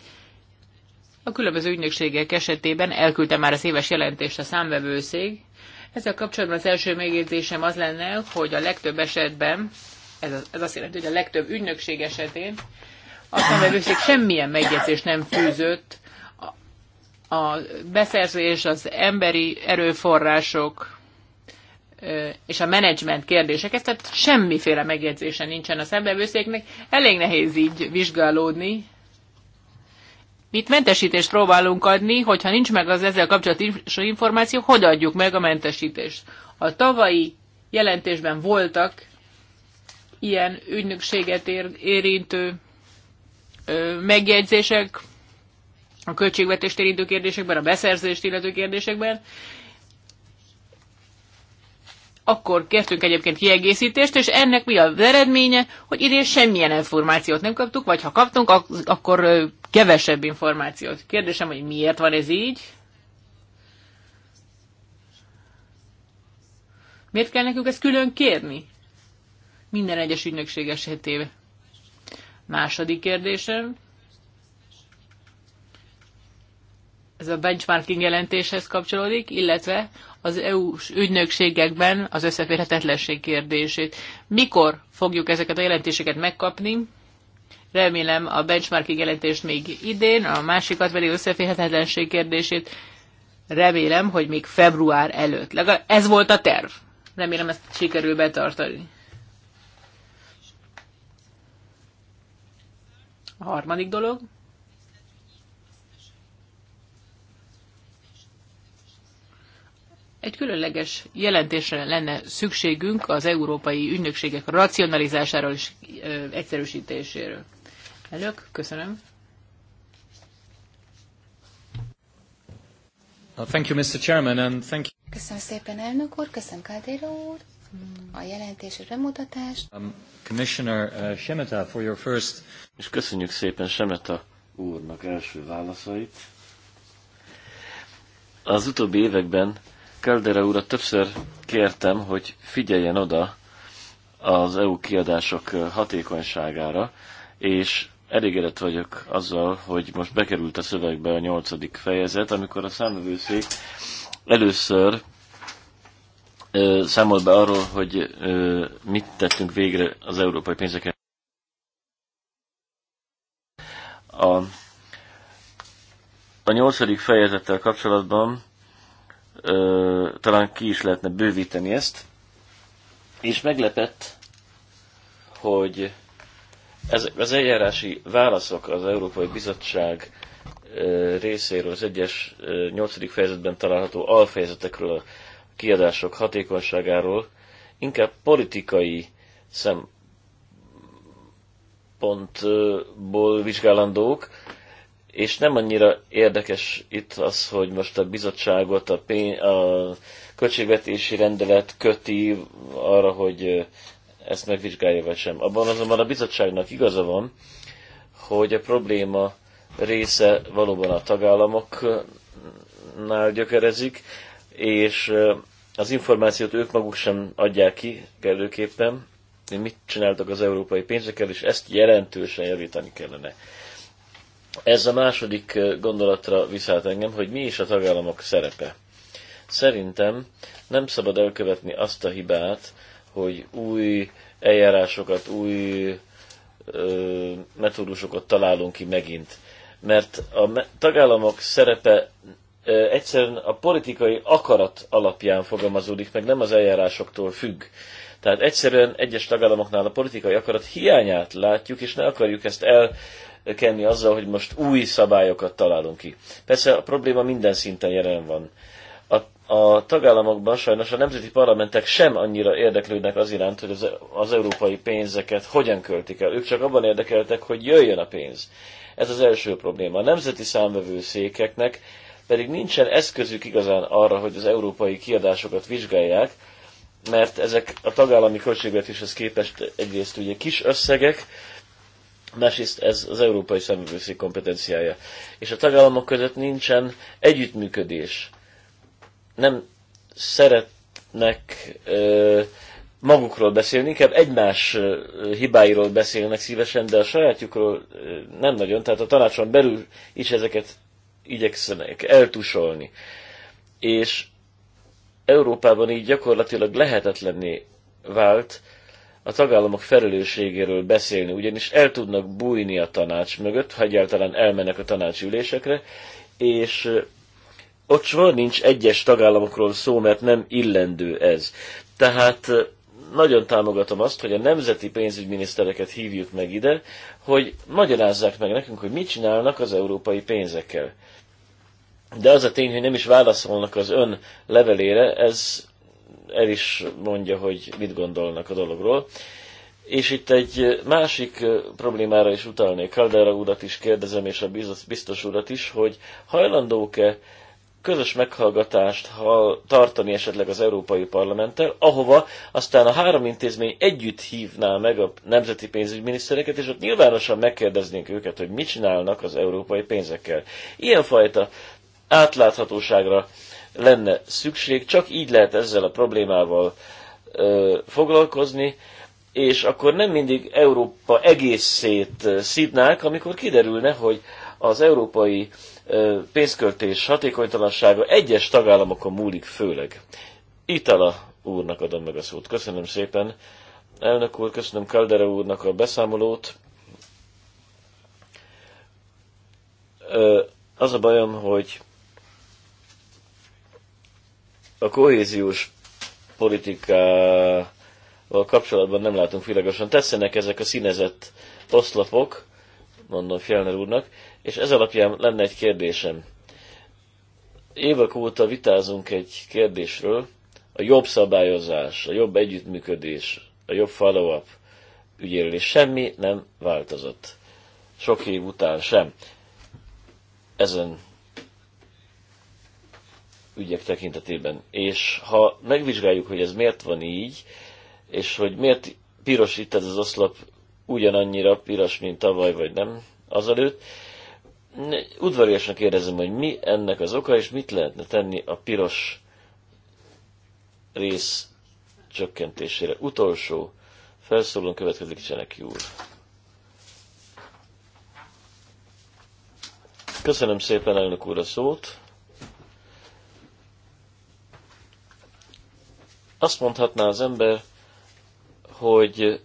A különböző ügynökségek esetében elküldtem már az éves jelentést a számvevőszég. Ezzel kapcsolatban az első megjegyzésem az lenne, hogy a legtöbb esetben ez, az, ez azt jelenti, hogy a legtöbb ügynökség esetén a szemvevőszék semmilyen megjegyzés nem fűzött a, a beszerzés, az emberi erőforrások és a menedzsment kérdéseket, tehát semmiféle megjegyzése nincsen a szembevőszéknek. Elég nehéz így vizsgálódni. Mit mentesítést próbálunk adni, hogyha nincs meg az ezzel kapcsolatos információ, hogy adjuk meg a mentesítést. A tavalyi jelentésben voltak ilyen ügynökséget ér, érintő ö, megjegyzések a költségvetést érintő kérdésekben, a beszerzést illető kérdésekben, akkor kértünk egyébként kiegészítést, és ennek mi az eredménye, hogy idén semmilyen információt nem kaptuk, vagy ha kaptunk, akkor kevesebb információt. Kérdésem, hogy miért van ez így? Miért kell nekünk ezt külön kérni? minden egyes ügynökség esetében. Második kérdésem. Ez a benchmarking jelentéshez kapcsolódik, illetve az EU-s ügynökségekben az összeférhetetlenség kérdését. Mikor fogjuk ezeket a jelentéseket megkapni? Remélem a benchmarking jelentést még idén, a másikat pedig összeférhetetlenség kérdését. Remélem, hogy még február előtt. Legalább ez volt a terv. Remélem ezt sikerül betartani. A harmadik dolog. Egy különleges jelentésre lenne szükségünk az európai ügynökségek racionalizásáról és egyszerűsítéséről. Elnök, köszönöm. Thank you, Mr. Chairman, and thank you. Köszönöm szépen, elnök úr, köszönöm Kádéra úr, a jelentés és bemutatást. Um, Commissioner uh, Shemeta, for your first... És köszönjük szépen Semeta úrnak első válaszait. Az utóbbi években Caldera úrat többször kértem, hogy figyeljen oda az EU kiadások uh, hatékonyságára, és elégedett vagyok azzal, hogy most bekerült a szövegbe a nyolcadik fejezet, amikor a számövőszék először számol be arról, hogy mit tettünk végre az európai pénzeket. A, a nyolcadik fejezettel kapcsolatban ö, talán ki is lehetne bővíteni ezt, és meglepett, hogy ez az eljárási válaszok az Európai Bizottság részéről az egyes nyolcadik fejezetben található alfejezetekről kiadások hatékonyságáról, inkább politikai szempontból vizsgálandók, és nem annyira érdekes itt az, hogy most a bizottságot a, pén- a költségvetési rendelet köti arra, hogy ezt megvizsgálja vagy sem. Abban azonban a bizottságnak igaza van, hogy a probléma része valóban a tagállamoknál gyökerezik, és az információt ők maguk sem adják ki kellőképpen, hogy mit csináltak az európai pénzekkel, és ezt jelentősen javítani kellene. Ez a második gondolatra viszállt engem, hogy mi is a tagállamok szerepe. Szerintem nem szabad elkövetni azt a hibát, hogy új eljárásokat, új metódusokat találunk ki megint. Mert a tagállamok szerepe egyszerűen a politikai akarat alapján fogalmazódik meg, nem az eljárásoktól függ. Tehát egyszerűen egyes tagállamoknál a politikai akarat hiányát látjuk, és ne akarjuk ezt elkenni azzal, hogy most új szabályokat találunk ki. Persze a probléma minden szinten jelen van. A, a tagállamokban sajnos a nemzeti parlamentek sem annyira érdeklődnek az iránt, hogy az, az európai pénzeket hogyan költik el. Ők csak abban érdekeltek, hogy jöjjön a pénz. Ez az első probléma. A nemzeti számvevőszékeknek pedig nincsen eszközük igazán arra, hogy az európai kiadásokat vizsgálják, mert ezek a tagállami költségvetéshez képest egyrészt ugye kis összegek, másrészt ez az európai szemüvőszék kompetenciája. És a tagállamok között nincsen együttműködés. Nem szeretnek ö, magukról beszélni, inkább egymás hibáiról beszélnek szívesen, de a sajátjukról nem nagyon. Tehát a tanácson belül is ezeket igyekszenek eltusolni. És Európában így gyakorlatilag lehetetlenné vált a tagállamok felelősségéről beszélni, ugyanis el tudnak bújni a tanács mögött, ha egyáltalán elmennek a tanács ülésekre, és ott soha nincs egyes tagállamokról szó, mert nem illendő ez. Tehát nagyon támogatom azt, hogy a nemzeti pénzügyminisztereket hívjuk meg ide, hogy magyarázzák meg nekünk, hogy mit csinálnak az európai pénzekkel. De az a tény, hogy nem is válaszolnak az ön levelére, ez el is mondja, hogy mit gondolnak a dologról. És itt egy másik problémára is utalnék. Caldera urat is kérdezem, és a biztos urat is, hogy hajlandók-e közös meghallgatást tartani esetleg az Európai Parlamenttel, ahova aztán a három intézmény együtt hívná meg a nemzeti pénzügyminisztereket, és ott nyilvánosan megkérdeznénk őket, hogy mit csinálnak az európai pénzekkel. Ilyenfajta átláthatóságra lenne szükség, csak így lehet ezzel a problémával ö, foglalkozni, és akkor nem mindig Európa egészét szidnák, amikor kiderülne, hogy az európai ö, pénzköltés hatékonytalansága egyes tagállamokon múlik főleg. Itala úrnak adom meg a szót. Köszönöm szépen, elnök úr, köszönöm Caldera úrnak a beszámolót. Ö, az a bajom, hogy a kohéziós politikával kapcsolatban nem látunk világosan. Tetszenek ezek a színezett oszlapok, mondom Fjellner úrnak, és ez alapján lenne egy kérdésem. Évek óta vitázunk egy kérdésről, a jobb szabályozás, a jobb együttműködés, a jobb follow-up ügyéről, és semmi nem változott. Sok év után sem. Ezen ügyek tekintetében. És ha megvizsgáljuk, hogy ez miért van így, és hogy miért piros itt ez az oszlop ugyanannyira piros, mint tavaly, vagy nem azelőtt, udvariasan kérdezem, hogy mi ennek az oka, és mit lehetne tenni a piros rész csökkentésére. Utolsó felszólón következik Cseneki úr. Köszönöm szépen elnök úr a szót. Azt mondhatná az ember, hogy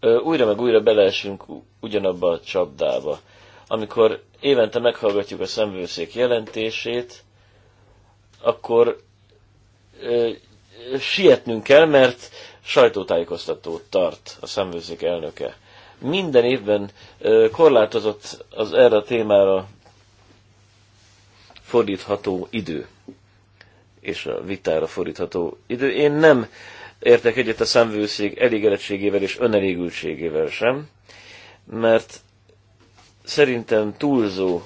újra meg újra beleesünk ugyanabba a csapdába. Amikor évente meghallgatjuk a szemvőszék jelentését, akkor sietnünk kell, mert sajtótájékoztatót tart a szemvőszék elnöke. Minden évben korlátozott az erre a témára fordítható idő és a vitára fordítható idő. Én nem értek egyet a szemvőszék elégedettségével és önelégültségével sem, mert szerintem túlzó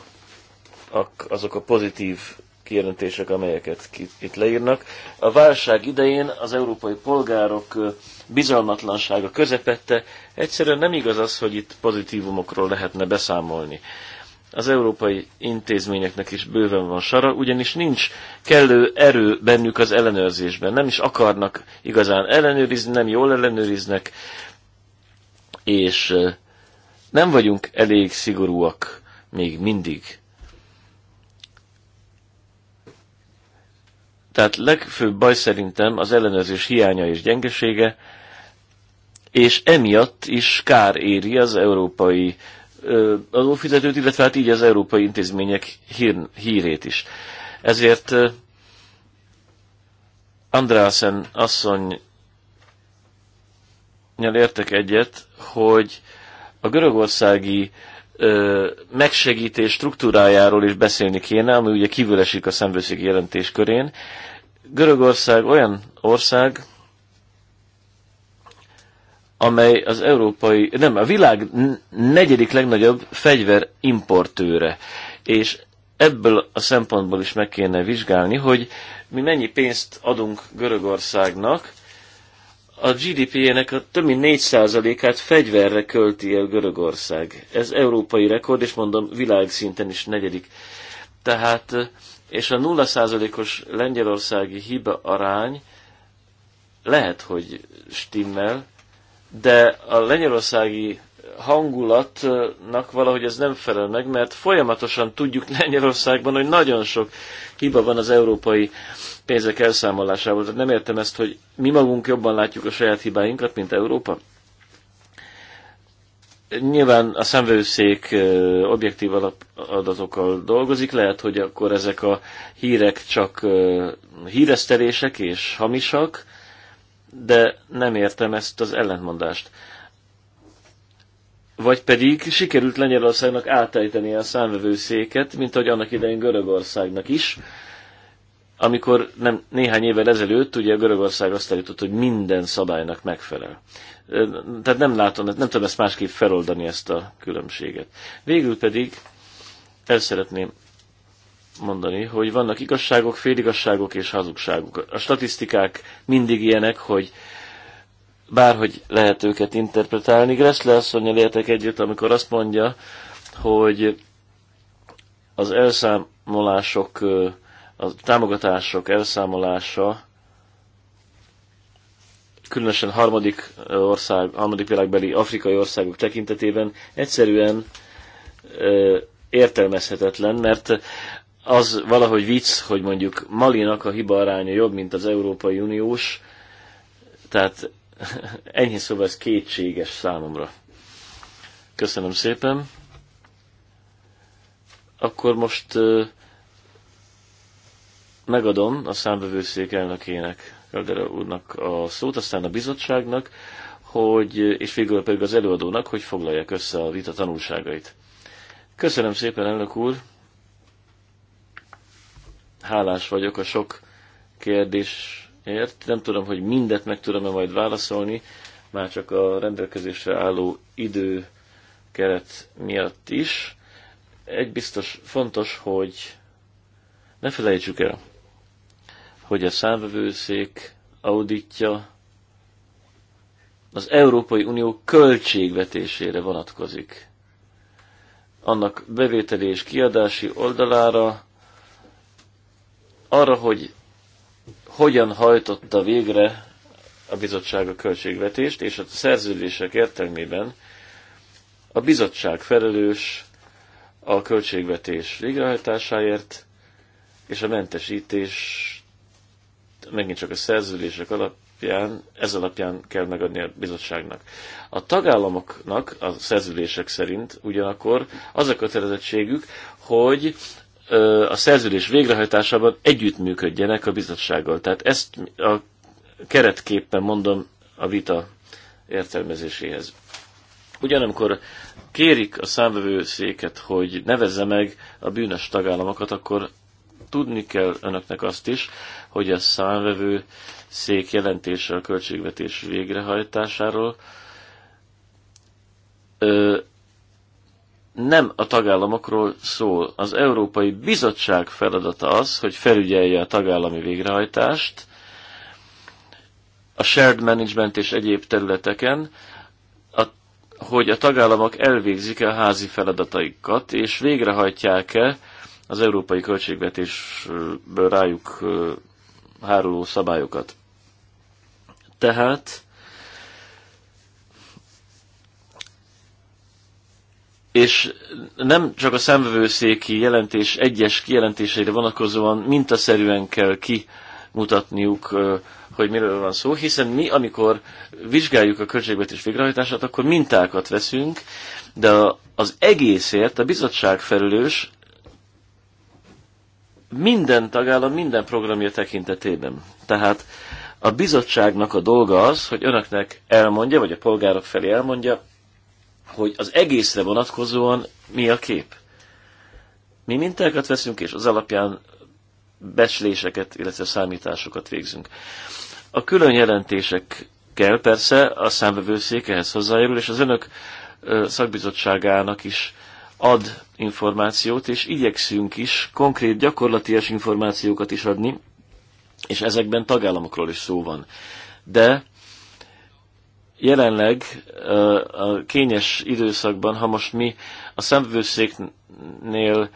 azok a pozitív kijelentések, amelyeket itt leírnak. A válság idején az európai polgárok bizalmatlansága közepette egyszerűen nem igaz az, hogy itt pozitívumokról lehetne beszámolni az európai intézményeknek is bőven van sara, ugyanis nincs kellő erő bennük az ellenőrzésben. Nem is akarnak igazán ellenőrizni, nem jól ellenőriznek, és nem vagyunk elég szigorúak még mindig. Tehát legfőbb baj szerintem az ellenőrzés hiánya és gyengesége, és emiatt is kár éri az európai adófizetőt, illetve hát így az európai intézmények hír, hírét is. Ezért Andrásen asszony értek egyet, hogy a görögországi megsegítés struktúrájáról is beszélni kéne, ami ugye kívül esik a szemvőszégi jelentés körén. Görögország olyan ország, amely az európai, nem, a világ negyedik legnagyobb importőre És ebből a szempontból is meg kéne vizsgálni, hogy mi mennyi pénzt adunk Görögországnak, a GDP-jének a több mint 4%-át fegyverre költi el Görögország. Ez európai rekord, és mondom, világszinten is negyedik. Tehát, és a 0%-os lengyelországi hiba arány lehet, hogy stimmel, de a lengyelországi hangulatnak valahogy ez nem felel meg, mert folyamatosan tudjuk Lengyelországban, hogy nagyon sok hiba van az európai pénzek elszámolásával, Tehát nem értem ezt, hogy mi magunk jobban látjuk a saját hibáinkat, mint Európa. Nyilván a szemvőszék objektív adatokkal dolgozik, lehet, hogy akkor ezek a hírek csak híresztelések és hamisak, de nem értem ezt az ellentmondást. Vagy pedig sikerült Lengyelországnak átejteni a számvevőszéket, mint ahogy annak idején Görögországnak is, amikor nem, néhány évvel ezelőtt ugye Görögország azt eljutott, hogy minden szabálynak megfelel. Tehát nem látom, nem tudom ezt másképp feloldani ezt a különbséget. Végül pedig el szeretném mondani, hogy vannak igazságok, féligazságok és hazugságok. A statisztikák mindig ilyenek, hogy bárhogy lehet őket interpretálni. Gressler asszonynal értek együtt, amikor azt mondja, hogy az elszámolások, a támogatások elszámolása különösen harmadik ország, harmadik világbeli afrikai országok tekintetében egyszerűen értelmezhetetlen, mert az valahogy vicc, hogy mondjuk Malinak a hiba aránya jobb, mint az Európai Uniós, tehát ennyi szóval ez kétséges számomra. Köszönöm szépen. Akkor most megadom a számbevőszék elnökének, Kaldera úrnak a szót, aztán a bizottságnak, hogy, és végül pedig az előadónak, hogy foglalják össze a vita tanulságait. Köszönöm szépen, elnök úr! hálás vagyok a sok kérdésért. Nem tudom, hogy mindet meg tudom-e majd válaszolni, már csak a rendelkezésre álló idő keret miatt is. Egy biztos fontos, hogy ne felejtsük el, hogy a számvevőszék auditja az Európai Unió költségvetésére vonatkozik. Annak bevételi és kiadási oldalára arra, hogy hogyan hajtotta végre a bizottság a költségvetést, és a szerződések értelmében a bizottság felelős a költségvetés végrehajtásáért, és a mentesítés megint csak a szerződések alapján, ez alapján kell megadni a bizottságnak. A tagállamoknak a szerződések szerint ugyanakkor az a kötelezettségük, hogy a szerződés végrehajtásában együttműködjenek a bizottsággal. Tehát ezt a keretképpen mondom a vita értelmezéséhez. Ugyanamikor kérik a számvevőszéket, hogy nevezze meg a bűnös tagállamokat, akkor tudni kell önöknek azt is, hogy a számvevő szék jelentése a költségvetés végrehajtásáról nem a tagállamokról szól. Az Európai Bizottság feladata az, hogy felügyelje a tagállami végrehajtást a shared management és egyéb területeken, a, hogy a tagállamok elvégzik-e a házi feladataikat, és végrehajtják-e az európai költségvetésből rájuk háruló szabályokat. Tehát és nem csak a számvevőszéki jelentés egyes kijelentéseire vonatkozóan mintaszerűen kell kimutatniuk, hogy miről van szó, hiszen mi, amikor vizsgáljuk a költségvetés végrehajtását, akkor mintákat veszünk, de az egészért a bizottság felelős minden tagállam, minden programja tekintetében. Tehát a bizottságnak a dolga az, hogy önöknek elmondja, vagy a polgárok felé elmondja, hogy az egészre vonatkozóan mi a kép. Mi mintákat veszünk, és az alapján becsléseket, illetve számításokat végzünk. A külön jelentések kell persze a számvevőszék ehhez hozzájárul, és az önök szakbizottságának is ad információt, és igyekszünk is konkrét gyakorlatias információkat is adni, és ezekben tagállamokról is szó van. De jelenleg a kényes időszakban, ha most mi a szemvőszéknél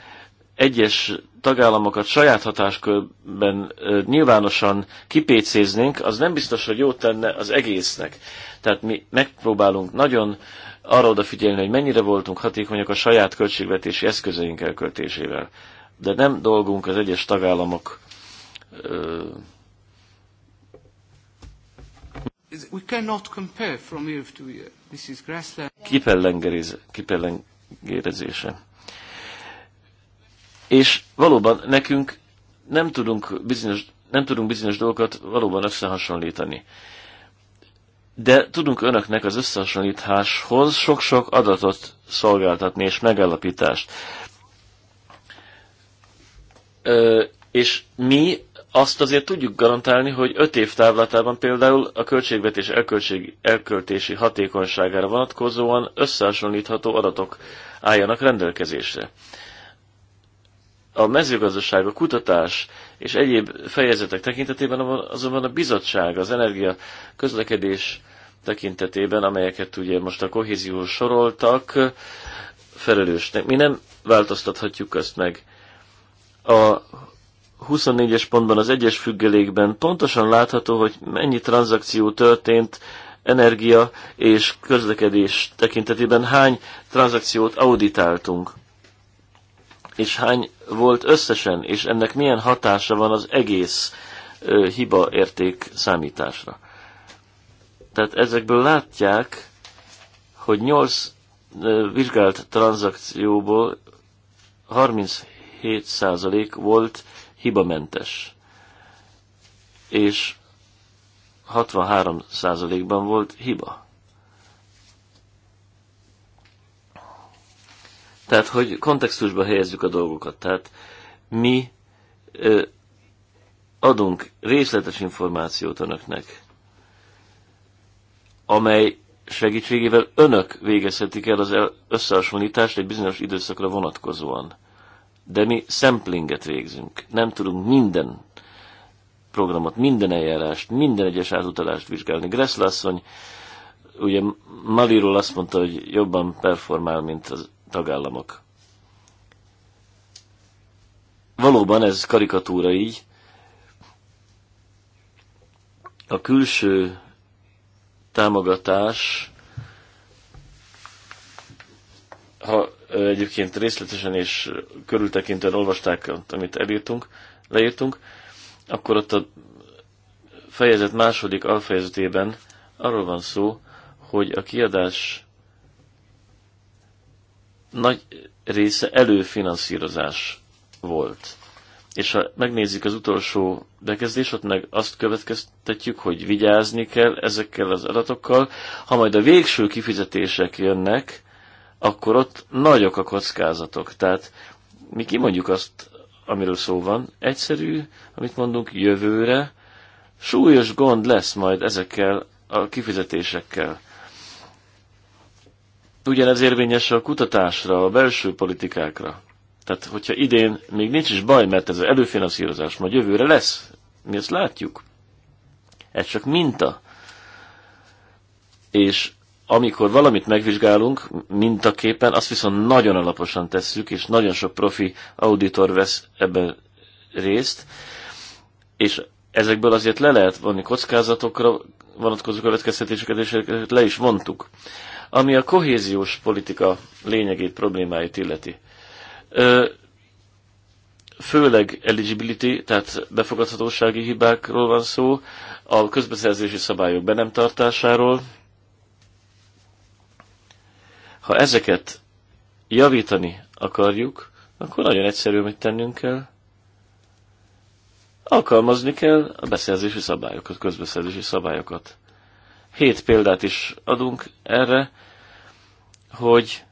egyes tagállamokat saját hatáskörben nyilvánosan kipécéznénk, az nem biztos, hogy jót tenne az egésznek. Tehát mi megpróbálunk nagyon arra odafigyelni, hogy mennyire voltunk hatékonyak a saját költségvetési eszközeink elköltésével. De nem dolgunk az egyes tagállamok we cannot compare from year to year. This is grassland. Kipellengérezése. És valóban nekünk nem tudunk bizonyos, nem tudunk bizonyos dolgokat valóban összehasonlítani. De tudunk önöknek az összehasonlításhoz sok-sok adatot szolgáltatni és megállapítást. Ö, és mi azt azért tudjuk garantálni, hogy öt év távlatában például a költségvetés elköltési hatékonyságára vonatkozóan összehasonlítható adatok álljanak rendelkezésre. A mezőgazdaság, a kutatás és egyéb fejezetek tekintetében azonban a bizottság, az energia közlekedés tekintetében, amelyeket ugye most a kohéziós soroltak, felelősnek. Mi nem változtathatjuk ezt meg. A 24-es pontban az egyes függelékben pontosan látható, hogy mennyi tranzakció történt energia és közlekedés tekintetében, hány tranzakciót auditáltunk, és hány volt összesen, és ennek milyen hatása van az egész ö, hiba érték számításra. Tehát ezekből látják, hogy 8 ö, vizsgált tranzakcióból 37% volt hibamentes. És 63%-ban volt hiba. Tehát, hogy kontextusba helyezzük a dolgokat. Tehát mi ö, adunk részletes információt önöknek, amely segítségével önök végezhetik el az összehasonlítást egy bizonyos időszakra vonatkozóan de mi samplinget végzünk. Nem tudunk minden programot, minden eljárást, minden egyes átutalást vizsgálni. Gressz asszony ugye Maliról azt mondta, hogy jobban performál, mint a tagállamok. Valóban ez karikatúra így. A külső támogatás, ha egyébként részletesen és körültekintően olvasták, amit elírtunk, leírtunk, akkor ott a fejezet második alfejezetében arról van szó, hogy a kiadás nagy része előfinanszírozás volt. És ha megnézzük az utolsó bekezdés, ott meg azt következtetjük, hogy vigyázni kell ezekkel az adatokkal. Ha majd a végső kifizetések jönnek, akkor ott nagyok a kockázatok. Tehát mi kimondjuk azt, amiről szó van, egyszerű, amit mondunk, jövőre, súlyos gond lesz majd ezekkel a kifizetésekkel. Ugyanez érvényes a kutatásra, a belső politikákra. Tehát, hogyha idén még nincs is baj, mert ez az előfinanszírozás majd jövőre lesz, mi ezt látjuk. Ez csak minta. És amikor valamit megvizsgálunk mintaképpen, azt viszont nagyon alaposan tesszük, és nagyon sok profi auditor vesz ebben részt, és ezekből azért le lehet vonni kockázatokra vonatkozó következtetéseket, és ezeket le is vontuk. Ami a kohéziós politika lényegét, problémáit illeti. Főleg eligibility, tehát befogadhatósági hibákról van szó, a közbeszerzési szabályok be nem tartásáról, ha ezeket javítani akarjuk, akkor nagyon egyszerű, mit tennünk kell. Alkalmazni kell a beszerzési szabályokat, közbeszerzési szabályokat. Hét példát is adunk erre, hogy,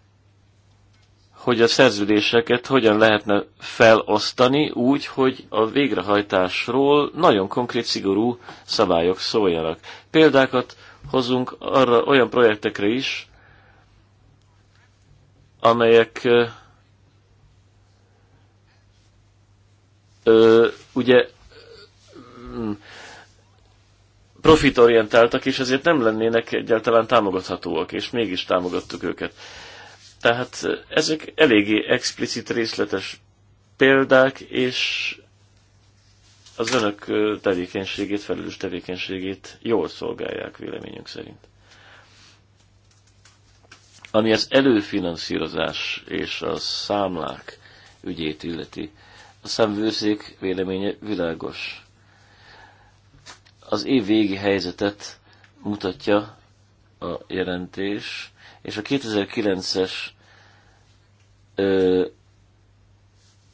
hogy a szerződéseket hogyan lehetne felosztani úgy, hogy a végrehajtásról nagyon konkrét, szigorú szabályok szóljanak. Példákat hozunk arra olyan projektekre is, amelyek ö, ugye mm, profitorientáltak, és ezért nem lennének egyáltalán támogathatóak, és mégis támogattuk őket. Tehát ezek eléggé explicit, részletes példák, és az önök tevékenységét, felelős tevékenységét jól szolgálják véleményünk szerint. Ami az előfinanszírozás és a számlák ügyét illeti, a számvőszék véleménye világos. Az év végi helyzetet mutatja a jelentés, és a 2009-es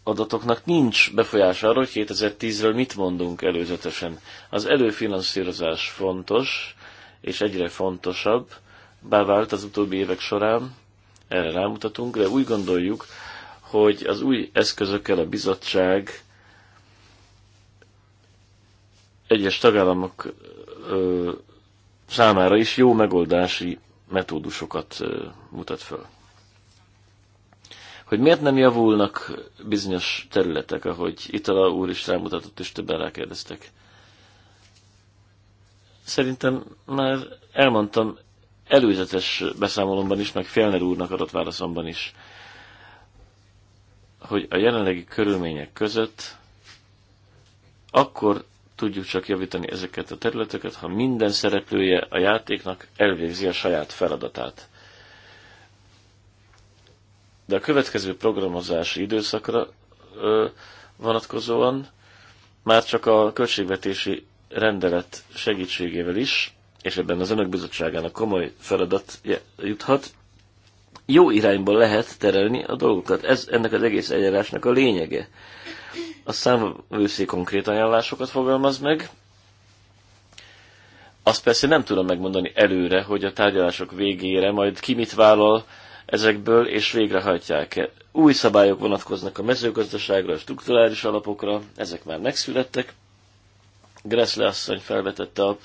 adatoknak nincs befolyása arra, hogy 2010-ről mit mondunk előzetesen. Az előfinanszírozás fontos, és egyre fontosabb, vált az utóbbi évek során, erre rámutatunk, de úgy gondoljuk, hogy az új eszközökkel a bizottság egyes tagállamok ö, számára is jó megoldási metódusokat ö, mutat föl. Hogy miért nem javulnak bizonyos területek, ahogy Itala úr is rámutatott, és többen rákérdeztek. Szerintem már elmondtam előzetes beszámolomban is, meg Fjellner úrnak adott válaszomban is, hogy a jelenlegi körülmények között akkor tudjuk csak javítani ezeket a területeket, ha minden szereplője a játéknak elvégzi a saját feladatát. De a következő programozási időszakra ö, vonatkozóan már csak a költségvetési rendelet segítségével is és ebben az önök bizottságának komoly feladat juthat, jó irányba lehet terelni a dolgokat. Ez ennek az egész eljárásnak a lényege. A számvőszé konkrét ajánlásokat fogalmaz meg, azt persze nem tudom megmondani előre, hogy a tárgyalások végére majd ki mit vállal ezekből, és végrehajtják-e. Új szabályok vonatkoznak a mezőgazdaságra, a strukturális alapokra, ezek már megszülettek. Gressle asszony felvetette a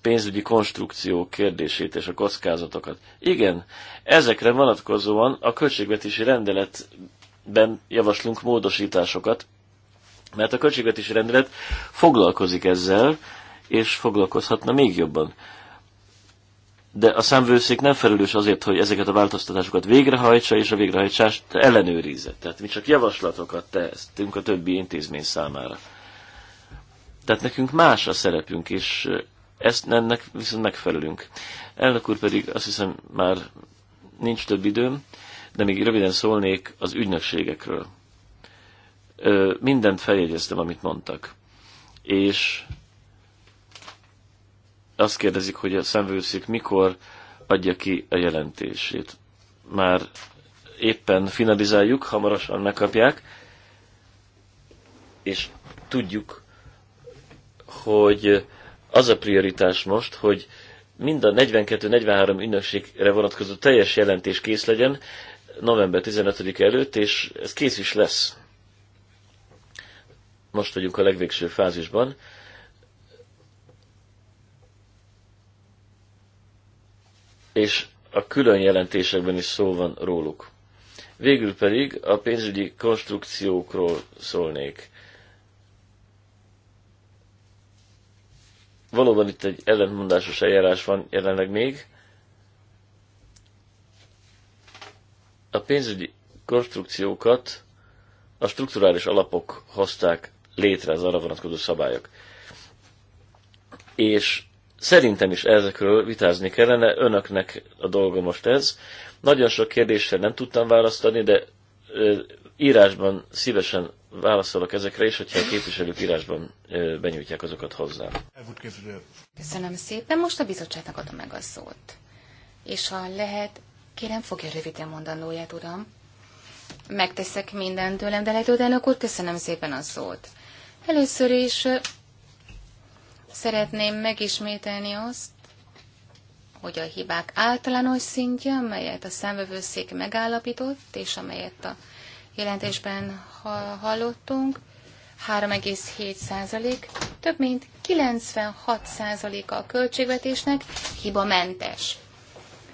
pénzügyi konstrukció kérdését és a kockázatokat. Igen, ezekre vonatkozóan a költségvetési rendeletben javaslunk módosításokat, mert a költségvetési rendelet foglalkozik ezzel, és foglalkozhatna még jobban. De a számvőszék nem felelős azért, hogy ezeket a változtatásokat végrehajtsa, és a végrehajtsást ellenőrizze. Tehát mi csak javaslatokat tehetünk a többi intézmény számára. Tehát nekünk más a szerepünk, és ezt ennek viszont megfelelünk. Elnök úr pedig azt hiszem már nincs több időm, de még röviden szólnék az ügynökségekről. Ö, mindent feljegyeztem, amit mondtak. És azt kérdezik, hogy a szemvőszék mikor adja ki a jelentését. Már éppen finalizáljuk, hamarosan megkapják, és tudjuk, hogy az a prioritás most, hogy mind a 42-43 ünnökségre vonatkozó teljes jelentés kész legyen november 15 előtt, és ez kész is lesz. Most vagyunk a legvégső fázisban. És a külön jelentésekben is szó van róluk. Végül pedig a pénzügyi konstrukciókról szólnék. Valóban itt egy ellentmondásos eljárás van jelenleg még. A pénzügyi konstrukciókat a strukturális alapok hozták létre az arra vonatkozó szabályok. És szerintem is ezekről vitázni kellene, önöknek a dolga most ez. Nagyon sok kérdéssel nem tudtam választani, de írásban szívesen válaszolok ezekre is, hogyha a képviselők írásban benyújtják azokat hozzá. Köszönöm szépen, most a bizottságnak adom meg a szót. És ha lehet, kérem fogja röviden mondandóját, uram. Megteszek mindent tőlem, de lehet, elnök úr, köszönöm szépen a szót. Először is szeretném megismételni azt, hogy a hibák általános szintje, amelyet a számvevőszék megállapított, és amelyet a jelentésben hallottunk, 3,7 több mint 96 a költségvetésnek hibamentes.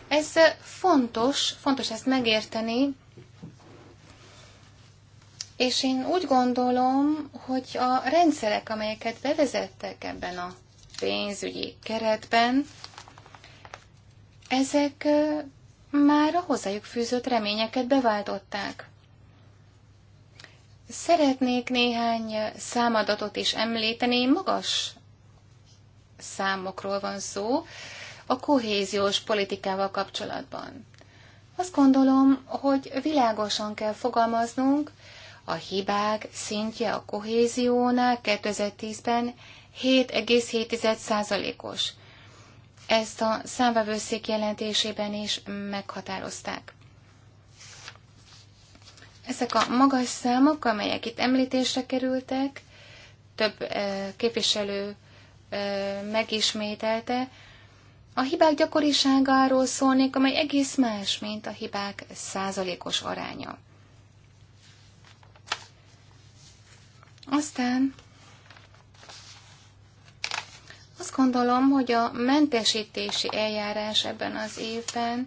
Ez fontos, fontos ezt megérteni, és én úgy gondolom, hogy a rendszerek, amelyeket bevezettek ebben a pénzügyi keretben, ezek már a hozzájuk fűzött reményeket beváltották. Szeretnék néhány számadatot is említeni, magas számokról van szó a kohéziós politikával kapcsolatban. Azt gondolom, hogy világosan kell fogalmaznunk, a hibák szintje a kohéziónál 2010-ben 7,7%-os. Ezt a számvevőszék jelentésében is meghatározták. Ezek a magas számok, amelyek itt említésre kerültek, több képviselő megismételte, a hibák gyakoriságáról szólnék, amely egész más, mint a hibák százalékos aránya. Aztán azt gondolom, hogy a mentesítési eljárás ebben az évben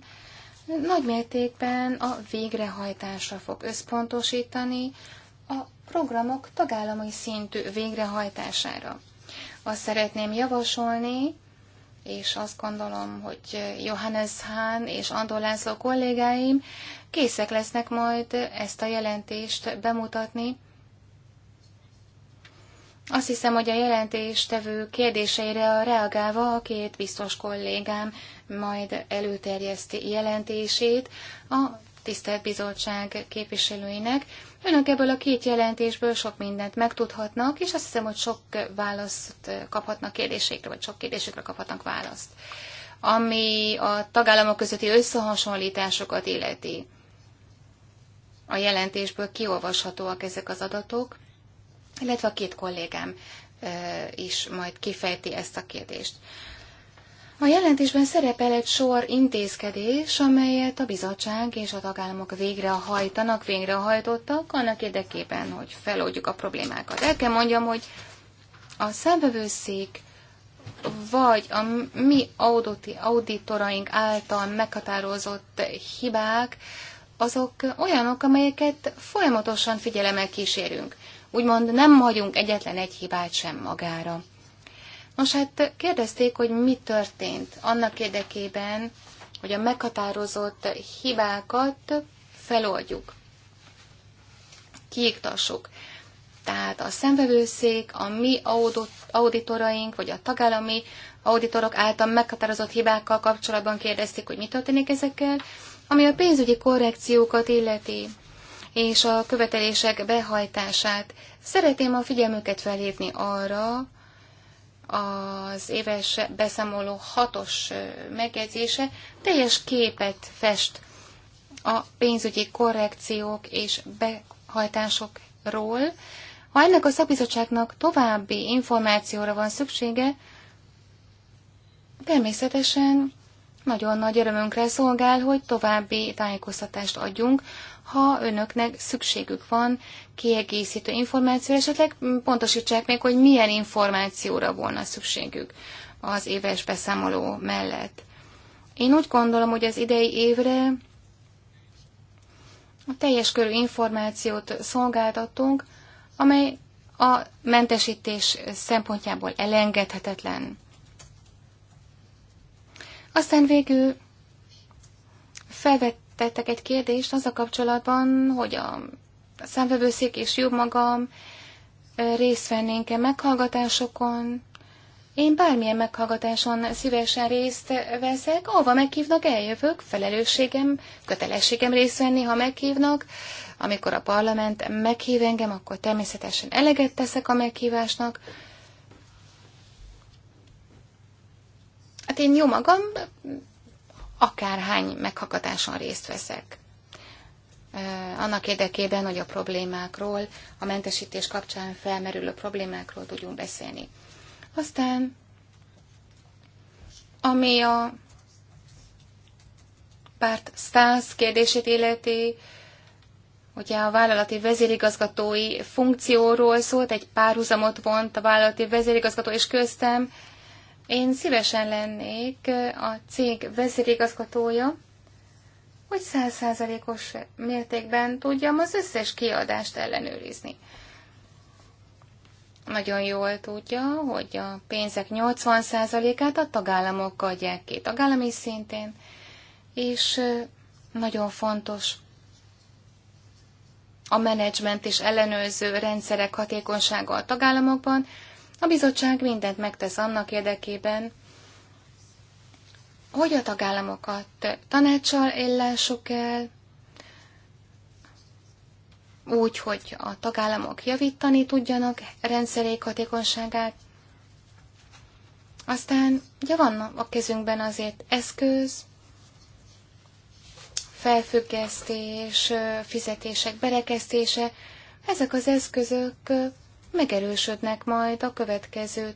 nagy mértékben a végrehajtásra fog összpontosítani, a programok tagállamai szintű végrehajtására. Azt szeretném javasolni, és azt gondolom, hogy Johannes Hahn és Andor László kollégáim készek lesznek majd ezt a jelentést bemutatni. Azt hiszem, hogy a jelentéstevő kérdéseire reagálva a két biztos kollégám majd előterjeszti jelentését a tisztelt bizottság képviselőinek. Önök ebből a két jelentésből sok mindent megtudhatnak, és azt hiszem, hogy sok választ kaphatnak kérdésekre, vagy sok kérdésekre kaphatnak választ. Ami a tagállamok közötti összehasonlításokat illeti. A jelentésből kiolvashatóak ezek az adatok, illetve a két kollégám is majd kifejti ezt a kérdést. A jelentésben szerepel egy sor intézkedés, amelyet a bizottság és a tagállamok végrehajtanak, végrehajtottak annak érdekében, hogy feloldjuk a problémákat. El kell mondjam, hogy a számvevőszék vagy a mi auditoraink által meghatározott hibák, azok olyanok, amelyeket folyamatosan figyelemmel kísérünk. Úgymond nem hagyunk egyetlen egy hibát sem magára. Nos, hát kérdezték, hogy mi történt annak érdekében, hogy a meghatározott hibákat feloldjuk, kiiktassuk. Tehát a szembevőszék, a mi auditoraink, vagy a tagállami auditorok által meghatározott hibákkal kapcsolatban kérdezték, hogy mi történik ezekkel, ami a pénzügyi korrekciókat illeti, és a követelések behajtását. Szeretném a figyelmüket felhívni arra, az éves beszámoló hatos megjegyzése teljes képet fest a pénzügyi korrekciók és behajtásokról. Ha ennek a szakbizottságnak további információra van szüksége, természetesen nagyon nagy örömünkre szolgál, hogy további tájékoztatást adjunk ha önöknek szükségük van kiegészítő információra, esetleg pontosítsák meg, hogy milyen információra volna szükségük az éves beszámoló mellett. Én úgy gondolom, hogy az idei évre a teljes körű információt szolgáltatunk, amely a mentesítés szempontjából elengedhetetlen. Aztán végül felvett tettek egy kérdést az a kapcsolatban, hogy a számvevőszék és jobb magam részt vennénk-e meghallgatásokon. Én bármilyen meghallgatáson szívesen részt veszek, ahova meghívnak, eljövök, felelősségem, kötelességem részt venni, ha meghívnak. Amikor a parlament meghív engem, akkor természetesen eleget teszek a meghívásnak. Hát én jó magam akárhány meghakatáson részt veszek. Annak érdekében, hogy a problémákról, a mentesítés kapcsán felmerülő problémákról tudjunk beszélni. Aztán, ami a párt száz kérdését illeti, ugye a vállalati vezérigazgatói funkcióról szólt, egy párhuzamot vont a vállalati vezérigazgató és köztem, én szívesen lennék a cég vezérigazgatója, hogy százszázalékos mértékben tudjam az összes kiadást ellenőrizni. Nagyon jól tudja, hogy a pénzek 80%-át a tagállamok adják ki, tagállami szintén, és nagyon fontos a menedzsment és ellenőrző rendszerek hatékonysága a tagállamokban, a bizottság mindent megtesz annak érdekében, hogy a tagállamokat tanácssal ellássuk el, úgy, hogy a tagállamok javítani tudjanak rendszerék hatékonyságát. Aztán ugye van a kezünkben azért eszköz, felfüggesztés, fizetések berekesztése, ezek az eszközök megerősödnek majd a következő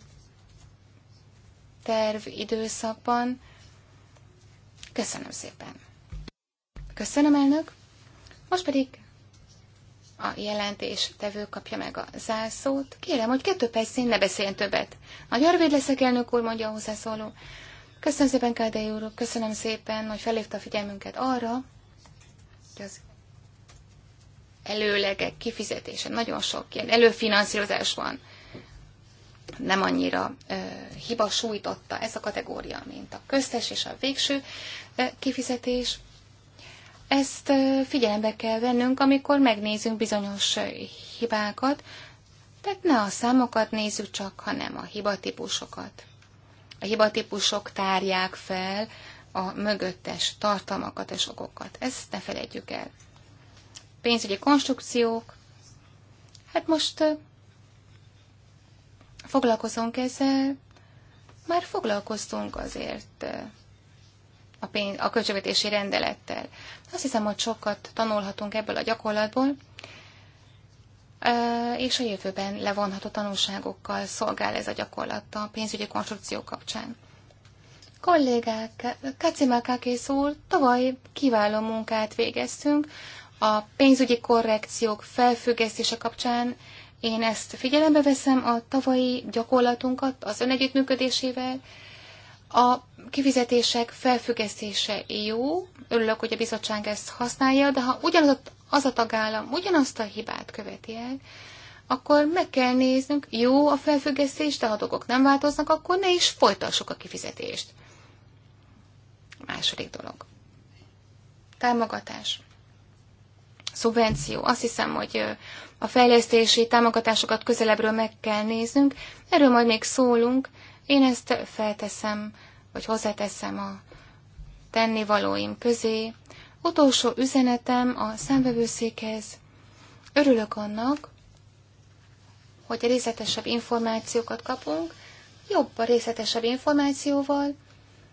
terv időszakban. Köszönöm szépen! Köszönöm, elnök! Most pedig a jelentés tevő kapja meg a zárszót. Kérem, hogy kettő percén ne beszéljen többet. Nagy rövid leszek, elnök úr, mondja a hozzászóló. Köszönöm szépen, Kádei úr, köszönöm szépen, hogy felhívta a figyelmünket arra, hogy az előlegek kifizetése, nagyon sok ilyen előfinanszírozás van. Nem annyira ö, hiba sújtotta ez a kategória, mint a köztes és a végső ö, kifizetés. Ezt ö, figyelembe kell vennünk, amikor megnézünk bizonyos ö, hibákat, tehát ne a számokat nézzük csak, hanem a hibatípusokat. A hibatípusok tárják fel a mögöttes tartalmakat és okokat. Ezt ne felejtjük el pénzügyi konstrukciók. Hát most foglalkozunk ezzel, már foglalkoztunk azért a, pénz, a költségvetési rendelettel. Azt hiszem, hogy sokat tanulhatunk ebből a gyakorlatból, és a jövőben levonható tanulságokkal szolgál ez a gyakorlat a pénzügyi konstrukció kapcsán. Kollégák, Kacimákákész úr, tavaly kiváló munkát végeztünk, a pénzügyi korrekciók felfüggesztése kapcsán én ezt figyelembe veszem a tavalyi gyakorlatunkat az együttműködésével. A kifizetések felfüggesztése jó, örülök, hogy a bizottság ezt használja, de ha ugyanaz az a tagállam ugyanazt a hibát követi el, akkor meg kell néznünk, jó a felfüggesztés, de ha dolgok nem változnak, akkor ne is folytassuk a kifizetést. Második dolog. Támogatás szubvenció. Azt hiszem, hogy a fejlesztési támogatásokat közelebbről meg kell néznünk. Erről majd még szólunk. Én ezt felteszem, vagy hozzáteszem a tennivalóim közé. Utolsó üzenetem a számvevőszékhez. Örülök annak, hogy részletesebb információkat kapunk, jobb a részletesebb információval,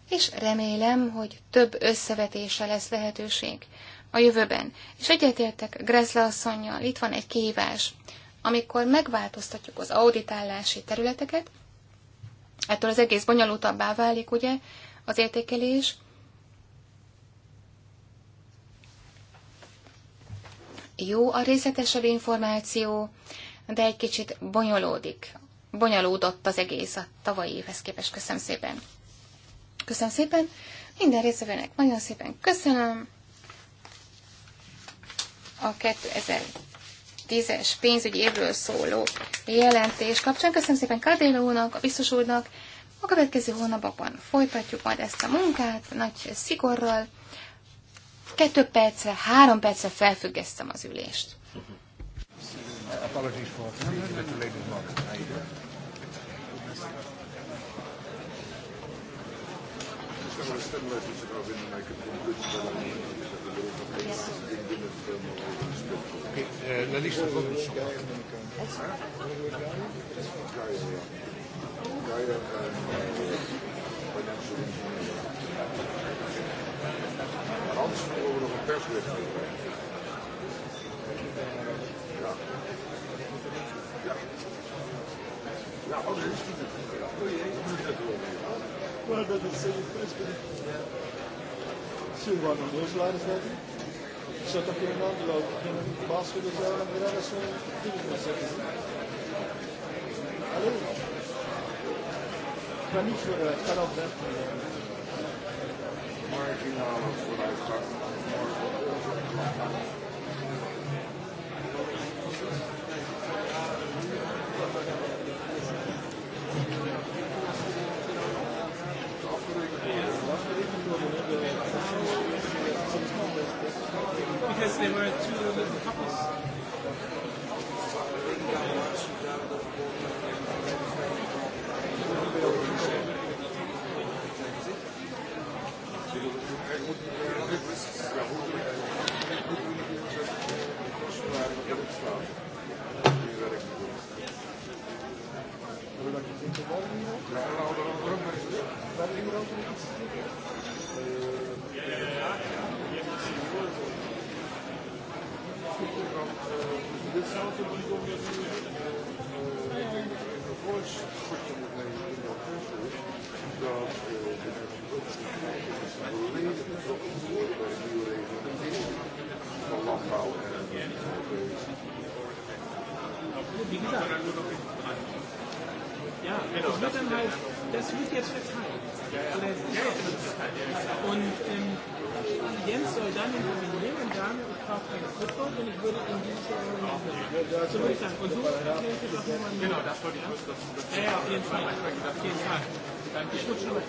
és remélem, hogy több összevetése lesz lehetőség a jövőben. És egyetértek Grezle asszonynal, itt van egy kihívás. Amikor megváltoztatjuk az auditálási területeket, ettől az egész bonyolultabbá válik, ugye, az értékelés, jó a részletesebb információ, de egy kicsit bonyolódik. Bonyolódott az egész a tavalyi évhez képest. Köszönöm szépen. Köszönöm szépen. Minden részvevőnek nagyon szépen köszönöm a 2010-es pénzügyi évről szóló jelentés kapcsán. Köszönöm szépen Kadéla úrnak, a biztos úrnak. A következő hónapokban folytatjuk majd ezt a munkát nagy szigorral. Kettő percre, három percre felfüggesztem az ülést. Apologies for the ladies' Köszönöm, La lista come sono? Anders moeten we nog een perswet Ja. Ja. Ja, anders is het niet. Maar dat is een perswet. Zullen we aan de neus Kişi takımını aldılar. Bazı gözlerle beraber sonra gitti bizim meselesi. Alın. Kaniklara taraflar. Marginal olarak. Thank you. they were two little couples. Thank you. Und ähm, Jens soll dann intervenieren und sagen, ich brauche keine Antwort und ich würde in dieses Jahr intervenieren. So würde ich sagen. Und so erkläre ich das auch nochmal. Genau, das wollte ich kurz dazu. Ja, ja, auf jeden Fall. Auf jeden Fall. Ich rutsche noch.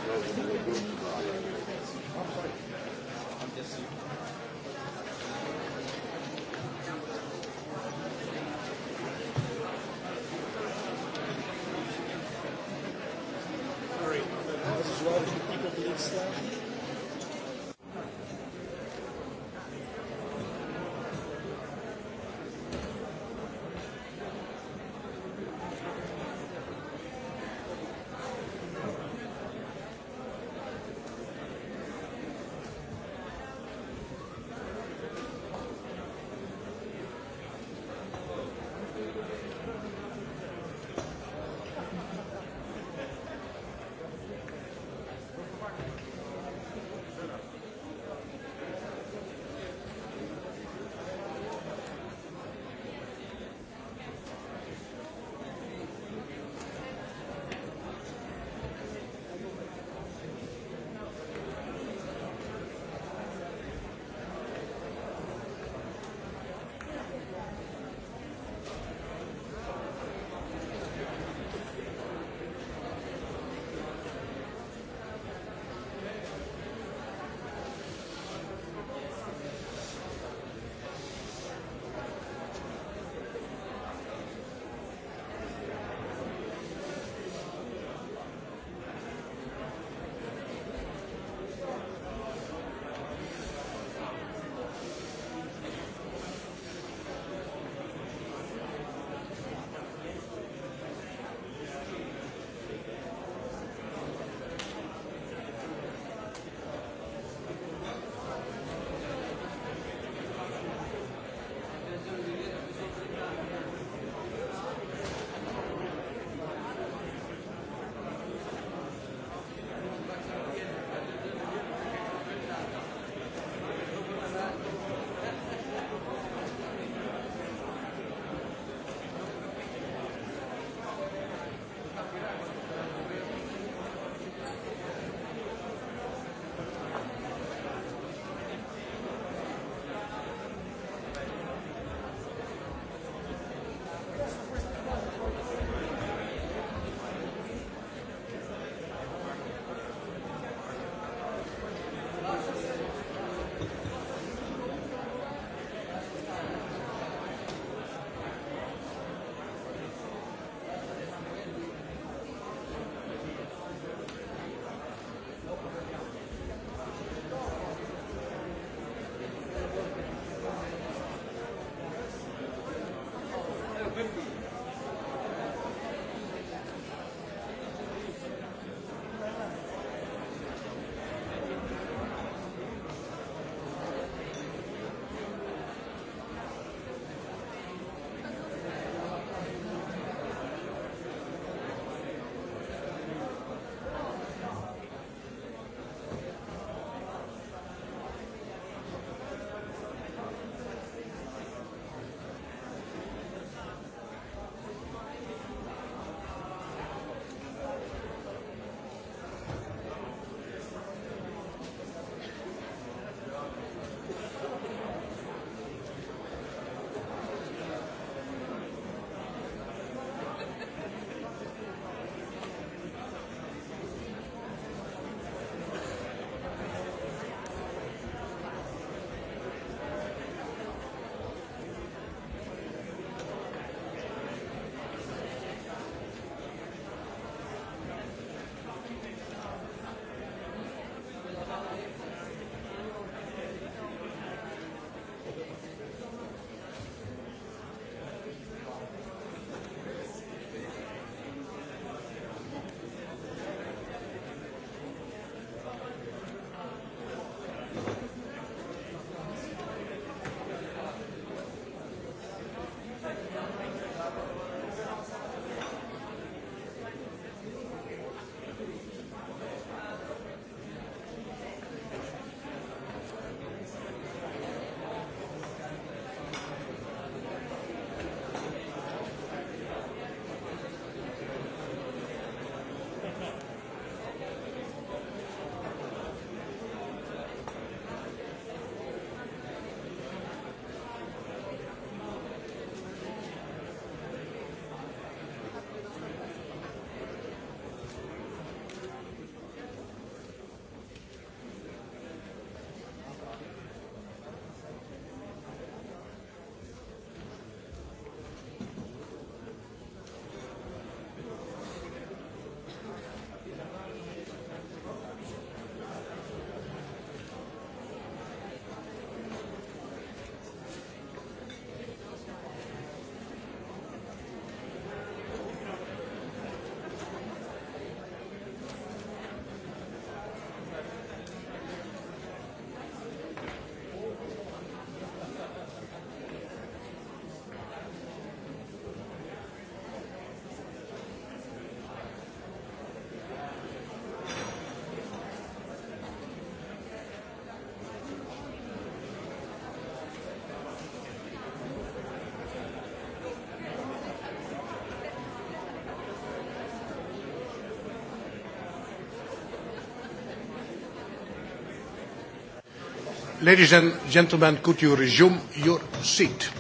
Ladies and gentlemen, could you resume your seat?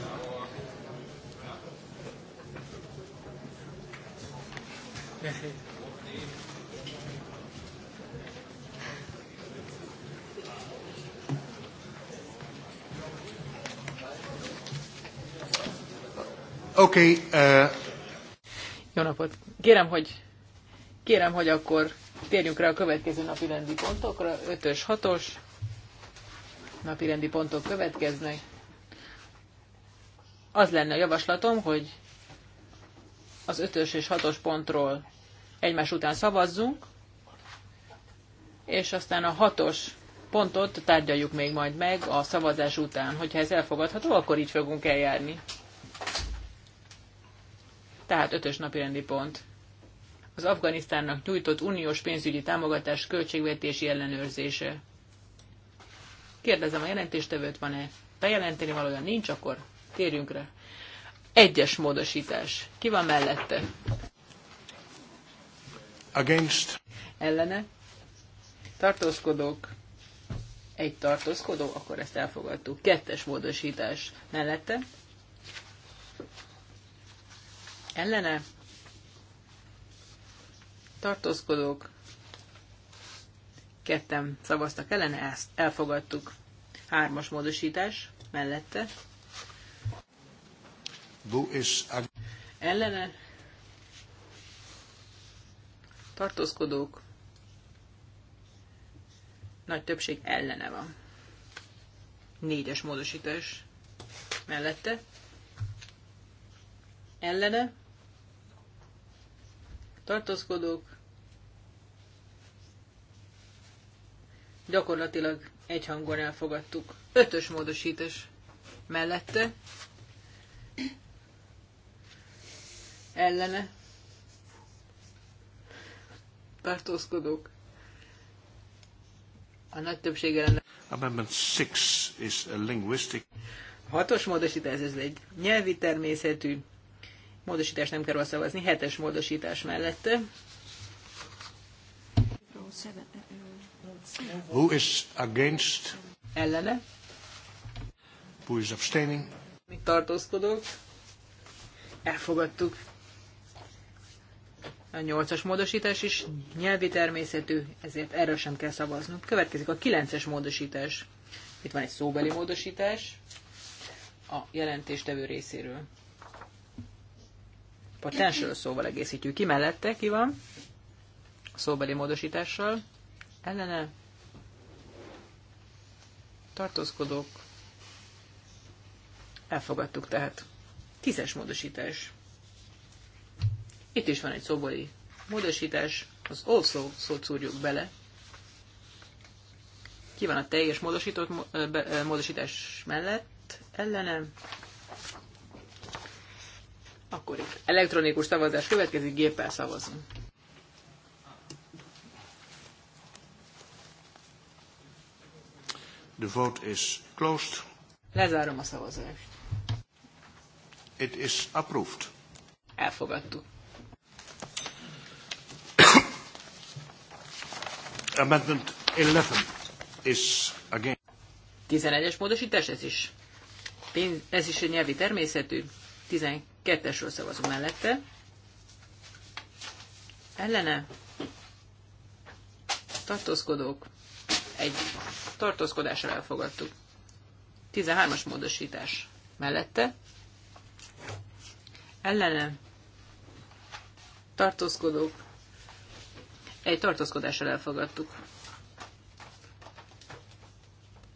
Okay, uh... Jó napot! Kérem, hogy, kérem, hogy akkor térjünk rá a következő napi rendi pontokra, 5-ös, 6-os napirendi pontok következnek. Az lenne a javaslatom, hogy az ötös és hatos pontról egymás után szavazzunk, és aztán a hatos pontot tárgyaljuk még majd meg a szavazás után. Hogyha ez elfogadható, akkor így fogunk eljárni. Tehát ötös napirendi pont. Az Afganisztánnak nyújtott uniós pénzügyi támogatás költségvetési ellenőrzése. Kérdezem a jelentéstevőt, van-e bejelenteni valójában nincs, akkor térjünk rá. Egyes módosítás. Ki van mellette? Against. Ellene. Tartózkodók. Egy tartózkodó, akkor ezt elfogadtuk. Kettes módosítás mellette. Ellene. Tartózkodók ketten szavaztak ellene, ezt elfogadtuk. Hármas módosítás mellette. Bu és ellene tartózkodók nagy többség ellene van. Négyes módosítás mellette. Ellene tartózkodók Gyakorlatilag egy hangon elfogadtuk. Ötös módosítás mellette. Ellene. Tartózkodók. A nagy többség ellene. Amendment 6 is a linguistic. A hatos módosítás, ez egy nyelvi természetű módosítás nem kell szavazni, hetes módosítás mellette. Who is against? Ellene. Who is abstaining? Mi tartózkodók. Elfogadtuk. A nyolcas módosítás is nyelvi természetű, ezért erre sem kell szavaznunk. Következik a kilences módosítás. Itt van egy szóbeli módosítás a jelentéstevő részéről. Potential szóval egészítjük ki mellette, ki van a szóbeli módosítással ellene tartózkodók elfogadtuk, tehát tízes módosítás. Itt is van egy szobori módosítás, az also szót szúrjuk bele. Ki van a teljes módosított módosítás mellett, ellenem. Akkor itt elektronikus szavazás következik, géppel szavazunk. The vote is closed. Lezárom a szavazást. It is approved. Elfogadtuk. Amendment 11 is again. 11-es módosítás, ez is, ez is egy nyelvi természetű. 12-esről szavazunk mellette. Ellene tartózkodók egy tartózkodással elfogadtuk. 13-as módosítás mellette, ellene tartózkodók, egy tartózkodással elfogadtuk.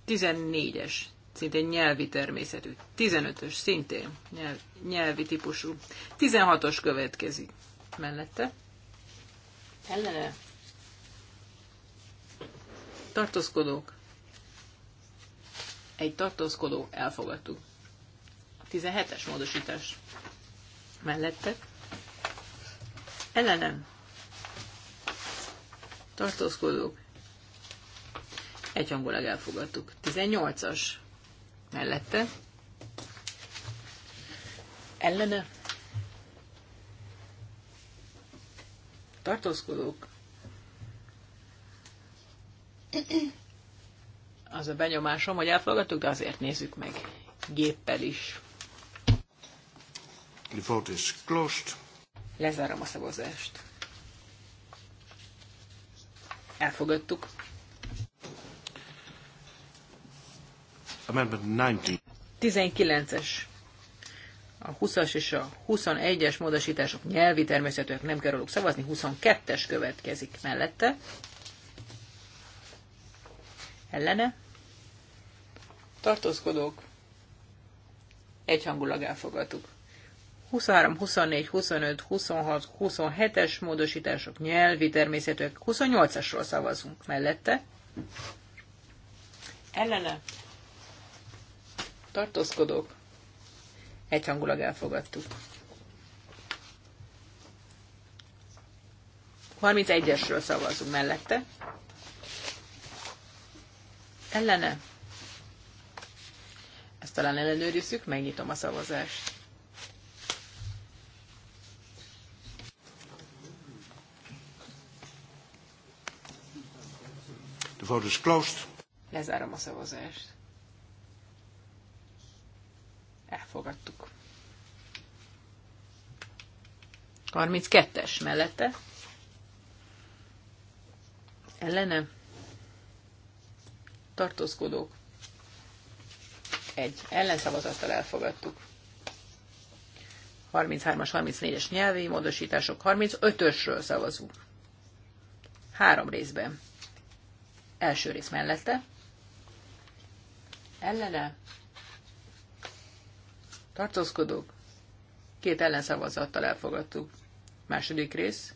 14-es, szintén nyelvi természetű. 15-ös, szintén nyelv, nyelvi típusú. 16-os következik mellette. Ellene tartózkodók, egy tartózkodó, elfogadtuk. 17-es módosítás mellette, ellenem, tartózkodók, egyhangulag elfogadtuk. 18-as mellette, ellene, tartózkodók, az a benyomásom, hogy elfogadtuk, de azért nézzük meg géppel is. The vote is closed. Lezárom a szavazást. Elfogadtuk. Amendment 19. 19-es. A 20-as és a 21-es módosítások nyelvi természetűek, nem kell róluk szavazni. 22-es következik mellette ellene tartózkodók egyhangulag elfogadtuk. 23, 24, 25, 26, 27-es módosítások nyelvi természetek, 28-asról szavazunk mellette. Ellene tartózkodók egyhangulag elfogadtuk. 31-esről szavazunk mellette ellene. Ezt talán ellenőrizzük, megnyitom a szavazást. The vote is closed. Lezárom a szavazást. Elfogadtuk. 32-es mellette. Ellene tartózkodók, egy ellenszavazattal elfogadtuk. 33-as, 34-es nyelvi módosítások, 35-ösről szavazunk. Három részben. Első rész mellette. Ellene. Tartózkodók. Két ellenszavazattal elfogadtuk. Második rész.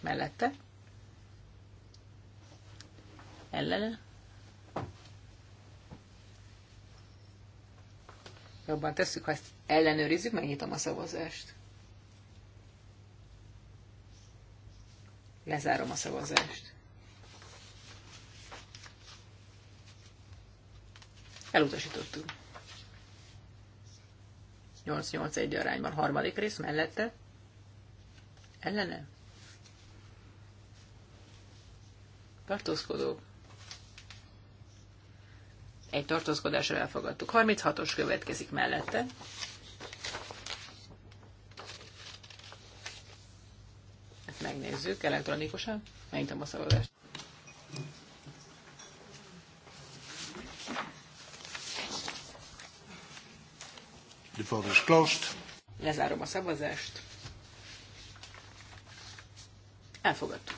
Mellette ellene. Jobban tesszük, ha ezt ellenőrizzük, megnyitom a szavazást. Lezárom a szavazást. Elutasítottuk. 8-8-1 arányban harmadik rész mellette. Ellene? Tartózkodók egy tartózkodásra elfogadtuk. 36-os következik mellette. Ezt megnézzük elektronikusan. Megnyitom a szavazást. The vote is closed. Lezárom a szavazást. Elfogadtuk.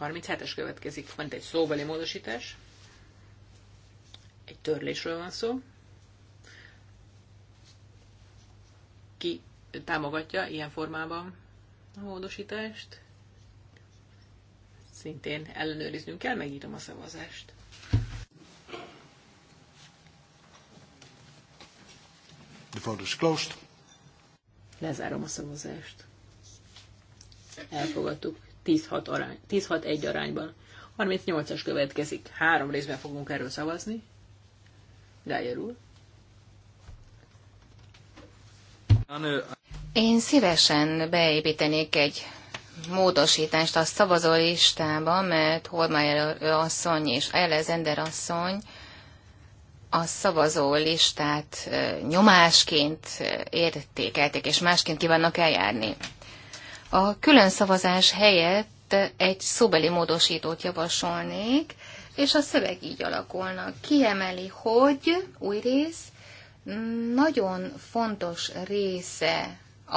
37-es következik, van egy szóbeli módosítás. Egy törlésről van szó. Ki támogatja ilyen formában a módosítást? Szintén ellenőriznünk kell, megírom a szavazást. The vote is closed. Lezárom a szavazást. Elfogadtuk. 10-6 arány, 10-6-1 arányban. 38-as következik. Három részben fogunk erről szavazni. Gájer úr. Én szívesen beépítenék egy módosítást a szavazólistába, mert Holmeyer asszony és Elezender asszony a szavazó listát eh, nyomásként eh, értékelték, és másként kívánnak eljárni a külön szavazás helyett egy szóbeli módosítót javasolnék, és a szöveg így alakulna. Kiemeli, hogy új rész, nagyon fontos része a,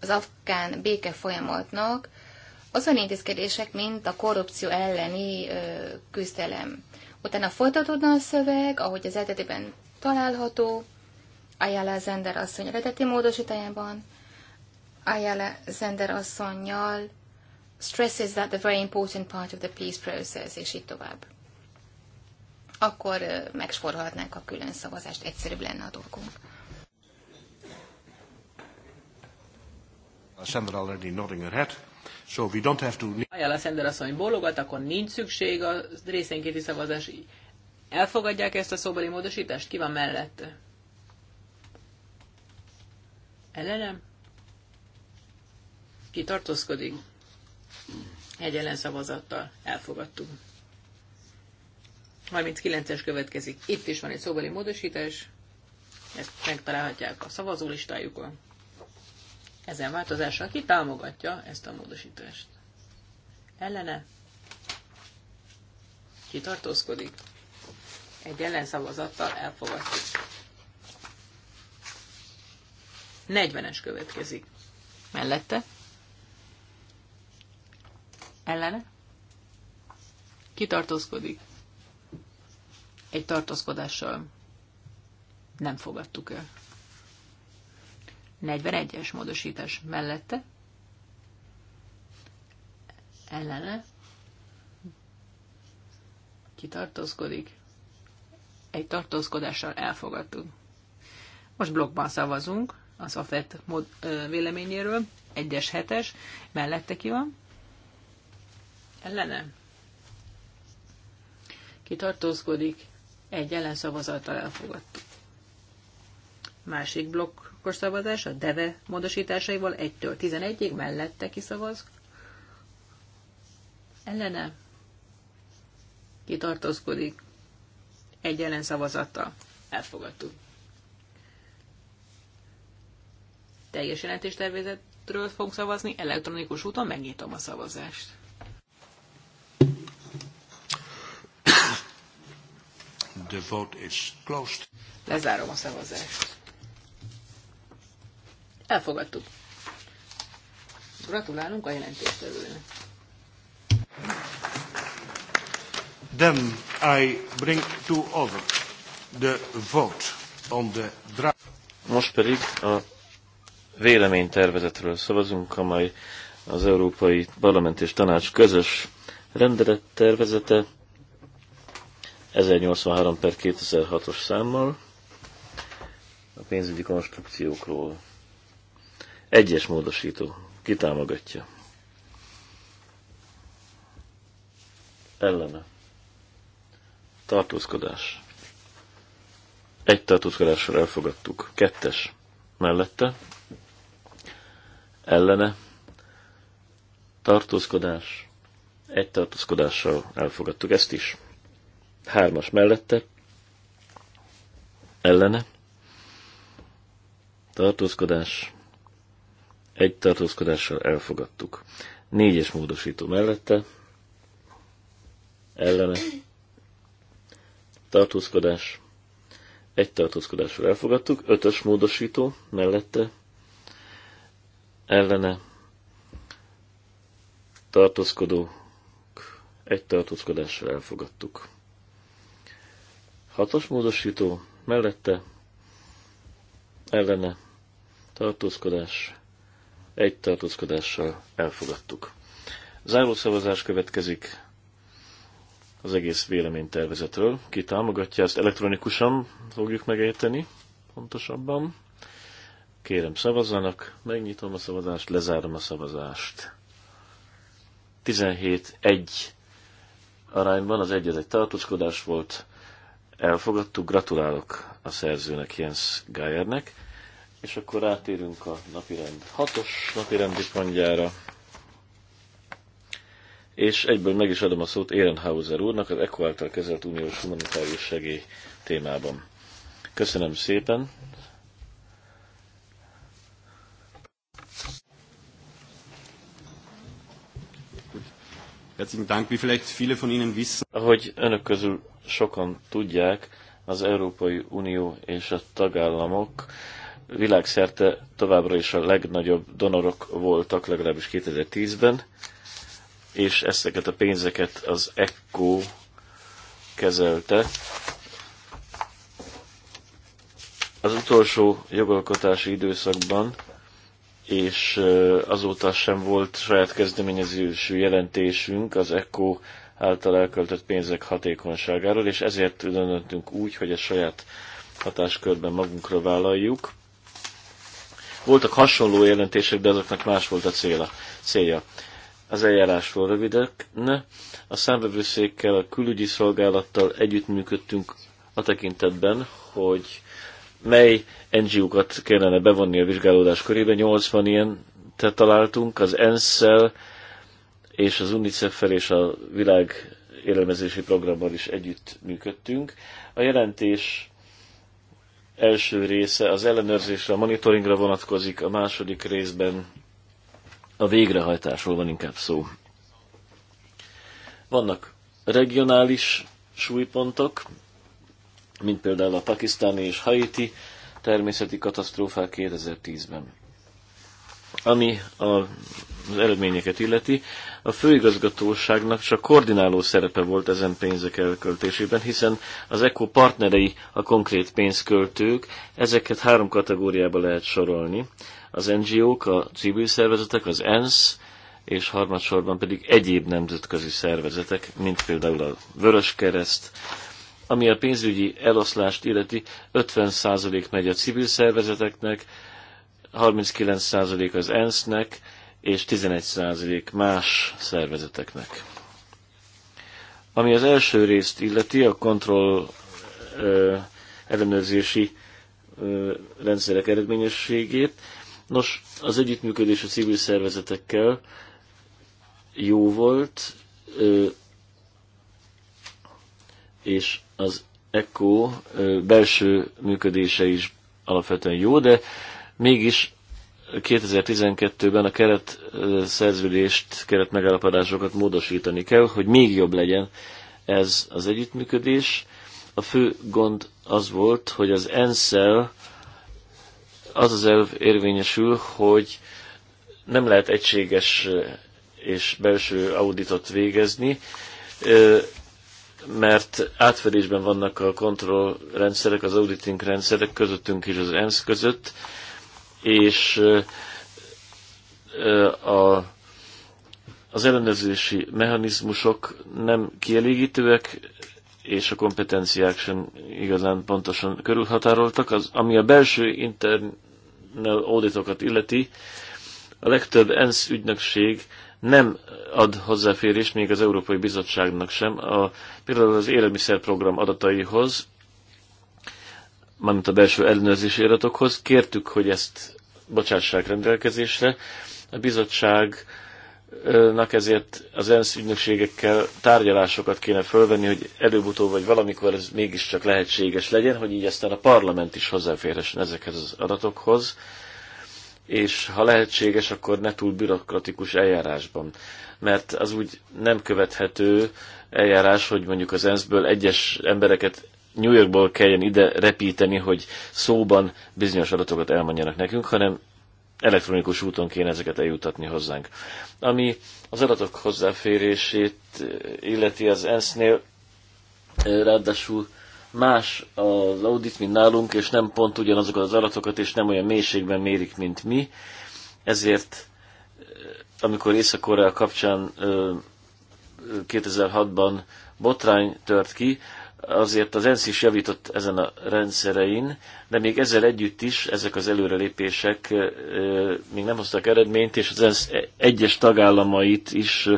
az afgán béke folyamatnak azon intézkedések, mint a korrupció elleni ö, küzdelem. Utána folytatódna a szöveg, ahogy az eredetiben található, Ayala Zender asszony eredeti módosítájában, Ayala Zender asszonynal stresses that the very important part of the peace process, és így tovább. Akkor megsporhatnánk a külön szavazást, egyszerűbb lenne a dolgunk. Sender uh, already nodding her head. So we don't have to... Ayala Sender asszony bólogat, akkor nincs szükség a részénkéti szavazási. Elfogadják ezt a szóbeli módosítást? Ki van mellette? Ellenem? ki tartózkodik, egy ellenszavazattal elfogadtuk. 39-es következik. Itt is van egy szóbeli módosítás, ezt megtalálhatják a szavazólistájukon. Ezen változással ki támogatja ezt a módosítást? Ellene? Ki tartózkodik? Egy ellenszavazattal elfogadtuk. 40-es következik. Mellette? Ellene? Kitartózkodik. Egy tartózkodással nem fogadtuk el. 41-es módosítás mellette. Ellene? Kitartózkodik. Egy tartózkodással elfogadtuk. Most blokkban szavazunk az AFET mod, ö, véleményéről, 1-es, 7-es, mellette ki van, ellene tartózkodik, egy ellenszavazattal elfogadtuk. Másik blokkos szavazás a DEVE módosításaival 1-től 11-ig mellette kiszavaz, ellene kitartózkodik, egy ellenszavazattal elfogadtuk. Teljes jelentéstervezetről fogunk szavazni, elektronikus úton megnyitom a szavazást. The vote is closed. Lezárom a szavazást. Elfogadtuk. Gratulálunk a jelentéstevőnek. Then I bring to over the vote on the draft. Most pedig a véleménytervezetről szavazunk, amely az Európai Parlament és Tanács közös rendelettervezete 1083 per 2006-os számmal a pénzügyi konstrukciókról. Egyes módosító. Ki támogatja? Ellene. Tartózkodás. Egy tartózkodással elfogadtuk. Kettes. Mellette. Ellene. Tartózkodás. Egy tartózkodással elfogadtuk ezt is. Hármas mellette. Ellene. Tartózkodás. Egy tartózkodással elfogadtuk. Négyes módosító mellette. Ellene. Tartózkodás. Egy tartózkodással elfogadtuk. Ötös módosító mellette. Ellene. Tartózkodó egy tartózkodással elfogadtuk. Hatos módosító mellette ellene tartózkodás, egy tartózkodással elfogadtuk. Záró szavazás következik az egész véleménytervezetről. Ki támogatja, ezt elektronikusan fogjuk megérteni, pontosabban. Kérem szavazzanak, megnyitom a szavazást, lezárom a szavazást. 17-1 arányban, az egy az egy tartózkodás volt, elfogadtuk. Gratulálok a szerzőnek, Jens Geiernek. És akkor rátérünk a napirend hatos napirendi pontjára. És egyből meg is adom a szót Ehrenhauser úrnak az ECO által kezelt uniós humanitárius segély témában. Köszönöm szépen! Herzlichen Dank, wie vielleicht viele von Ihnen wissen. Ahogy önök közül sokan tudják, az Európai Unió és a tagállamok világszerte továbbra is a legnagyobb donorok voltak, legalábbis 2010-ben, és ezeket a pénzeket az ECO kezelte. Az utolsó jogalkotási időszakban és azóta sem volt saját kezdeményezésű jelentésünk az ECO által elköltött pénzek hatékonyságáról, és ezért döntöttünk úgy, hogy a saját hatáskörben magunkra vállaljuk. Voltak hasonló jelentések, de azoknak más volt a célja. célja. Az eljárásról rövidek. Ne. A számvevőszékkel, a külügyi szolgálattal együttműködtünk a tekintetben, hogy mely NGO-kat kellene bevonni a vizsgálódás körébe. 80 ilyen te találtunk, az ENSZ-szel, és az UNICEF-fel és a világ élelmezési programmal is együtt működtünk. A jelentés első része az ellenőrzésre, a monitoringra vonatkozik, a második részben a végrehajtásról van inkább szó. Vannak regionális súlypontok, mint például a pakisztáni és haiti természeti katasztrófák 2010-ben. Ami az eredményeket illeti, a főigazgatóságnak csak koordináló szerepe volt ezen pénzek elköltésében, hiszen az ECO partnerei a konkrét pénzköltők, ezeket három kategóriába lehet sorolni. Az NGO-k, a civil szervezetek, az ENSZ, és harmadsorban pedig egyéb nemzetközi szervezetek, mint például a Vörös Kereszt, ami a pénzügyi eloszlást illeti 50% megy a civil szervezeteknek, 39% az ENSZ-nek, és 11% más szervezeteknek. Ami az első részt illeti, a kontroll ö, ellenőrzési ö, rendszerek eredményességét. Nos, az együttműködés a civil szervezetekkel jó volt, ö, és az ECO belső működése is alapvetően jó, de mégis 2012-ben a keret szerződést, keret megállapodásokat módosítani kell, hogy még jobb legyen ez az együttműködés. A fő gond az volt, hogy az ensz az az elv érvényesül, hogy nem lehet egységes és belső auditot végezni, mert átfedésben vannak a kontrollrendszerek, az auditing rendszerek közöttünk és az ENSZ között, és a, az ellenőrzési mechanizmusok nem kielégítőek, és a kompetenciák sem igazán pontosan körülhatároltak. Az, ami a belső internal auditokat illeti, a legtöbb ENSZ ügynökség nem ad hozzáférést még az Európai Bizottságnak sem, a, például az élelmiszerprogram adataihoz, mármint a belső ellenőrzési adatokhoz. Kértük, hogy ezt bocsássák rendelkezésre. A bizottságnak ezért az ENSZ ügynökségekkel tárgyalásokat kéne fölvenni, hogy előbb-utóbb vagy valamikor ez mégiscsak lehetséges legyen, hogy így aztán a parlament is hozzáférhessen ezekhez az adatokhoz, és ha lehetséges, akkor ne túl bürokratikus eljárásban. Mert az úgy nem követhető eljárás, hogy mondjuk az ENSZ-ből egyes embereket New Yorkból kelljen ide repíteni, hogy szóban bizonyos adatokat elmondjanak nekünk, hanem elektronikus úton kéne ezeket eljutatni hozzánk. Ami az adatok hozzáférését eh, illeti az ENSZ-nél, eh, ráadásul más az audit, mint nálunk, és nem pont ugyanazokat az adatokat, és nem olyan mélységben mérik, mint mi. Ezért, eh, amikor észak kapcsán 2006-ban botrány tört ki, azért az ENSZ is javított ezen a rendszerein, de még ezzel együtt is ezek az előrelépések még nem hoztak eredményt, és az ENSZ egyes tagállamait is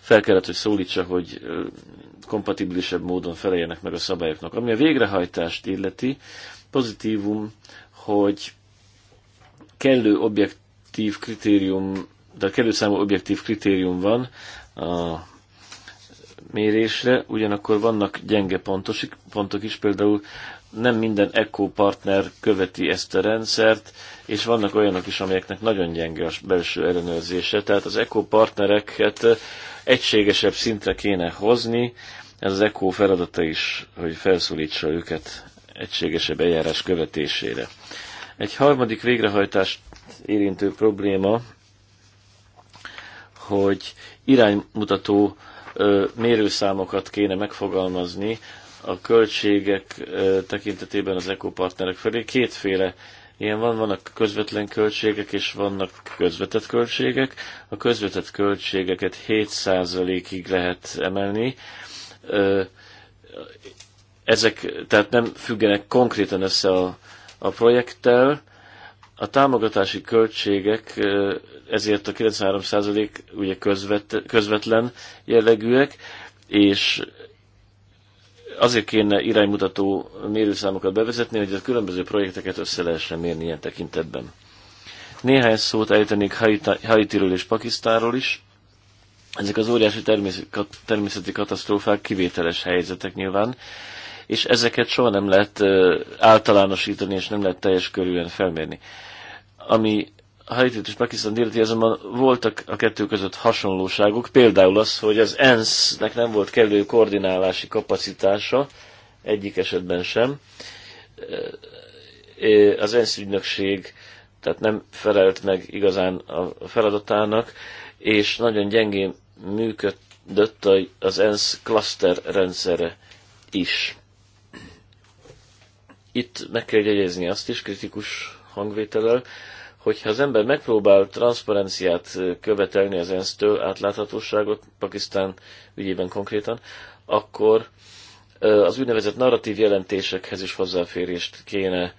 fel kellett, hogy szólítsa, hogy kompatibilisebb módon feleljenek meg a szabályoknak. Ami a végrehajtást illeti, pozitívum, hogy kellő objektív kritérium, de kellő számú objektív kritérium van a mérésre, ugyanakkor vannak gyenge pontosik, pontok is, például nem minden ECO partner követi ezt a rendszert, és vannak olyanok is, amelyeknek nagyon gyenge a belső ellenőrzése, tehát az ECO partnereket egységesebb szintre kéne hozni, ez az ECO feladata is, hogy felszólítsa őket egységesebb eljárás követésére. Egy harmadik végrehajtást érintő probléma, hogy iránymutató mérőszámokat kéne megfogalmazni a költségek tekintetében az ekopartnerek felé. Kétféle ilyen van, vannak közvetlen költségek, és vannak közvetett költségek. A közvetett költségeket 7%-ig lehet emelni. Ezek tehát nem függenek konkrétan össze a, a projekttel, a támogatási költségek ezért a 93% ugye közvet, közvetlen jellegűek, és azért kéne iránymutató mérőszámokat bevezetni, hogy a különböző projekteket össze lehessen mérni ilyen tekintetben. Néhány szót ejtenék Haitiről és Pakisztáról is. Ezek az óriási természeti katasztrófák kivételes helyzetek nyilván, és ezeket soha nem lehet általánosítani, és nem lehet teljes körülön felmérni. Ami Haitit és Pakisztán illeti, azonban voltak a kettő között hasonlóságok, például az, hogy az ENSZ-nek nem volt kellő koordinálási kapacitása, egyik esetben sem. Az ENSZ ügynökség tehát nem felelt meg igazán a feladatának, és nagyon gyengén működött az ENSZ cluster rendszere is itt meg kell jegyezni azt is kritikus hangvétellel, hogyha az ember megpróbál transzparenciát követelni az ENSZ-től, átláthatóságot, Pakisztán ügyében konkrétan, akkor az úgynevezett narratív jelentésekhez is hozzáférést kéne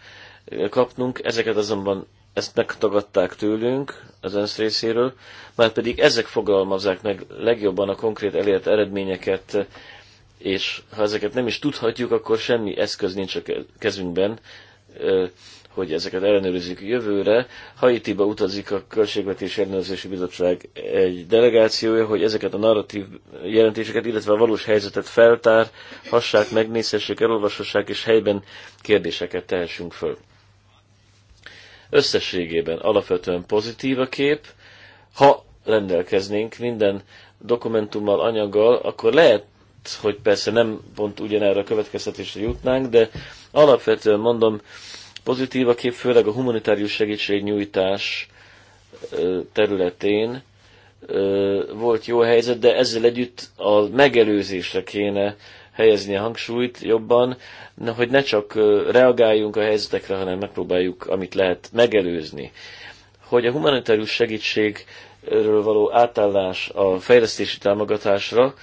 kapnunk. Ezeket azonban ezt megtagadták tőlünk az ENSZ részéről, már pedig ezek fogalmazzák meg legjobban a konkrét elért eredményeket, és ha ezeket nem is tudhatjuk, akkor semmi eszköz nincs a kezünkben, hogy ezeket ellenőrizzük jövőre. Haitiba utazik a költségvetés Ellenőrzési Bizottság egy delegációja, hogy ezeket a narratív jelentéseket, illetve a valós helyzetet feltár, hassák, megnézhessék, elolvashassák, és helyben kérdéseket tehessünk föl. Összességében alapvetően pozitív a kép. Ha rendelkeznénk minden dokumentummal, anyaggal, akkor lehet hogy persze nem pont ugyanerre a következtetésre jutnánk, de alapvetően mondom, pozitív a kép, főleg a humanitárius segítségnyújtás területén volt jó helyzet, de ezzel együtt a megelőzésre kéne helyezni a hangsúlyt jobban, hogy ne csak reagáljunk a helyzetekre, hanem megpróbáljuk, amit lehet, megelőzni. Hogy a humanitárius segítségről való átállás a fejlesztési támogatásra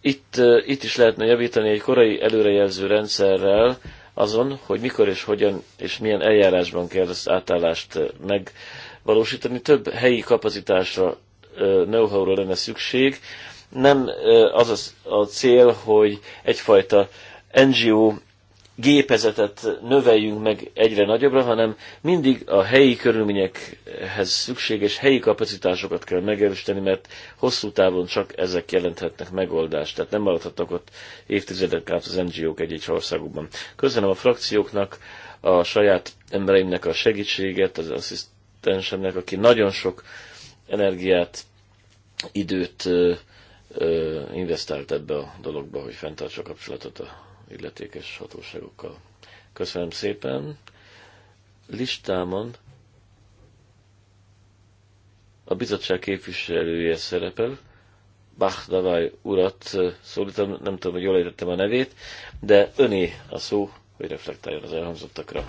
itt, itt is lehetne javítani egy korai előrejelző rendszerrel azon, hogy mikor és hogyan és milyen eljárásban kell az átállást megvalósítani. Több helyi kapacitásra, know-how-ra lenne szükség. Nem az a cél, hogy egyfajta NGO gépezetet növeljünk meg egyre nagyobbra, hanem mindig a helyi körülményekhez szükséges helyi kapacitásokat kell megerősíteni, mert hosszú távon csak ezek jelenthetnek megoldást. Tehát nem maradhatnak ott évtizedek át az NGO-k egy-egy országokban. Köszönöm a frakcióknak, a saját embereimnek a segítséget, az asszisztensemnek, aki nagyon sok energiát, időt ö, ö, investált ebbe a dologba, hogy fenntartsa kapcsolatot a illetékes hatóságokkal. Köszönöm szépen. Listámon a bizottság képviselője szerepel. Bach Davai urat szólítom, nem tudom, hogy jól értettem a nevét, de öné a szó, hogy reflektáljon az elhangzottakra.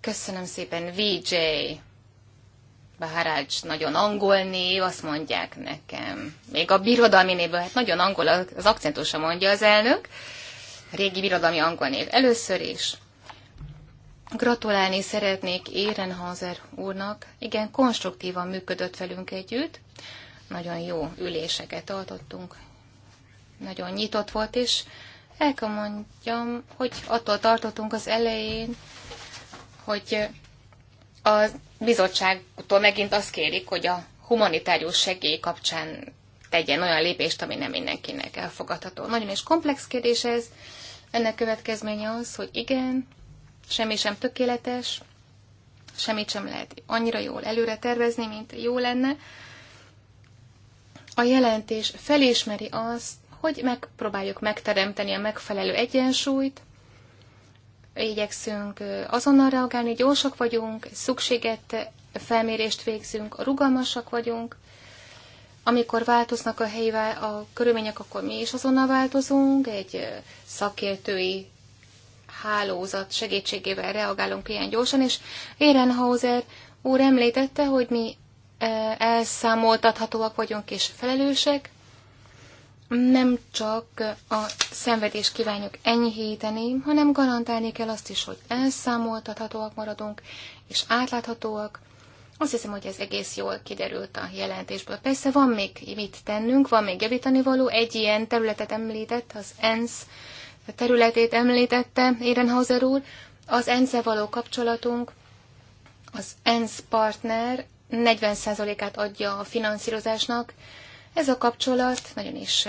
Köszönöm szépen, VJ. Bárács nagyon angol név, azt mondják nekem. Még a birodalmi névből, hát nagyon angol, az akcentusa mondja az elnök. A régi birodalmi angol név először is. Gratulálni szeretnék Érenhazer úrnak. Igen, konstruktívan működött velünk együtt. Nagyon jó üléseket tartottunk. Nagyon nyitott volt, és el kell mondjam, hogy attól tartottunk az elején, hogy a bizottságtól megint azt kérik, hogy a humanitárius segély kapcsán tegyen olyan lépést, ami nem mindenkinek elfogadható. Nagyon is komplex kérdés ez. Ennek következménye az, hogy igen, semmi sem tökéletes, semmit sem lehet annyira jól előre tervezni, mint jó lenne. A jelentés felismeri azt, hogy megpróbáljuk megteremteni a megfelelő egyensúlyt, igyekszünk azonnal reagálni, gyorsak vagyunk, szükséget felmérést végzünk, rugalmasak vagyunk, amikor változnak a helyi a körülmények, akkor mi is azonnal változunk, egy szakértői hálózat segítségével reagálunk ilyen gyorsan, és Ehrenhauser úr említette, hogy mi elszámoltathatóak vagyunk és felelősek, nem csak a szenvedést kívánjuk enyhíteni, hanem garantálni kell azt is, hogy elszámoltathatóak maradunk, és átláthatóak. Azt hiszem, hogy ez egész jól kiderült a jelentésből. Persze van még mit tennünk, van még javítani való. Egy ilyen területet említett, az ENSZ területét említette Érenhauser úr. Az ensz -e való kapcsolatunk, az ENSZ partner 40%-át adja a finanszírozásnak, ez a kapcsolat nagyon is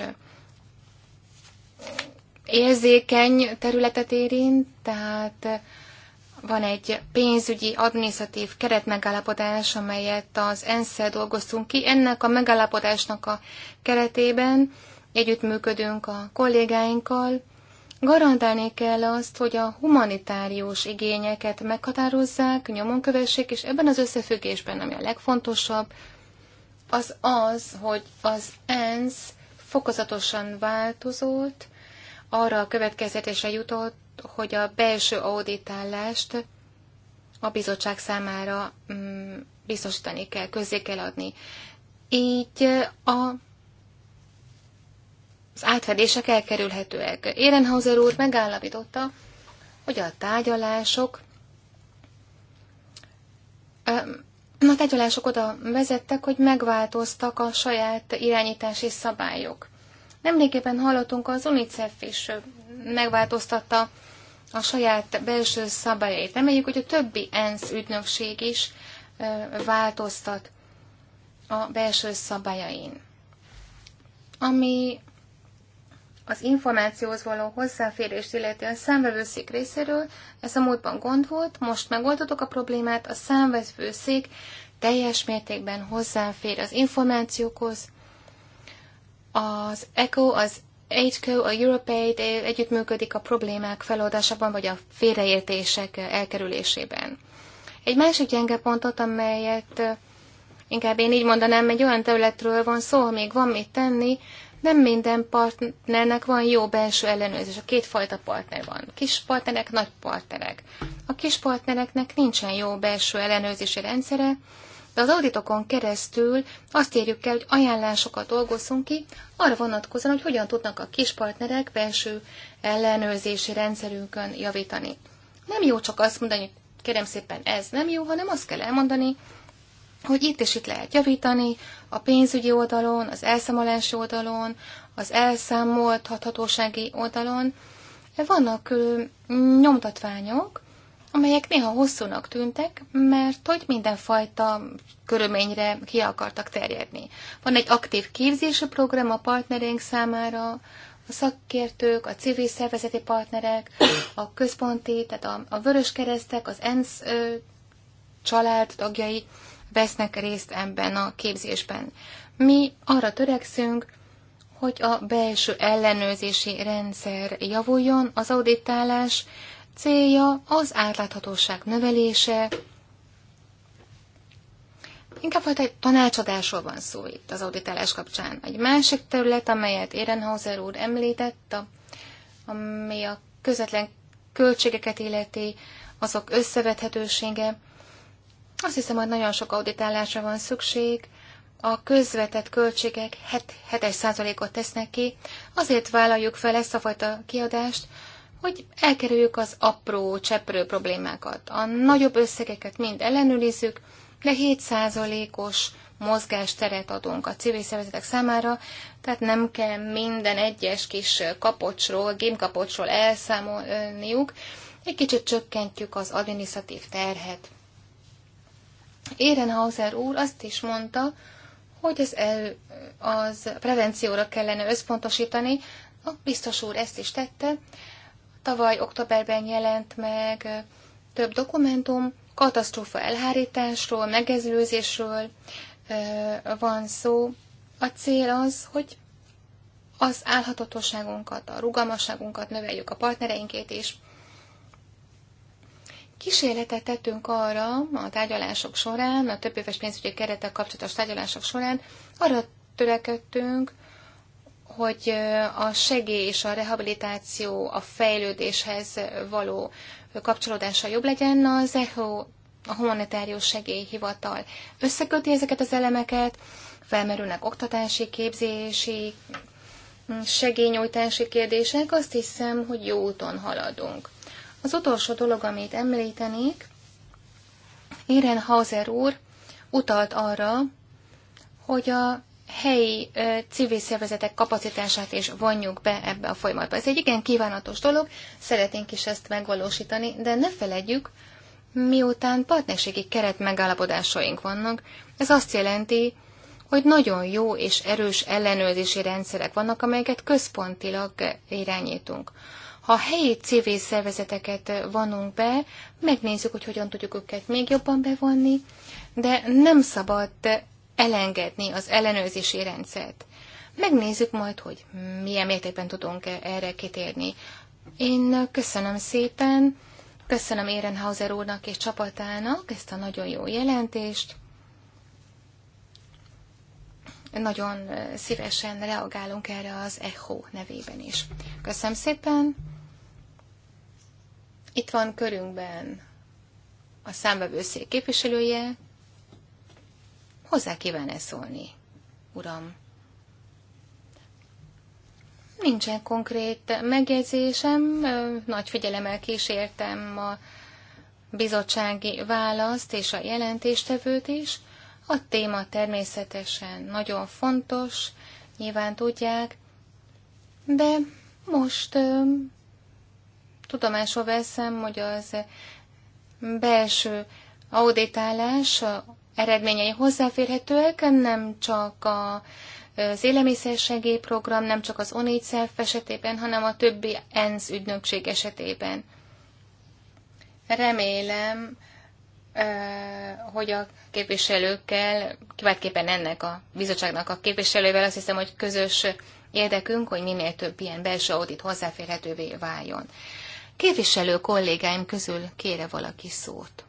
érzékeny területet érint, tehát van egy pénzügyi adminisztratív keretmegállapodás, amelyet az ENSZ-szel dolgoztunk ki. Ennek a megállapodásnak a keretében együttműködünk a kollégáinkkal. Garantálni kell azt, hogy a humanitárius igényeket meghatározzák, nyomon kövessék, és ebben az összefüggésben, ami a legfontosabb, az az, hogy az ENSZ fokozatosan változott, arra a következtetésre jutott, hogy a belső auditálást a bizottság számára mm, biztosítani kell, közzé kell adni. Így a, az átfedések elkerülhetőek. Ehrenhauser úr megállapította, hogy a tárgyalások a tárgyalások oda vezettek, hogy megváltoztak a saját irányítási szabályok. Nemrégében hallottunk az UNICEF is megváltoztatta a saját belső szabályait. Reméljük, hogy a többi ENSZ ügynökség is változtat a belső szabályain. Ami az információhoz való hozzáférést illetően számvevőszék részéről, ez a múltban gond volt, most megoldottuk a problémát, a számvevőszék teljes mértékben hozzáfér az információkhoz. Az ECO, az ACO, a EuropeAid együttműködik a problémák feloldásában, vagy a félreértések elkerülésében. Egy másik gyenge pontot, amelyet eh, inkább én így mondanám, egy olyan területről van szó, még van mit tenni, nem minden partnernek van jó belső ellenőrzés. A kétfajta partner van. Kis partnerek, nagy partnerek. A kis partnereknek nincsen jó belső ellenőrzési rendszere, de az auditokon keresztül azt érjük el, hogy ajánlásokat dolgozzunk ki, arra vonatkozóan, hogy hogyan tudnak a kis partnerek belső ellenőrzési rendszerünkön javítani. Nem jó csak azt mondani, hogy kérem szépen ez nem jó, hanem azt kell elmondani, hogy itt és itt lehet javítani, a pénzügyi oldalon, az elszámolási oldalon, az elszámoltathatósági oldalon. Vannak nyomtatványok, amelyek néha hosszúnak tűntek, mert hogy mindenfajta körülményre ki akartak terjedni. Van egy aktív képzési program a partnereink számára, a szakértők, a civil szervezeti partnerek, a központi, tehát a, a keresztek, az ENSZ ö, család tagjai, vesznek részt ebben a képzésben. Mi arra törekszünk, hogy a belső ellenőrzési rendszer javuljon, az auditálás célja az átláthatóság növelése, inkább volt hát egy tanácsadásról van szó itt az auditálás kapcsán. Egy másik terület, amelyet Ehrenhauser úr említett, a, ami a közvetlen költségeket illeti, azok összevethetősége. Azt hiszem, hogy nagyon sok auditálásra van szükség. A közvetett költségek 7%-ot tesznek ki. Azért vállaljuk fel ezt a fajta kiadást, hogy elkerüljük az apró, cseprő problémákat. A nagyobb összegeket mind ellenőrizzük, de 7%-os mozgásteret adunk a civil szervezetek számára, tehát nem kell minden egyes kis kapocsról, gémkapocsról elszámolniuk, egy kicsit csökkentjük az adminisztratív terhet. Ehrenhauser úr azt is mondta, hogy az, el, az prevencióra kellene összpontosítani, a biztos úr ezt is tette. Tavaly októberben jelent meg több dokumentum, katasztrófa elhárításról, megezlőzésről van szó. A cél az, hogy az álhatatosságunkat, a rugalmasságunkat növeljük a partnereinkét, és Kísérletet tettünk arra a tárgyalások során, a több éves pénzügyi keretek kapcsolatos tárgyalások során, arra törekedtünk, hogy a segély és a rehabilitáció a fejlődéshez való kapcsolódása jobb legyen, az EHO, a Humanitárius Segélyhivatal összeköti ezeket az elemeket, felmerülnek oktatási, képzési, segélynyújtási kérdések, azt hiszem, hogy jó úton haladunk. Az utolsó dolog, amit említenék, Hauser úr utalt arra, hogy a helyi civil szervezetek kapacitását is vonjuk be ebbe a folyamatba. Ez egy igen kívánatos dolog, szeretnénk is ezt megvalósítani, de ne feledjük, miután partnerségi keret megállapodásaink vannak, ez azt jelenti, hogy nagyon jó és erős ellenőrzési rendszerek vannak, amelyeket központilag irányítunk ha helyi civil szervezeteket vonunk be, megnézzük, hogy hogyan tudjuk őket még jobban bevonni, de nem szabad elengedni az ellenőrzési rendszert. Megnézzük majd, hogy milyen mértékben tudunk erre kitérni. Én köszönöm szépen, köszönöm Ehrenhauser úrnak és csapatának ezt a nagyon jó jelentést. Nagyon szívesen reagálunk erre az ECHO nevében is. Köszönöm szépen! Itt van körünkben a számvevőszék képviselője. Hozzá kíván-e szólni, uram? Nincsen konkrét megjegyzésem, nagy figyelemmel kísértem a bizottsági választ és a jelentéstevőt is. A téma természetesen nagyon fontos, nyilván tudják, de most Tudomásul veszem, hogy az belső auditálás eredményei hozzáférhetőek, nem csak a az program, nem csak az UNICEF esetében, hanem a többi ENSZ ügynökség esetében. Remélem, hogy a képviselőkkel, kiváltképpen ennek a bizottságnak a képviselővel azt hiszem, hogy közös érdekünk, hogy minél több ilyen belső audit hozzáférhetővé váljon. Képviselő kollégáim közül kére valaki szót.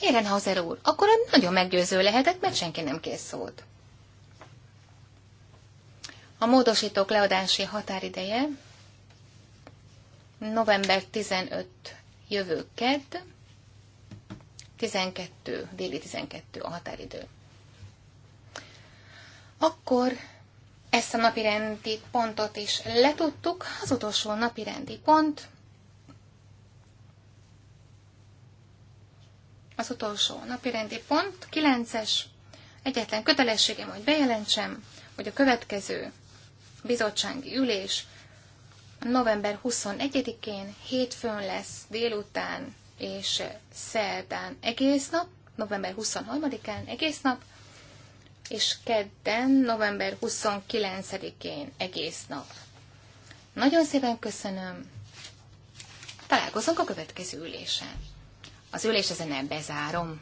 Érenhauser úr, akkor nagyon meggyőző lehetett, mert senki nem kész szót. A módosítók leadási határideje november 15 jövő kedd, 12, déli 12 a határidő. Akkor ezt a napirendi pontot is letudtuk. Az utolsó napirendi pont. Az utolsó napirendi pont, 9-es. Egyetlen kötelességem, hogy bejelentsem, hogy a következő bizottsági ülés november 21-én hétfőn lesz délután és szerdán egész nap, november 23-án egész nap, és kedden, november 29-én egész nap. Nagyon szépen köszönöm. Találkozunk a következő ülésen. Az ülés ezen bezárom.